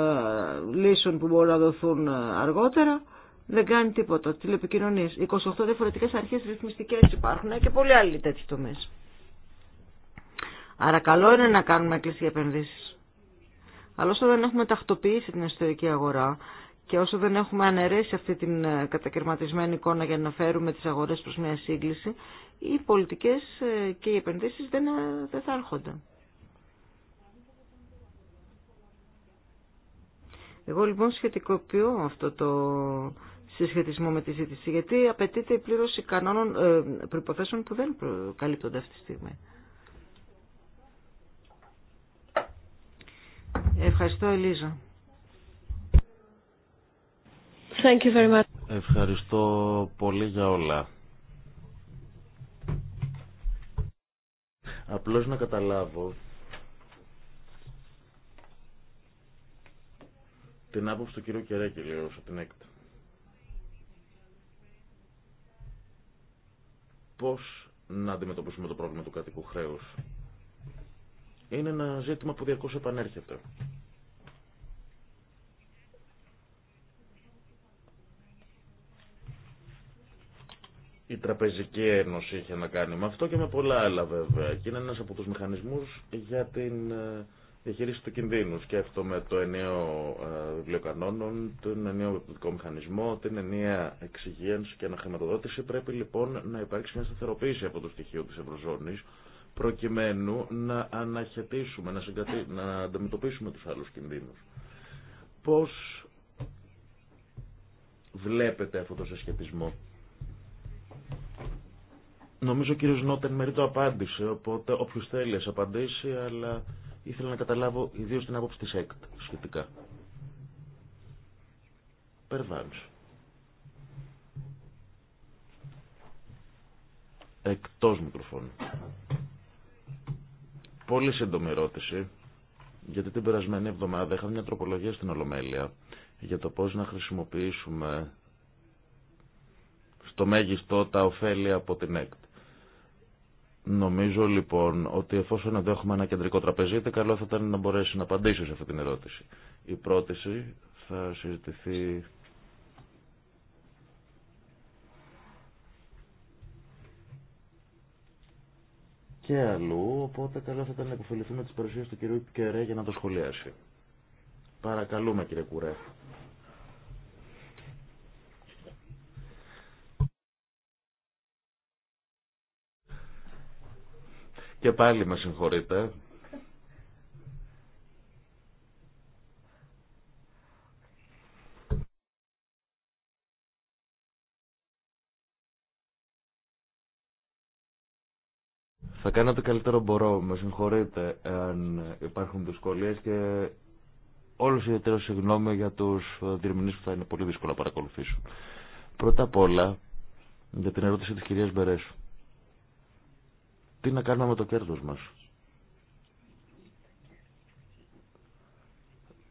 λύσεων που μπορούν να δοθούν ε, αργότερα δεν κάνει τίποτα. Τηλεπικοινωνίες. 28 διαφορετικές αρχές ρυθμιστικές υπάρχουν και πολλοί άλλοι τέτοιοι τομείς. Άρα καλό είναι να κάνουμε έκκληση για επενδύσεις. Αλλά όσο δεν έχουμε τακτοποιήσει την εσωτερική αγορά και όσο δεν έχουμε αναιρέσει αυτή την ε, κατακαιρματισμένη εικόνα για να φέρουμε τις αγορές προς μια σύγκληση, οι πολιτικές ε, και οι επενδύσεις ε, δεν, θα έρχονται. Εγώ λοιπόν σχετικοποιώ αυτό το συσχετισμό με τη ζήτηση, γιατί απαιτείται η πλήρωση κανόνων, προϋποθέσεων που δεν καλύπτονται αυτή τη στιγμή. Ευχαριστώ, Ελίζα. Thank you very much. Ευχαριστώ πολύ για όλα. Απλώς να καταλάβω την άποψη του κυρίου Κερέκη, λέω, όσο την έκτα. Πώς να αντιμετωπίσουμε το πρόβλημα του κατοικού χρέους είναι ένα ζήτημα που διαρκώς επανέρχεται. Η Τραπεζική Ένωση είχε να κάνει με αυτό και με πολλά άλλα βέβαια. Και είναι ένας από τους μηχανισμούς για την ε, διαχείριση του κινδύνου. Σκέφτομαι το ενιαίο ε, βιβλίο κανόνων, τον ενιαίο επιπληκτικό μηχανισμό, την ενιαία εξυγίανση και αναχρηματοδότηση. Πρέπει λοιπόν να υπάρξει μια σταθεροποίηση από το στοιχείο της Ευρωζώνης προκειμένου να αναχαιτήσουμε, να, να αντιμετωπίσουμε τους άλλους κινδύνους. Πώς βλέπετε αυτό το συσχετισμό. Νομίζω ο κύριος Νότεν μερή το απάντησε, οπότε όποιος θέλει απάντηση, απαντήσει, αλλά ήθελα να καταλάβω ιδίως την άποψη της ΕΚΤ σχετικά. Περβάνς. Εκτός μικροφώνου. Πολύ σύντομη ερώτηση, γιατί την περασμένη εβδομάδα είχαμε μια τροπολογία στην Ολομέλεια για το πώς να χρησιμοποιήσουμε στο μέγιστο τα ωφέλη από την ΕΚΤ. Νομίζω λοιπόν ότι εφόσον εδώ έχουμε ένα κεντρικό τραπεζίτη, καλό θα ήταν να μπορέσει να απαντήσει σε αυτή την ερώτηση. Η πρόταση θα συζητηθεί και αλλού, οπότε καλό θα ήταν να υποφεληθούμε τις παρουσίες του κυρίου Κερέ για να το σχολιάσει. Παρακαλούμε κύριε Κουρέ. Και πάλι με συγχωρείτε, Θα κάνω το καλύτερο μπορώ. Με συγχωρείτε αν υπάρχουν δυσκολίε και οι ιδιαίτερα συγγνώμη για του διερμηνεί που θα είναι πολύ δύσκολο να παρακολουθήσουν. Πρώτα απ' όλα για την ερώτηση τη κυρία Μπερέσου. Τι να κάνουμε με το κέρδο μα.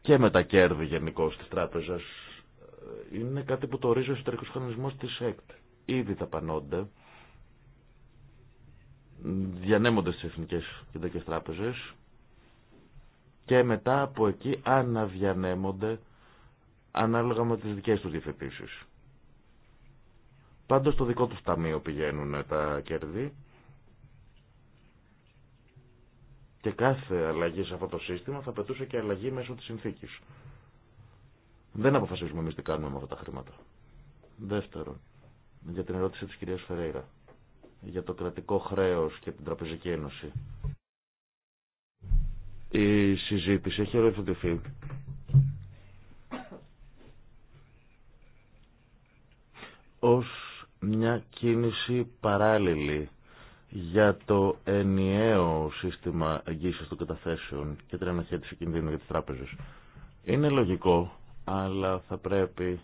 Και με τα κέρδη γενικώ τη τράπεζα. Είναι κάτι που το ορίζει ο εσωτερικό κανονισμό τη ΕΚΤ. Ήδη ταπανώνται διανέμονται στις εθνικές κεντρικές τράπεζες και μετά από εκεί αναδιανέμονται ανάλογα με τις δικές τους διευθετήσεις. Πάντως στο δικό τους ταμείο πηγαίνουν τα κέρδη και κάθε αλλαγή σε αυτό το σύστημα θα πετούσε και αλλαγή μέσω της συνθήκης. Δεν αποφασίζουμε εμείς τι κάνουμε με αυτά τα χρήματα. Δεύτερον, για την ερώτηση της κυρίας Φερέιρα για το κρατικό χρέος και την Τραπεζική Ένωση. Η συζήτηση έχει φίλη. ως μια κίνηση παράλληλη για το ενιαίο σύστημα εγγύησης των καταθέσεων και την αναχέτηση κινδύνου για τις τράπεζες. Είναι λογικό, αλλά θα πρέπει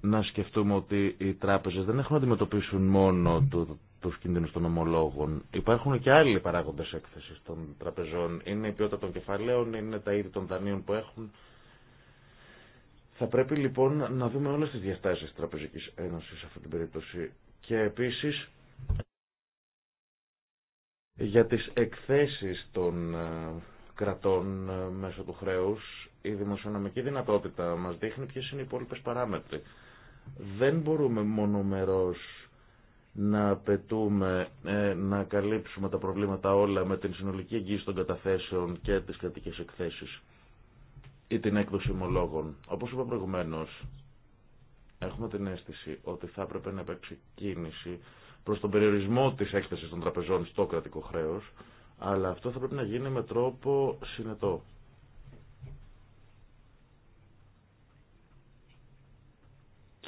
να σκεφτούμε ότι οι τράπεζες δεν έχουν να αντιμετωπίσουν μόνο του, τους κινδύνους των ομολόγων. Υπάρχουν και άλλοι παράγοντες έκθεσης των τραπεζών. Είναι η ποιότητα των κεφαλαίων, είναι τα είδη των δανείων που έχουν. Θα πρέπει λοιπόν να δούμε όλες τις διαστάσεις της Τραπεζικής Ένωσης σε αυτή την περίπτωση. Και επίσης για τις εκθέσεις των ε, κρατών ε, μέσω του χρέους η δημοσιονομική δυνατότητα μας δείχνει ποιες είναι οι υπόλοιπε παράμετροι. Δεν μπορούμε μονομερός να απαιτούμε ε, να καλύψουμε τα προβλήματα όλα με την συνολική εγγύηση των καταθέσεων και τις κρατικές εκθέσεις ή την έκδοση ομολόγων. Όπως είπα προηγουμένως, έχουμε την αίσθηση ότι θα έπρεπε να υπάρξει κίνηση προς τον περιορισμό της έκθεσης των τραπεζών στο κρατικό χρέος, αλλά αυτό θα πρέπει να γίνει με τρόπο συνετό.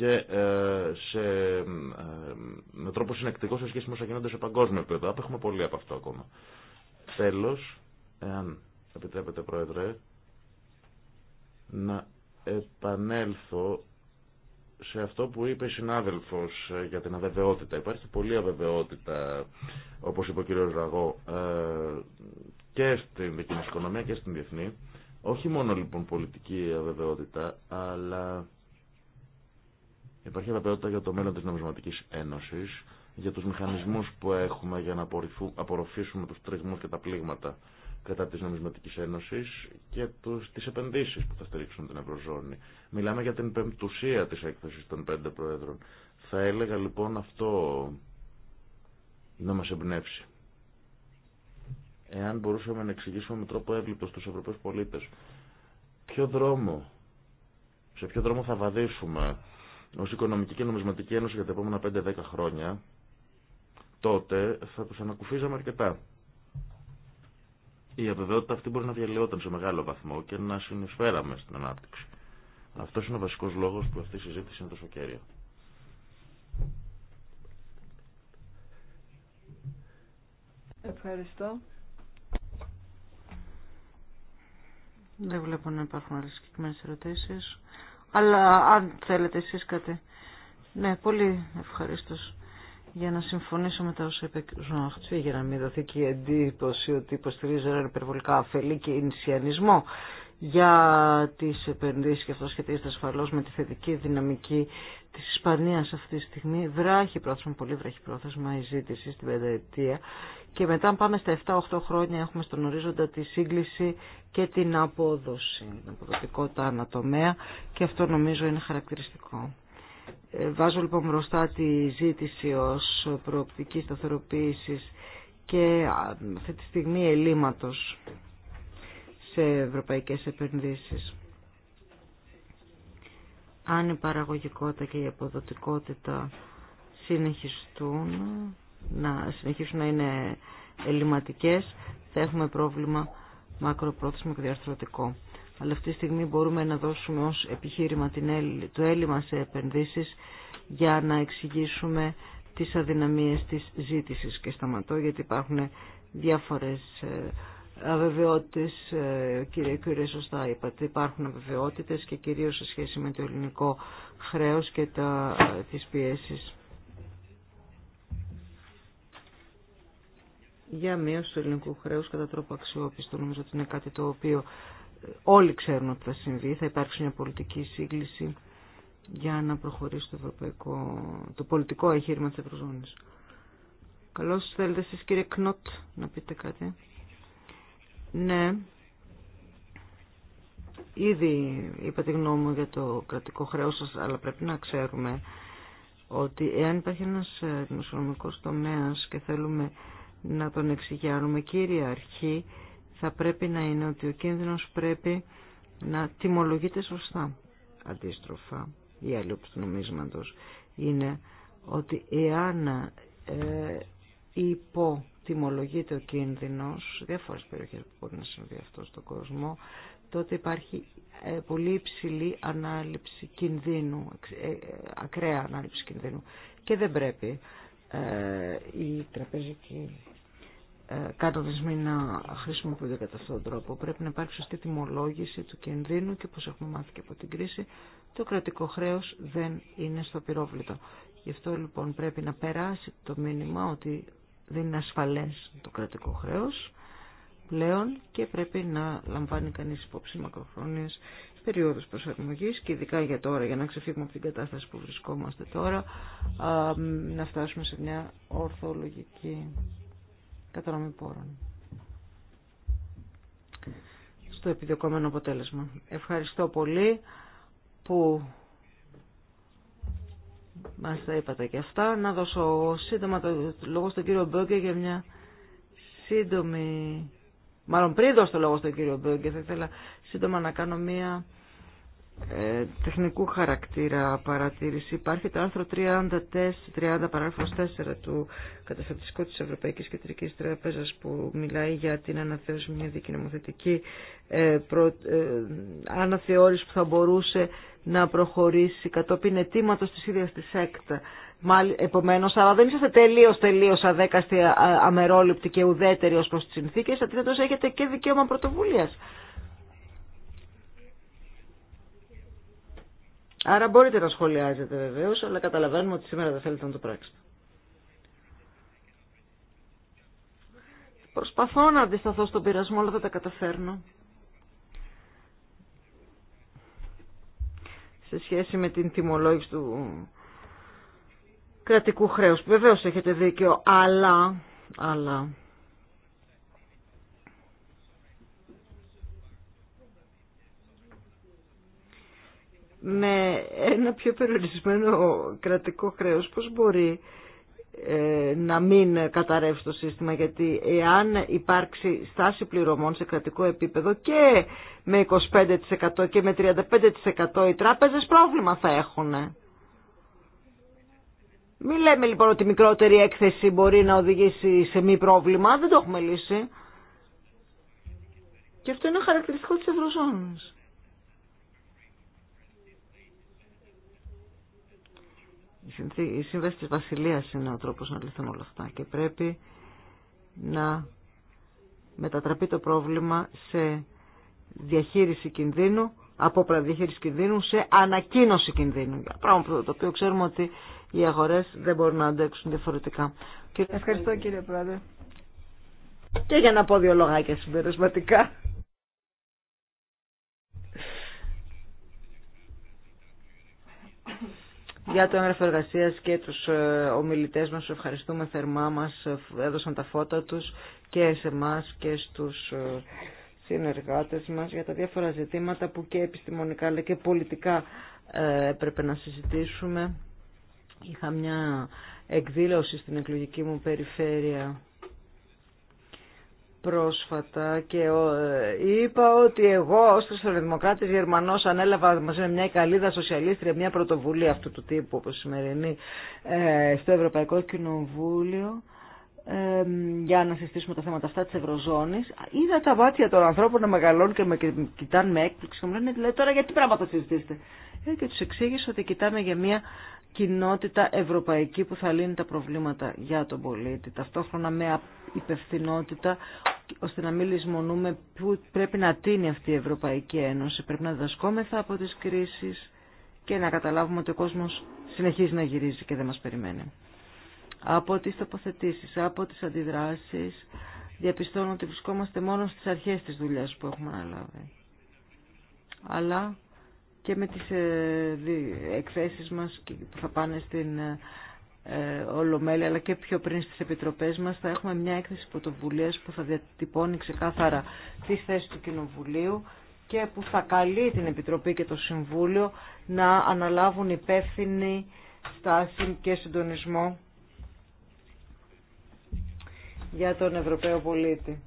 και ε, σε, ε, με τρόπο συνεκτικό σε σχέση με όσα γίνονται σε παγκόσμιο επίπεδο. Απέχουμε πολύ από αυτό ακόμα. Τέλο, εάν επιτρέπετε Πρόεδρε, να επανέλθω σε αυτό που είπε η συνάδελφος για την αβεβαιότητα. Υπάρχει πολλή αβεβαιότητα, όπως είπε ο κ. Ραγό, ε, και στην δική οικονομία και στην διεθνή. Όχι μόνο λοιπόν πολιτική αβεβαιότητα, αλλά Υπάρχει βεβαιότητα για το μέλλον της νομισματικής ένωσης, για τους μηχανισμούς που έχουμε για να απορροφήσουμε τους τριγμούς και τα πλήγματα κατά της νομισματικής ένωσης και τους, τις επενδύσεις που θα στηρίξουν την Ευρωζώνη. Μιλάμε για την πεμπτουσία της έκθεσης των πέντε προέδρων. Θα έλεγα λοιπόν αυτό να μας εμπνεύσει. Εάν μπορούσαμε να εξηγήσουμε με τρόπο έβλητο στους Ευρωπαίους πολίτες ποιο δρόμο, σε ποιο δρόμο θα βαδίσουμε Ω Οικονομική και Νομισματική Ένωση για τα επόμενα 5-10 χρόνια, τότε θα του ανακουφίζαμε αρκετά. Η αβεβαιότητα αυτή μπορεί να διαλυόταν σε μεγάλο βαθμό και να συνεισφέραμε στην ανάπτυξη. Αυτός είναι ο βασικός λόγος που αυτή η συζήτηση είναι τόσο κέρια. Ευχαριστώ. Δεν βλέπω να υπάρχουν άλλε συγκεκριμένε ερωτήσεις. Αλλά αν θέλετε εσείς κάτι. Ναι, πολύ ευχαριστώ. Για να συμφωνήσω με τα όσα είπε ο για να μην δοθεί και η εντύπωση ότι υποστηρίζει έναν υπερβολικά αφελή και ινσιανισμό για τις επενδύσεις και αυτό σχετίζεται ασφαλώς με τη θετική δυναμική της Ισπανίας αυτή τη στιγμή. Βράχει πρόθεσμα, πολύ βράχει πρόθεσμα η ζήτηση στην πενταετία. Και μετά πάμε στα 7-8 χρόνια έχουμε στον ορίζοντα τη σύγκληση και την απόδοση, την αποδοτικότητα ανατομέα και αυτό νομίζω είναι χαρακτηριστικό. Ε, βάζω λοιπόν μπροστά τη ζήτηση ως προοπτική σταθεροποίηση και αυτή τη στιγμή ελλείμματος σε ευρωπαϊκές επενδύσεις αν η παραγωγικότητα και η αποδοτικότητα συνεχιστούν, να συνεχίσουν να είναι ελληματικές, θα έχουμε πρόβλημα μακροπρόθεσμο και διαστρωτικό. Αλλά αυτή τη στιγμή μπορούμε να δώσουμε ως επιχείρημα το έλλειμμα σε επενδύσεις για να εξηγήσουμε τις αδυναμίες της ζήτησης. Και σταματώ γιατί υπάρχουν διάφορες ε, αβεβαιότητες, ε, κύριε Κύριε, σωστά είπατε, υπάρχουν αβεβαιότητες και κυρίως σε σχέση με το ελληνικό χρέος και τα, ε, τις πιέσεις. Για μείωση του ελληνικού χρέους κατά τρόπο αξιόπιστο, νομίζω ότι είναι κάτι το οποίο ε, όλοι ξέρουν ότι θα συμβεί, θα υπάρξει μια πολιτική σύγκληση για να προχωρήσει το, ευρωπαϊκό, το πολιτικό εγχείρημα της Ευρωζώνης. Καλώς θέλετε εσείς κύριε Κνότ να πείτε κάτι. Ναι. Ήδη είπα τη γνώμη μου για το κρατικό χρέος σας, αλλά πρέπει να ξέρουμε ότι εάν υπάρχει ένας ε, δημοσιονομικός τομέας και θέλουμε να τον εξηγιάνουμε κύρια αρχή, θα πρέπει να είναι ότι ο κίνδυνος πρέπει να τιμολογείται σωστά. Αντίστροφα, η άλλη του νομίσματος είναι ότι εάν ε, υπό τιμολογείται ο κίνδυνος σε διάφορες περιοχές που μπορεί να συμβεί αυτό στον κόσμο, τότε υπάρχει ε, πολύ υψηλή ανάληψη κινδύνου, ε, ακραία ανάληψη κινδύνου και δεν πρέπει η τραπεζική ε, ε να χρησιμοποιούνται κατά αυτόν τον τρόπο. Πρέπει να υπάρχει σωστή τιμολόγηση του κινδύνου και όπως έχουμε μάθει και από την κρίση, το κρατικό χρέος δεν είναι στο πυρόβλητο. Γι' αυτό λοιπόν πρέπει να περάσει το μήνυμα ότι δεν είναι ασφαλές το κρατικό χρέος πλέον και πρέπει να λαμβάνει κανείς υπόψη μακροχρόνιες περίοδους προσαρμογής και ειδικά για τώρα, για να ξεφύγουμε από την κατάσταση που βρισκόμαστε τώρα, να φτάσουμε σε μια ορθολογική κατανομή πόρων. Στο επιδιωκόμενο αποτέλεσμα. Ευχαριστώ πολύ που μας τα είπατε και αυτά. Να δώσω σύντομα το λόγο στον κύριο Μπέγκε για μια σύντομη... Μάλλον πριν δώσω το λόγο στον κύριο Μπέγκε θα ήθελα σύντομα να κάνω μια ε, τεχνικού χαρακτήρα παρατήρηση. Υπάρχει το άρθρο 30, 30 παράγραφος 4 του καταστατιστικού της Ευρωπαϊκής Κεντρικής Τραπέζας που μιλάει για την αναθεώρηση μια δίκη ε, ε, αναθεώρηση που θα μπορούσε να προχωρήσει κατόπιν αιτήματο τη ίδια τη ΕΚΤ. Επομένω, αλλά δεν είσαστε τελείω τελείω αδέκαστοι, αμερόληπτοι και ουδέτεροι ω προ τι συνθήκε. Αντίθετο, έχετε και δικαίωμα πρωτοβουλία. Άρα μπορείτε να σχολιάζετε βεβαίω, αλλά καταλαβαίνουμε ότι σήμερα δεν θέλετε να το πράξετε. Προσπαθώ να αντισταθώ στον πειρασμό, αλλά δεν τα καταφέρνω. σε σχέση με την τιμολόγηση του κρατικού χρέους. Βεβαίως έχετε δίκιο, αλλά, αλλά με ένα πιο περιορισμένο κρατικό χρέος πώς μπορεί ε, να μην καταρρεύσει το σύστημα γιατί εάν υπάρξει στάση πληρωμών σε κρατικό επίπεδο και με 25% και με 35% οι τράπεζες πρόβλημα θα έχουν. Μην λέμε λοιπόν ότι μικρότερη έκθεση μπορεί να οδηγήσει σε μη πρόβλημα, δεν το έχουμε λύσει. Και αυτό είναι χαρακτηριστικό της Ευρωζώνης. η σύμβαση της Βασιλείας είναι ο τρόπος να λυθούν όλα αυτά και πρέπει να μετατραπεί το πρόβλημα σε διαχείριση κινδύνου, από διαχείριση κινδύνου σε ανακοίνωση κινδύνου. Πράγμα το οποίο ξέρουμε ότι οι αγορές δεν μπορούν να αντέξουν διαφορετικά. Ευχαριστώ κύριε Πρόεδρε. Και για να πω δύο λογάκια συμπερισματικά. για το έγγραφο εργασία και τους ε, ομιλητές μας. ευχαριστούμε θερμά, μας ε, έδωσαν τα φώτα τους και σε εμά και στους ε, συνεργάτες μας για τα διάφορα ζητήματα που και επιστημονικά αλλά και πολιτικά έπρεπε να συζητήσουμε. Είχα μια εκδήλωση στην εκλογική μου περιφέρεια πρόσφατα και ε, είπα ότι εγώ ως χριστιανοδημοκράτης Γερμανός ανέλαβα μαζί με μια καλύδα σοσιαλίστρια μια πρωτοβουλία αυτού του τύπου όπως σημερινή ε, στο Ευρωπαϊκό Κοινοβούλιο για να συζητήσουμε τα θέματα αυτά τη Ευρωζώνη. Είδα τα μάτια των ανθρώπων να μεγαλώνουν και με κοιτάνε με έκπληξη και μου λένε λέει, τώρα γιατί πράγματα συζητήσετε. Ε, και του εξήγησε ότι κοιτάμε για μια κοινότητα ευρωπαϊκή που θα λύνει τα προβλήματα για τον πολίτη. Ταυτόχρονα με υπευθυνότητα ώστε να μην λησμονούμε που πρέπει να τίνει αυτή η Ευρωπαϊκή Ένωση. Πρέπει να διδασκόμεθα από τις κρίσεις και να καταλάβουμε ότι ο κόσμος συνεχίζει να γυρίζει και δεν μας περιμένει από τις τοποθετήσει, από τις αντιδράσεις, διαπιστώνω ότι βρισκόμαστε μόνο στις αρχές της δουλειάς που έχουμε αναλάβει. Αλλά και με τις ε, εκθέσεις μας που θα πάνε στην ε, ε, Ολομέλη αλλά και πιο πριν στις επιτροπές μας θα έχουμε μια έκθεση πρωτοβουλία που θα διατυπώνει ξεκάθαρα τη θέση του Κοινοβουλίου και που θα καλεί την Επιτροπή και το Συμβούλιο να αναλάβουν υπεύθυνη στάση και συντονισμό για τον Ευρωπαίο πολίτη.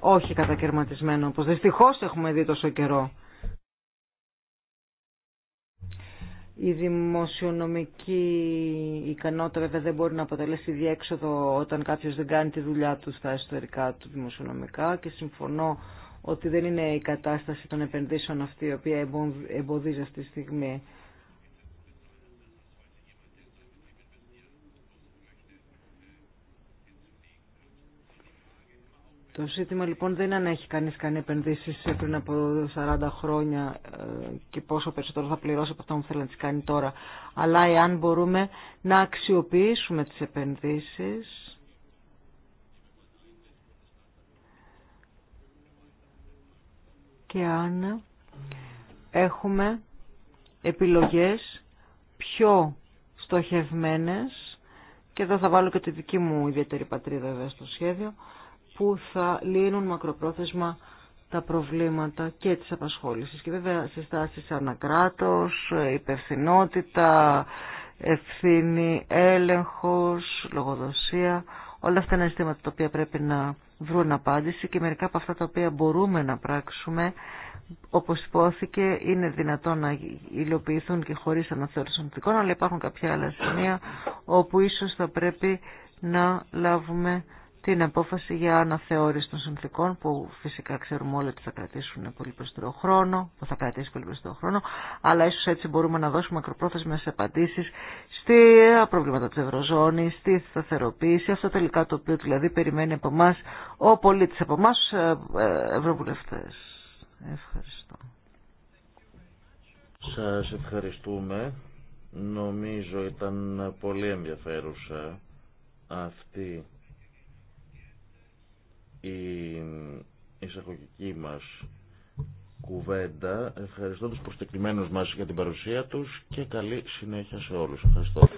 Όχι κατακαιρματισμένο, όπως δυστυχώς έχουμε δει τόσο καιρό. Η δημοσιονομική ικανότητα βέβαια δεν μπορεί να αποτελέσει διέξοδο όταν κάποιος δεν κάνει τη δουλειά του στα εσωτερικά του δημοσιονομικά και συμφωνώ ότι δεν είναι η κατάσταση των επενδύσεων αυτή η οποία εμποδίζει αυτή τη στιγμή Το ζήτημα λοιπόν δεν είναι αν έχει κάνει κάνει επενδύσει πριν από 40 χρόνια ε, και πόσο περισσότερο θα πληρώσει από αυτό που θέλει να κάνει τώρα, αλλά εάν μπορούμε να αξιοποιήσουμε τις επενδύσεις και αν έχουμε επιλογές πιο στοχευμένες και εδώ θα βάλω και τη δική μου ιδιαίτερη πατρίδα βέβαια στο σχέδιο που θα λύνουν μακροπρόθεσμα τα προβλήματα και τις απασχόλησης. Και βέβαια συστάσεις ανακράτος, υπευθυνότητα, ευθύνη, έλεγχος, λογοδοσία, όλα αυτά είναι αισθήματα τα οποία πρέπει να βρουν απάντηση και μερικά από αυτά τα οποία μπορούμε να πράξουμε, όπως υπόθηκε, είναι δυνατόν να υλοποιηθούν και χωρίς αναθεώρηση νοτικών, αλλά υπάρχουν κάποια άλλα σημεία όπου ίσως θα πρέπει να λάβουμε την απόφαση για αναθεώρηση των συνθήκων που φυσικά ξέρουμε όλοι ότι θα κρατήσουν πολύ περισσότερο χρόνο, που θα κρατήσει πολύ περισσότερο χρόνο, αλλά ίσως έτσι μπορούμε να δώσουμε ακροπρόθεσμες απαντήσεις στη προβλήματα της Ευρωζώνης, στη σταθεροποίηση, αυτό τελικά το οποίο δηλαδή περιμένει από εμά ο πολίτης, από εμά ε, ε, ευρωβουλευτές. Ευχαριστώ. Σας ευχαριστούμε. Νομίζω ήταν πολύ ενδιαφέρουσα αυτή η εισαγωγική μας κουβέντα. Ευχαριστώ τους προσκεκλημένους μας για την παρουσία τους και καλή συνέχεια σε όλους. Ευχαριστώ.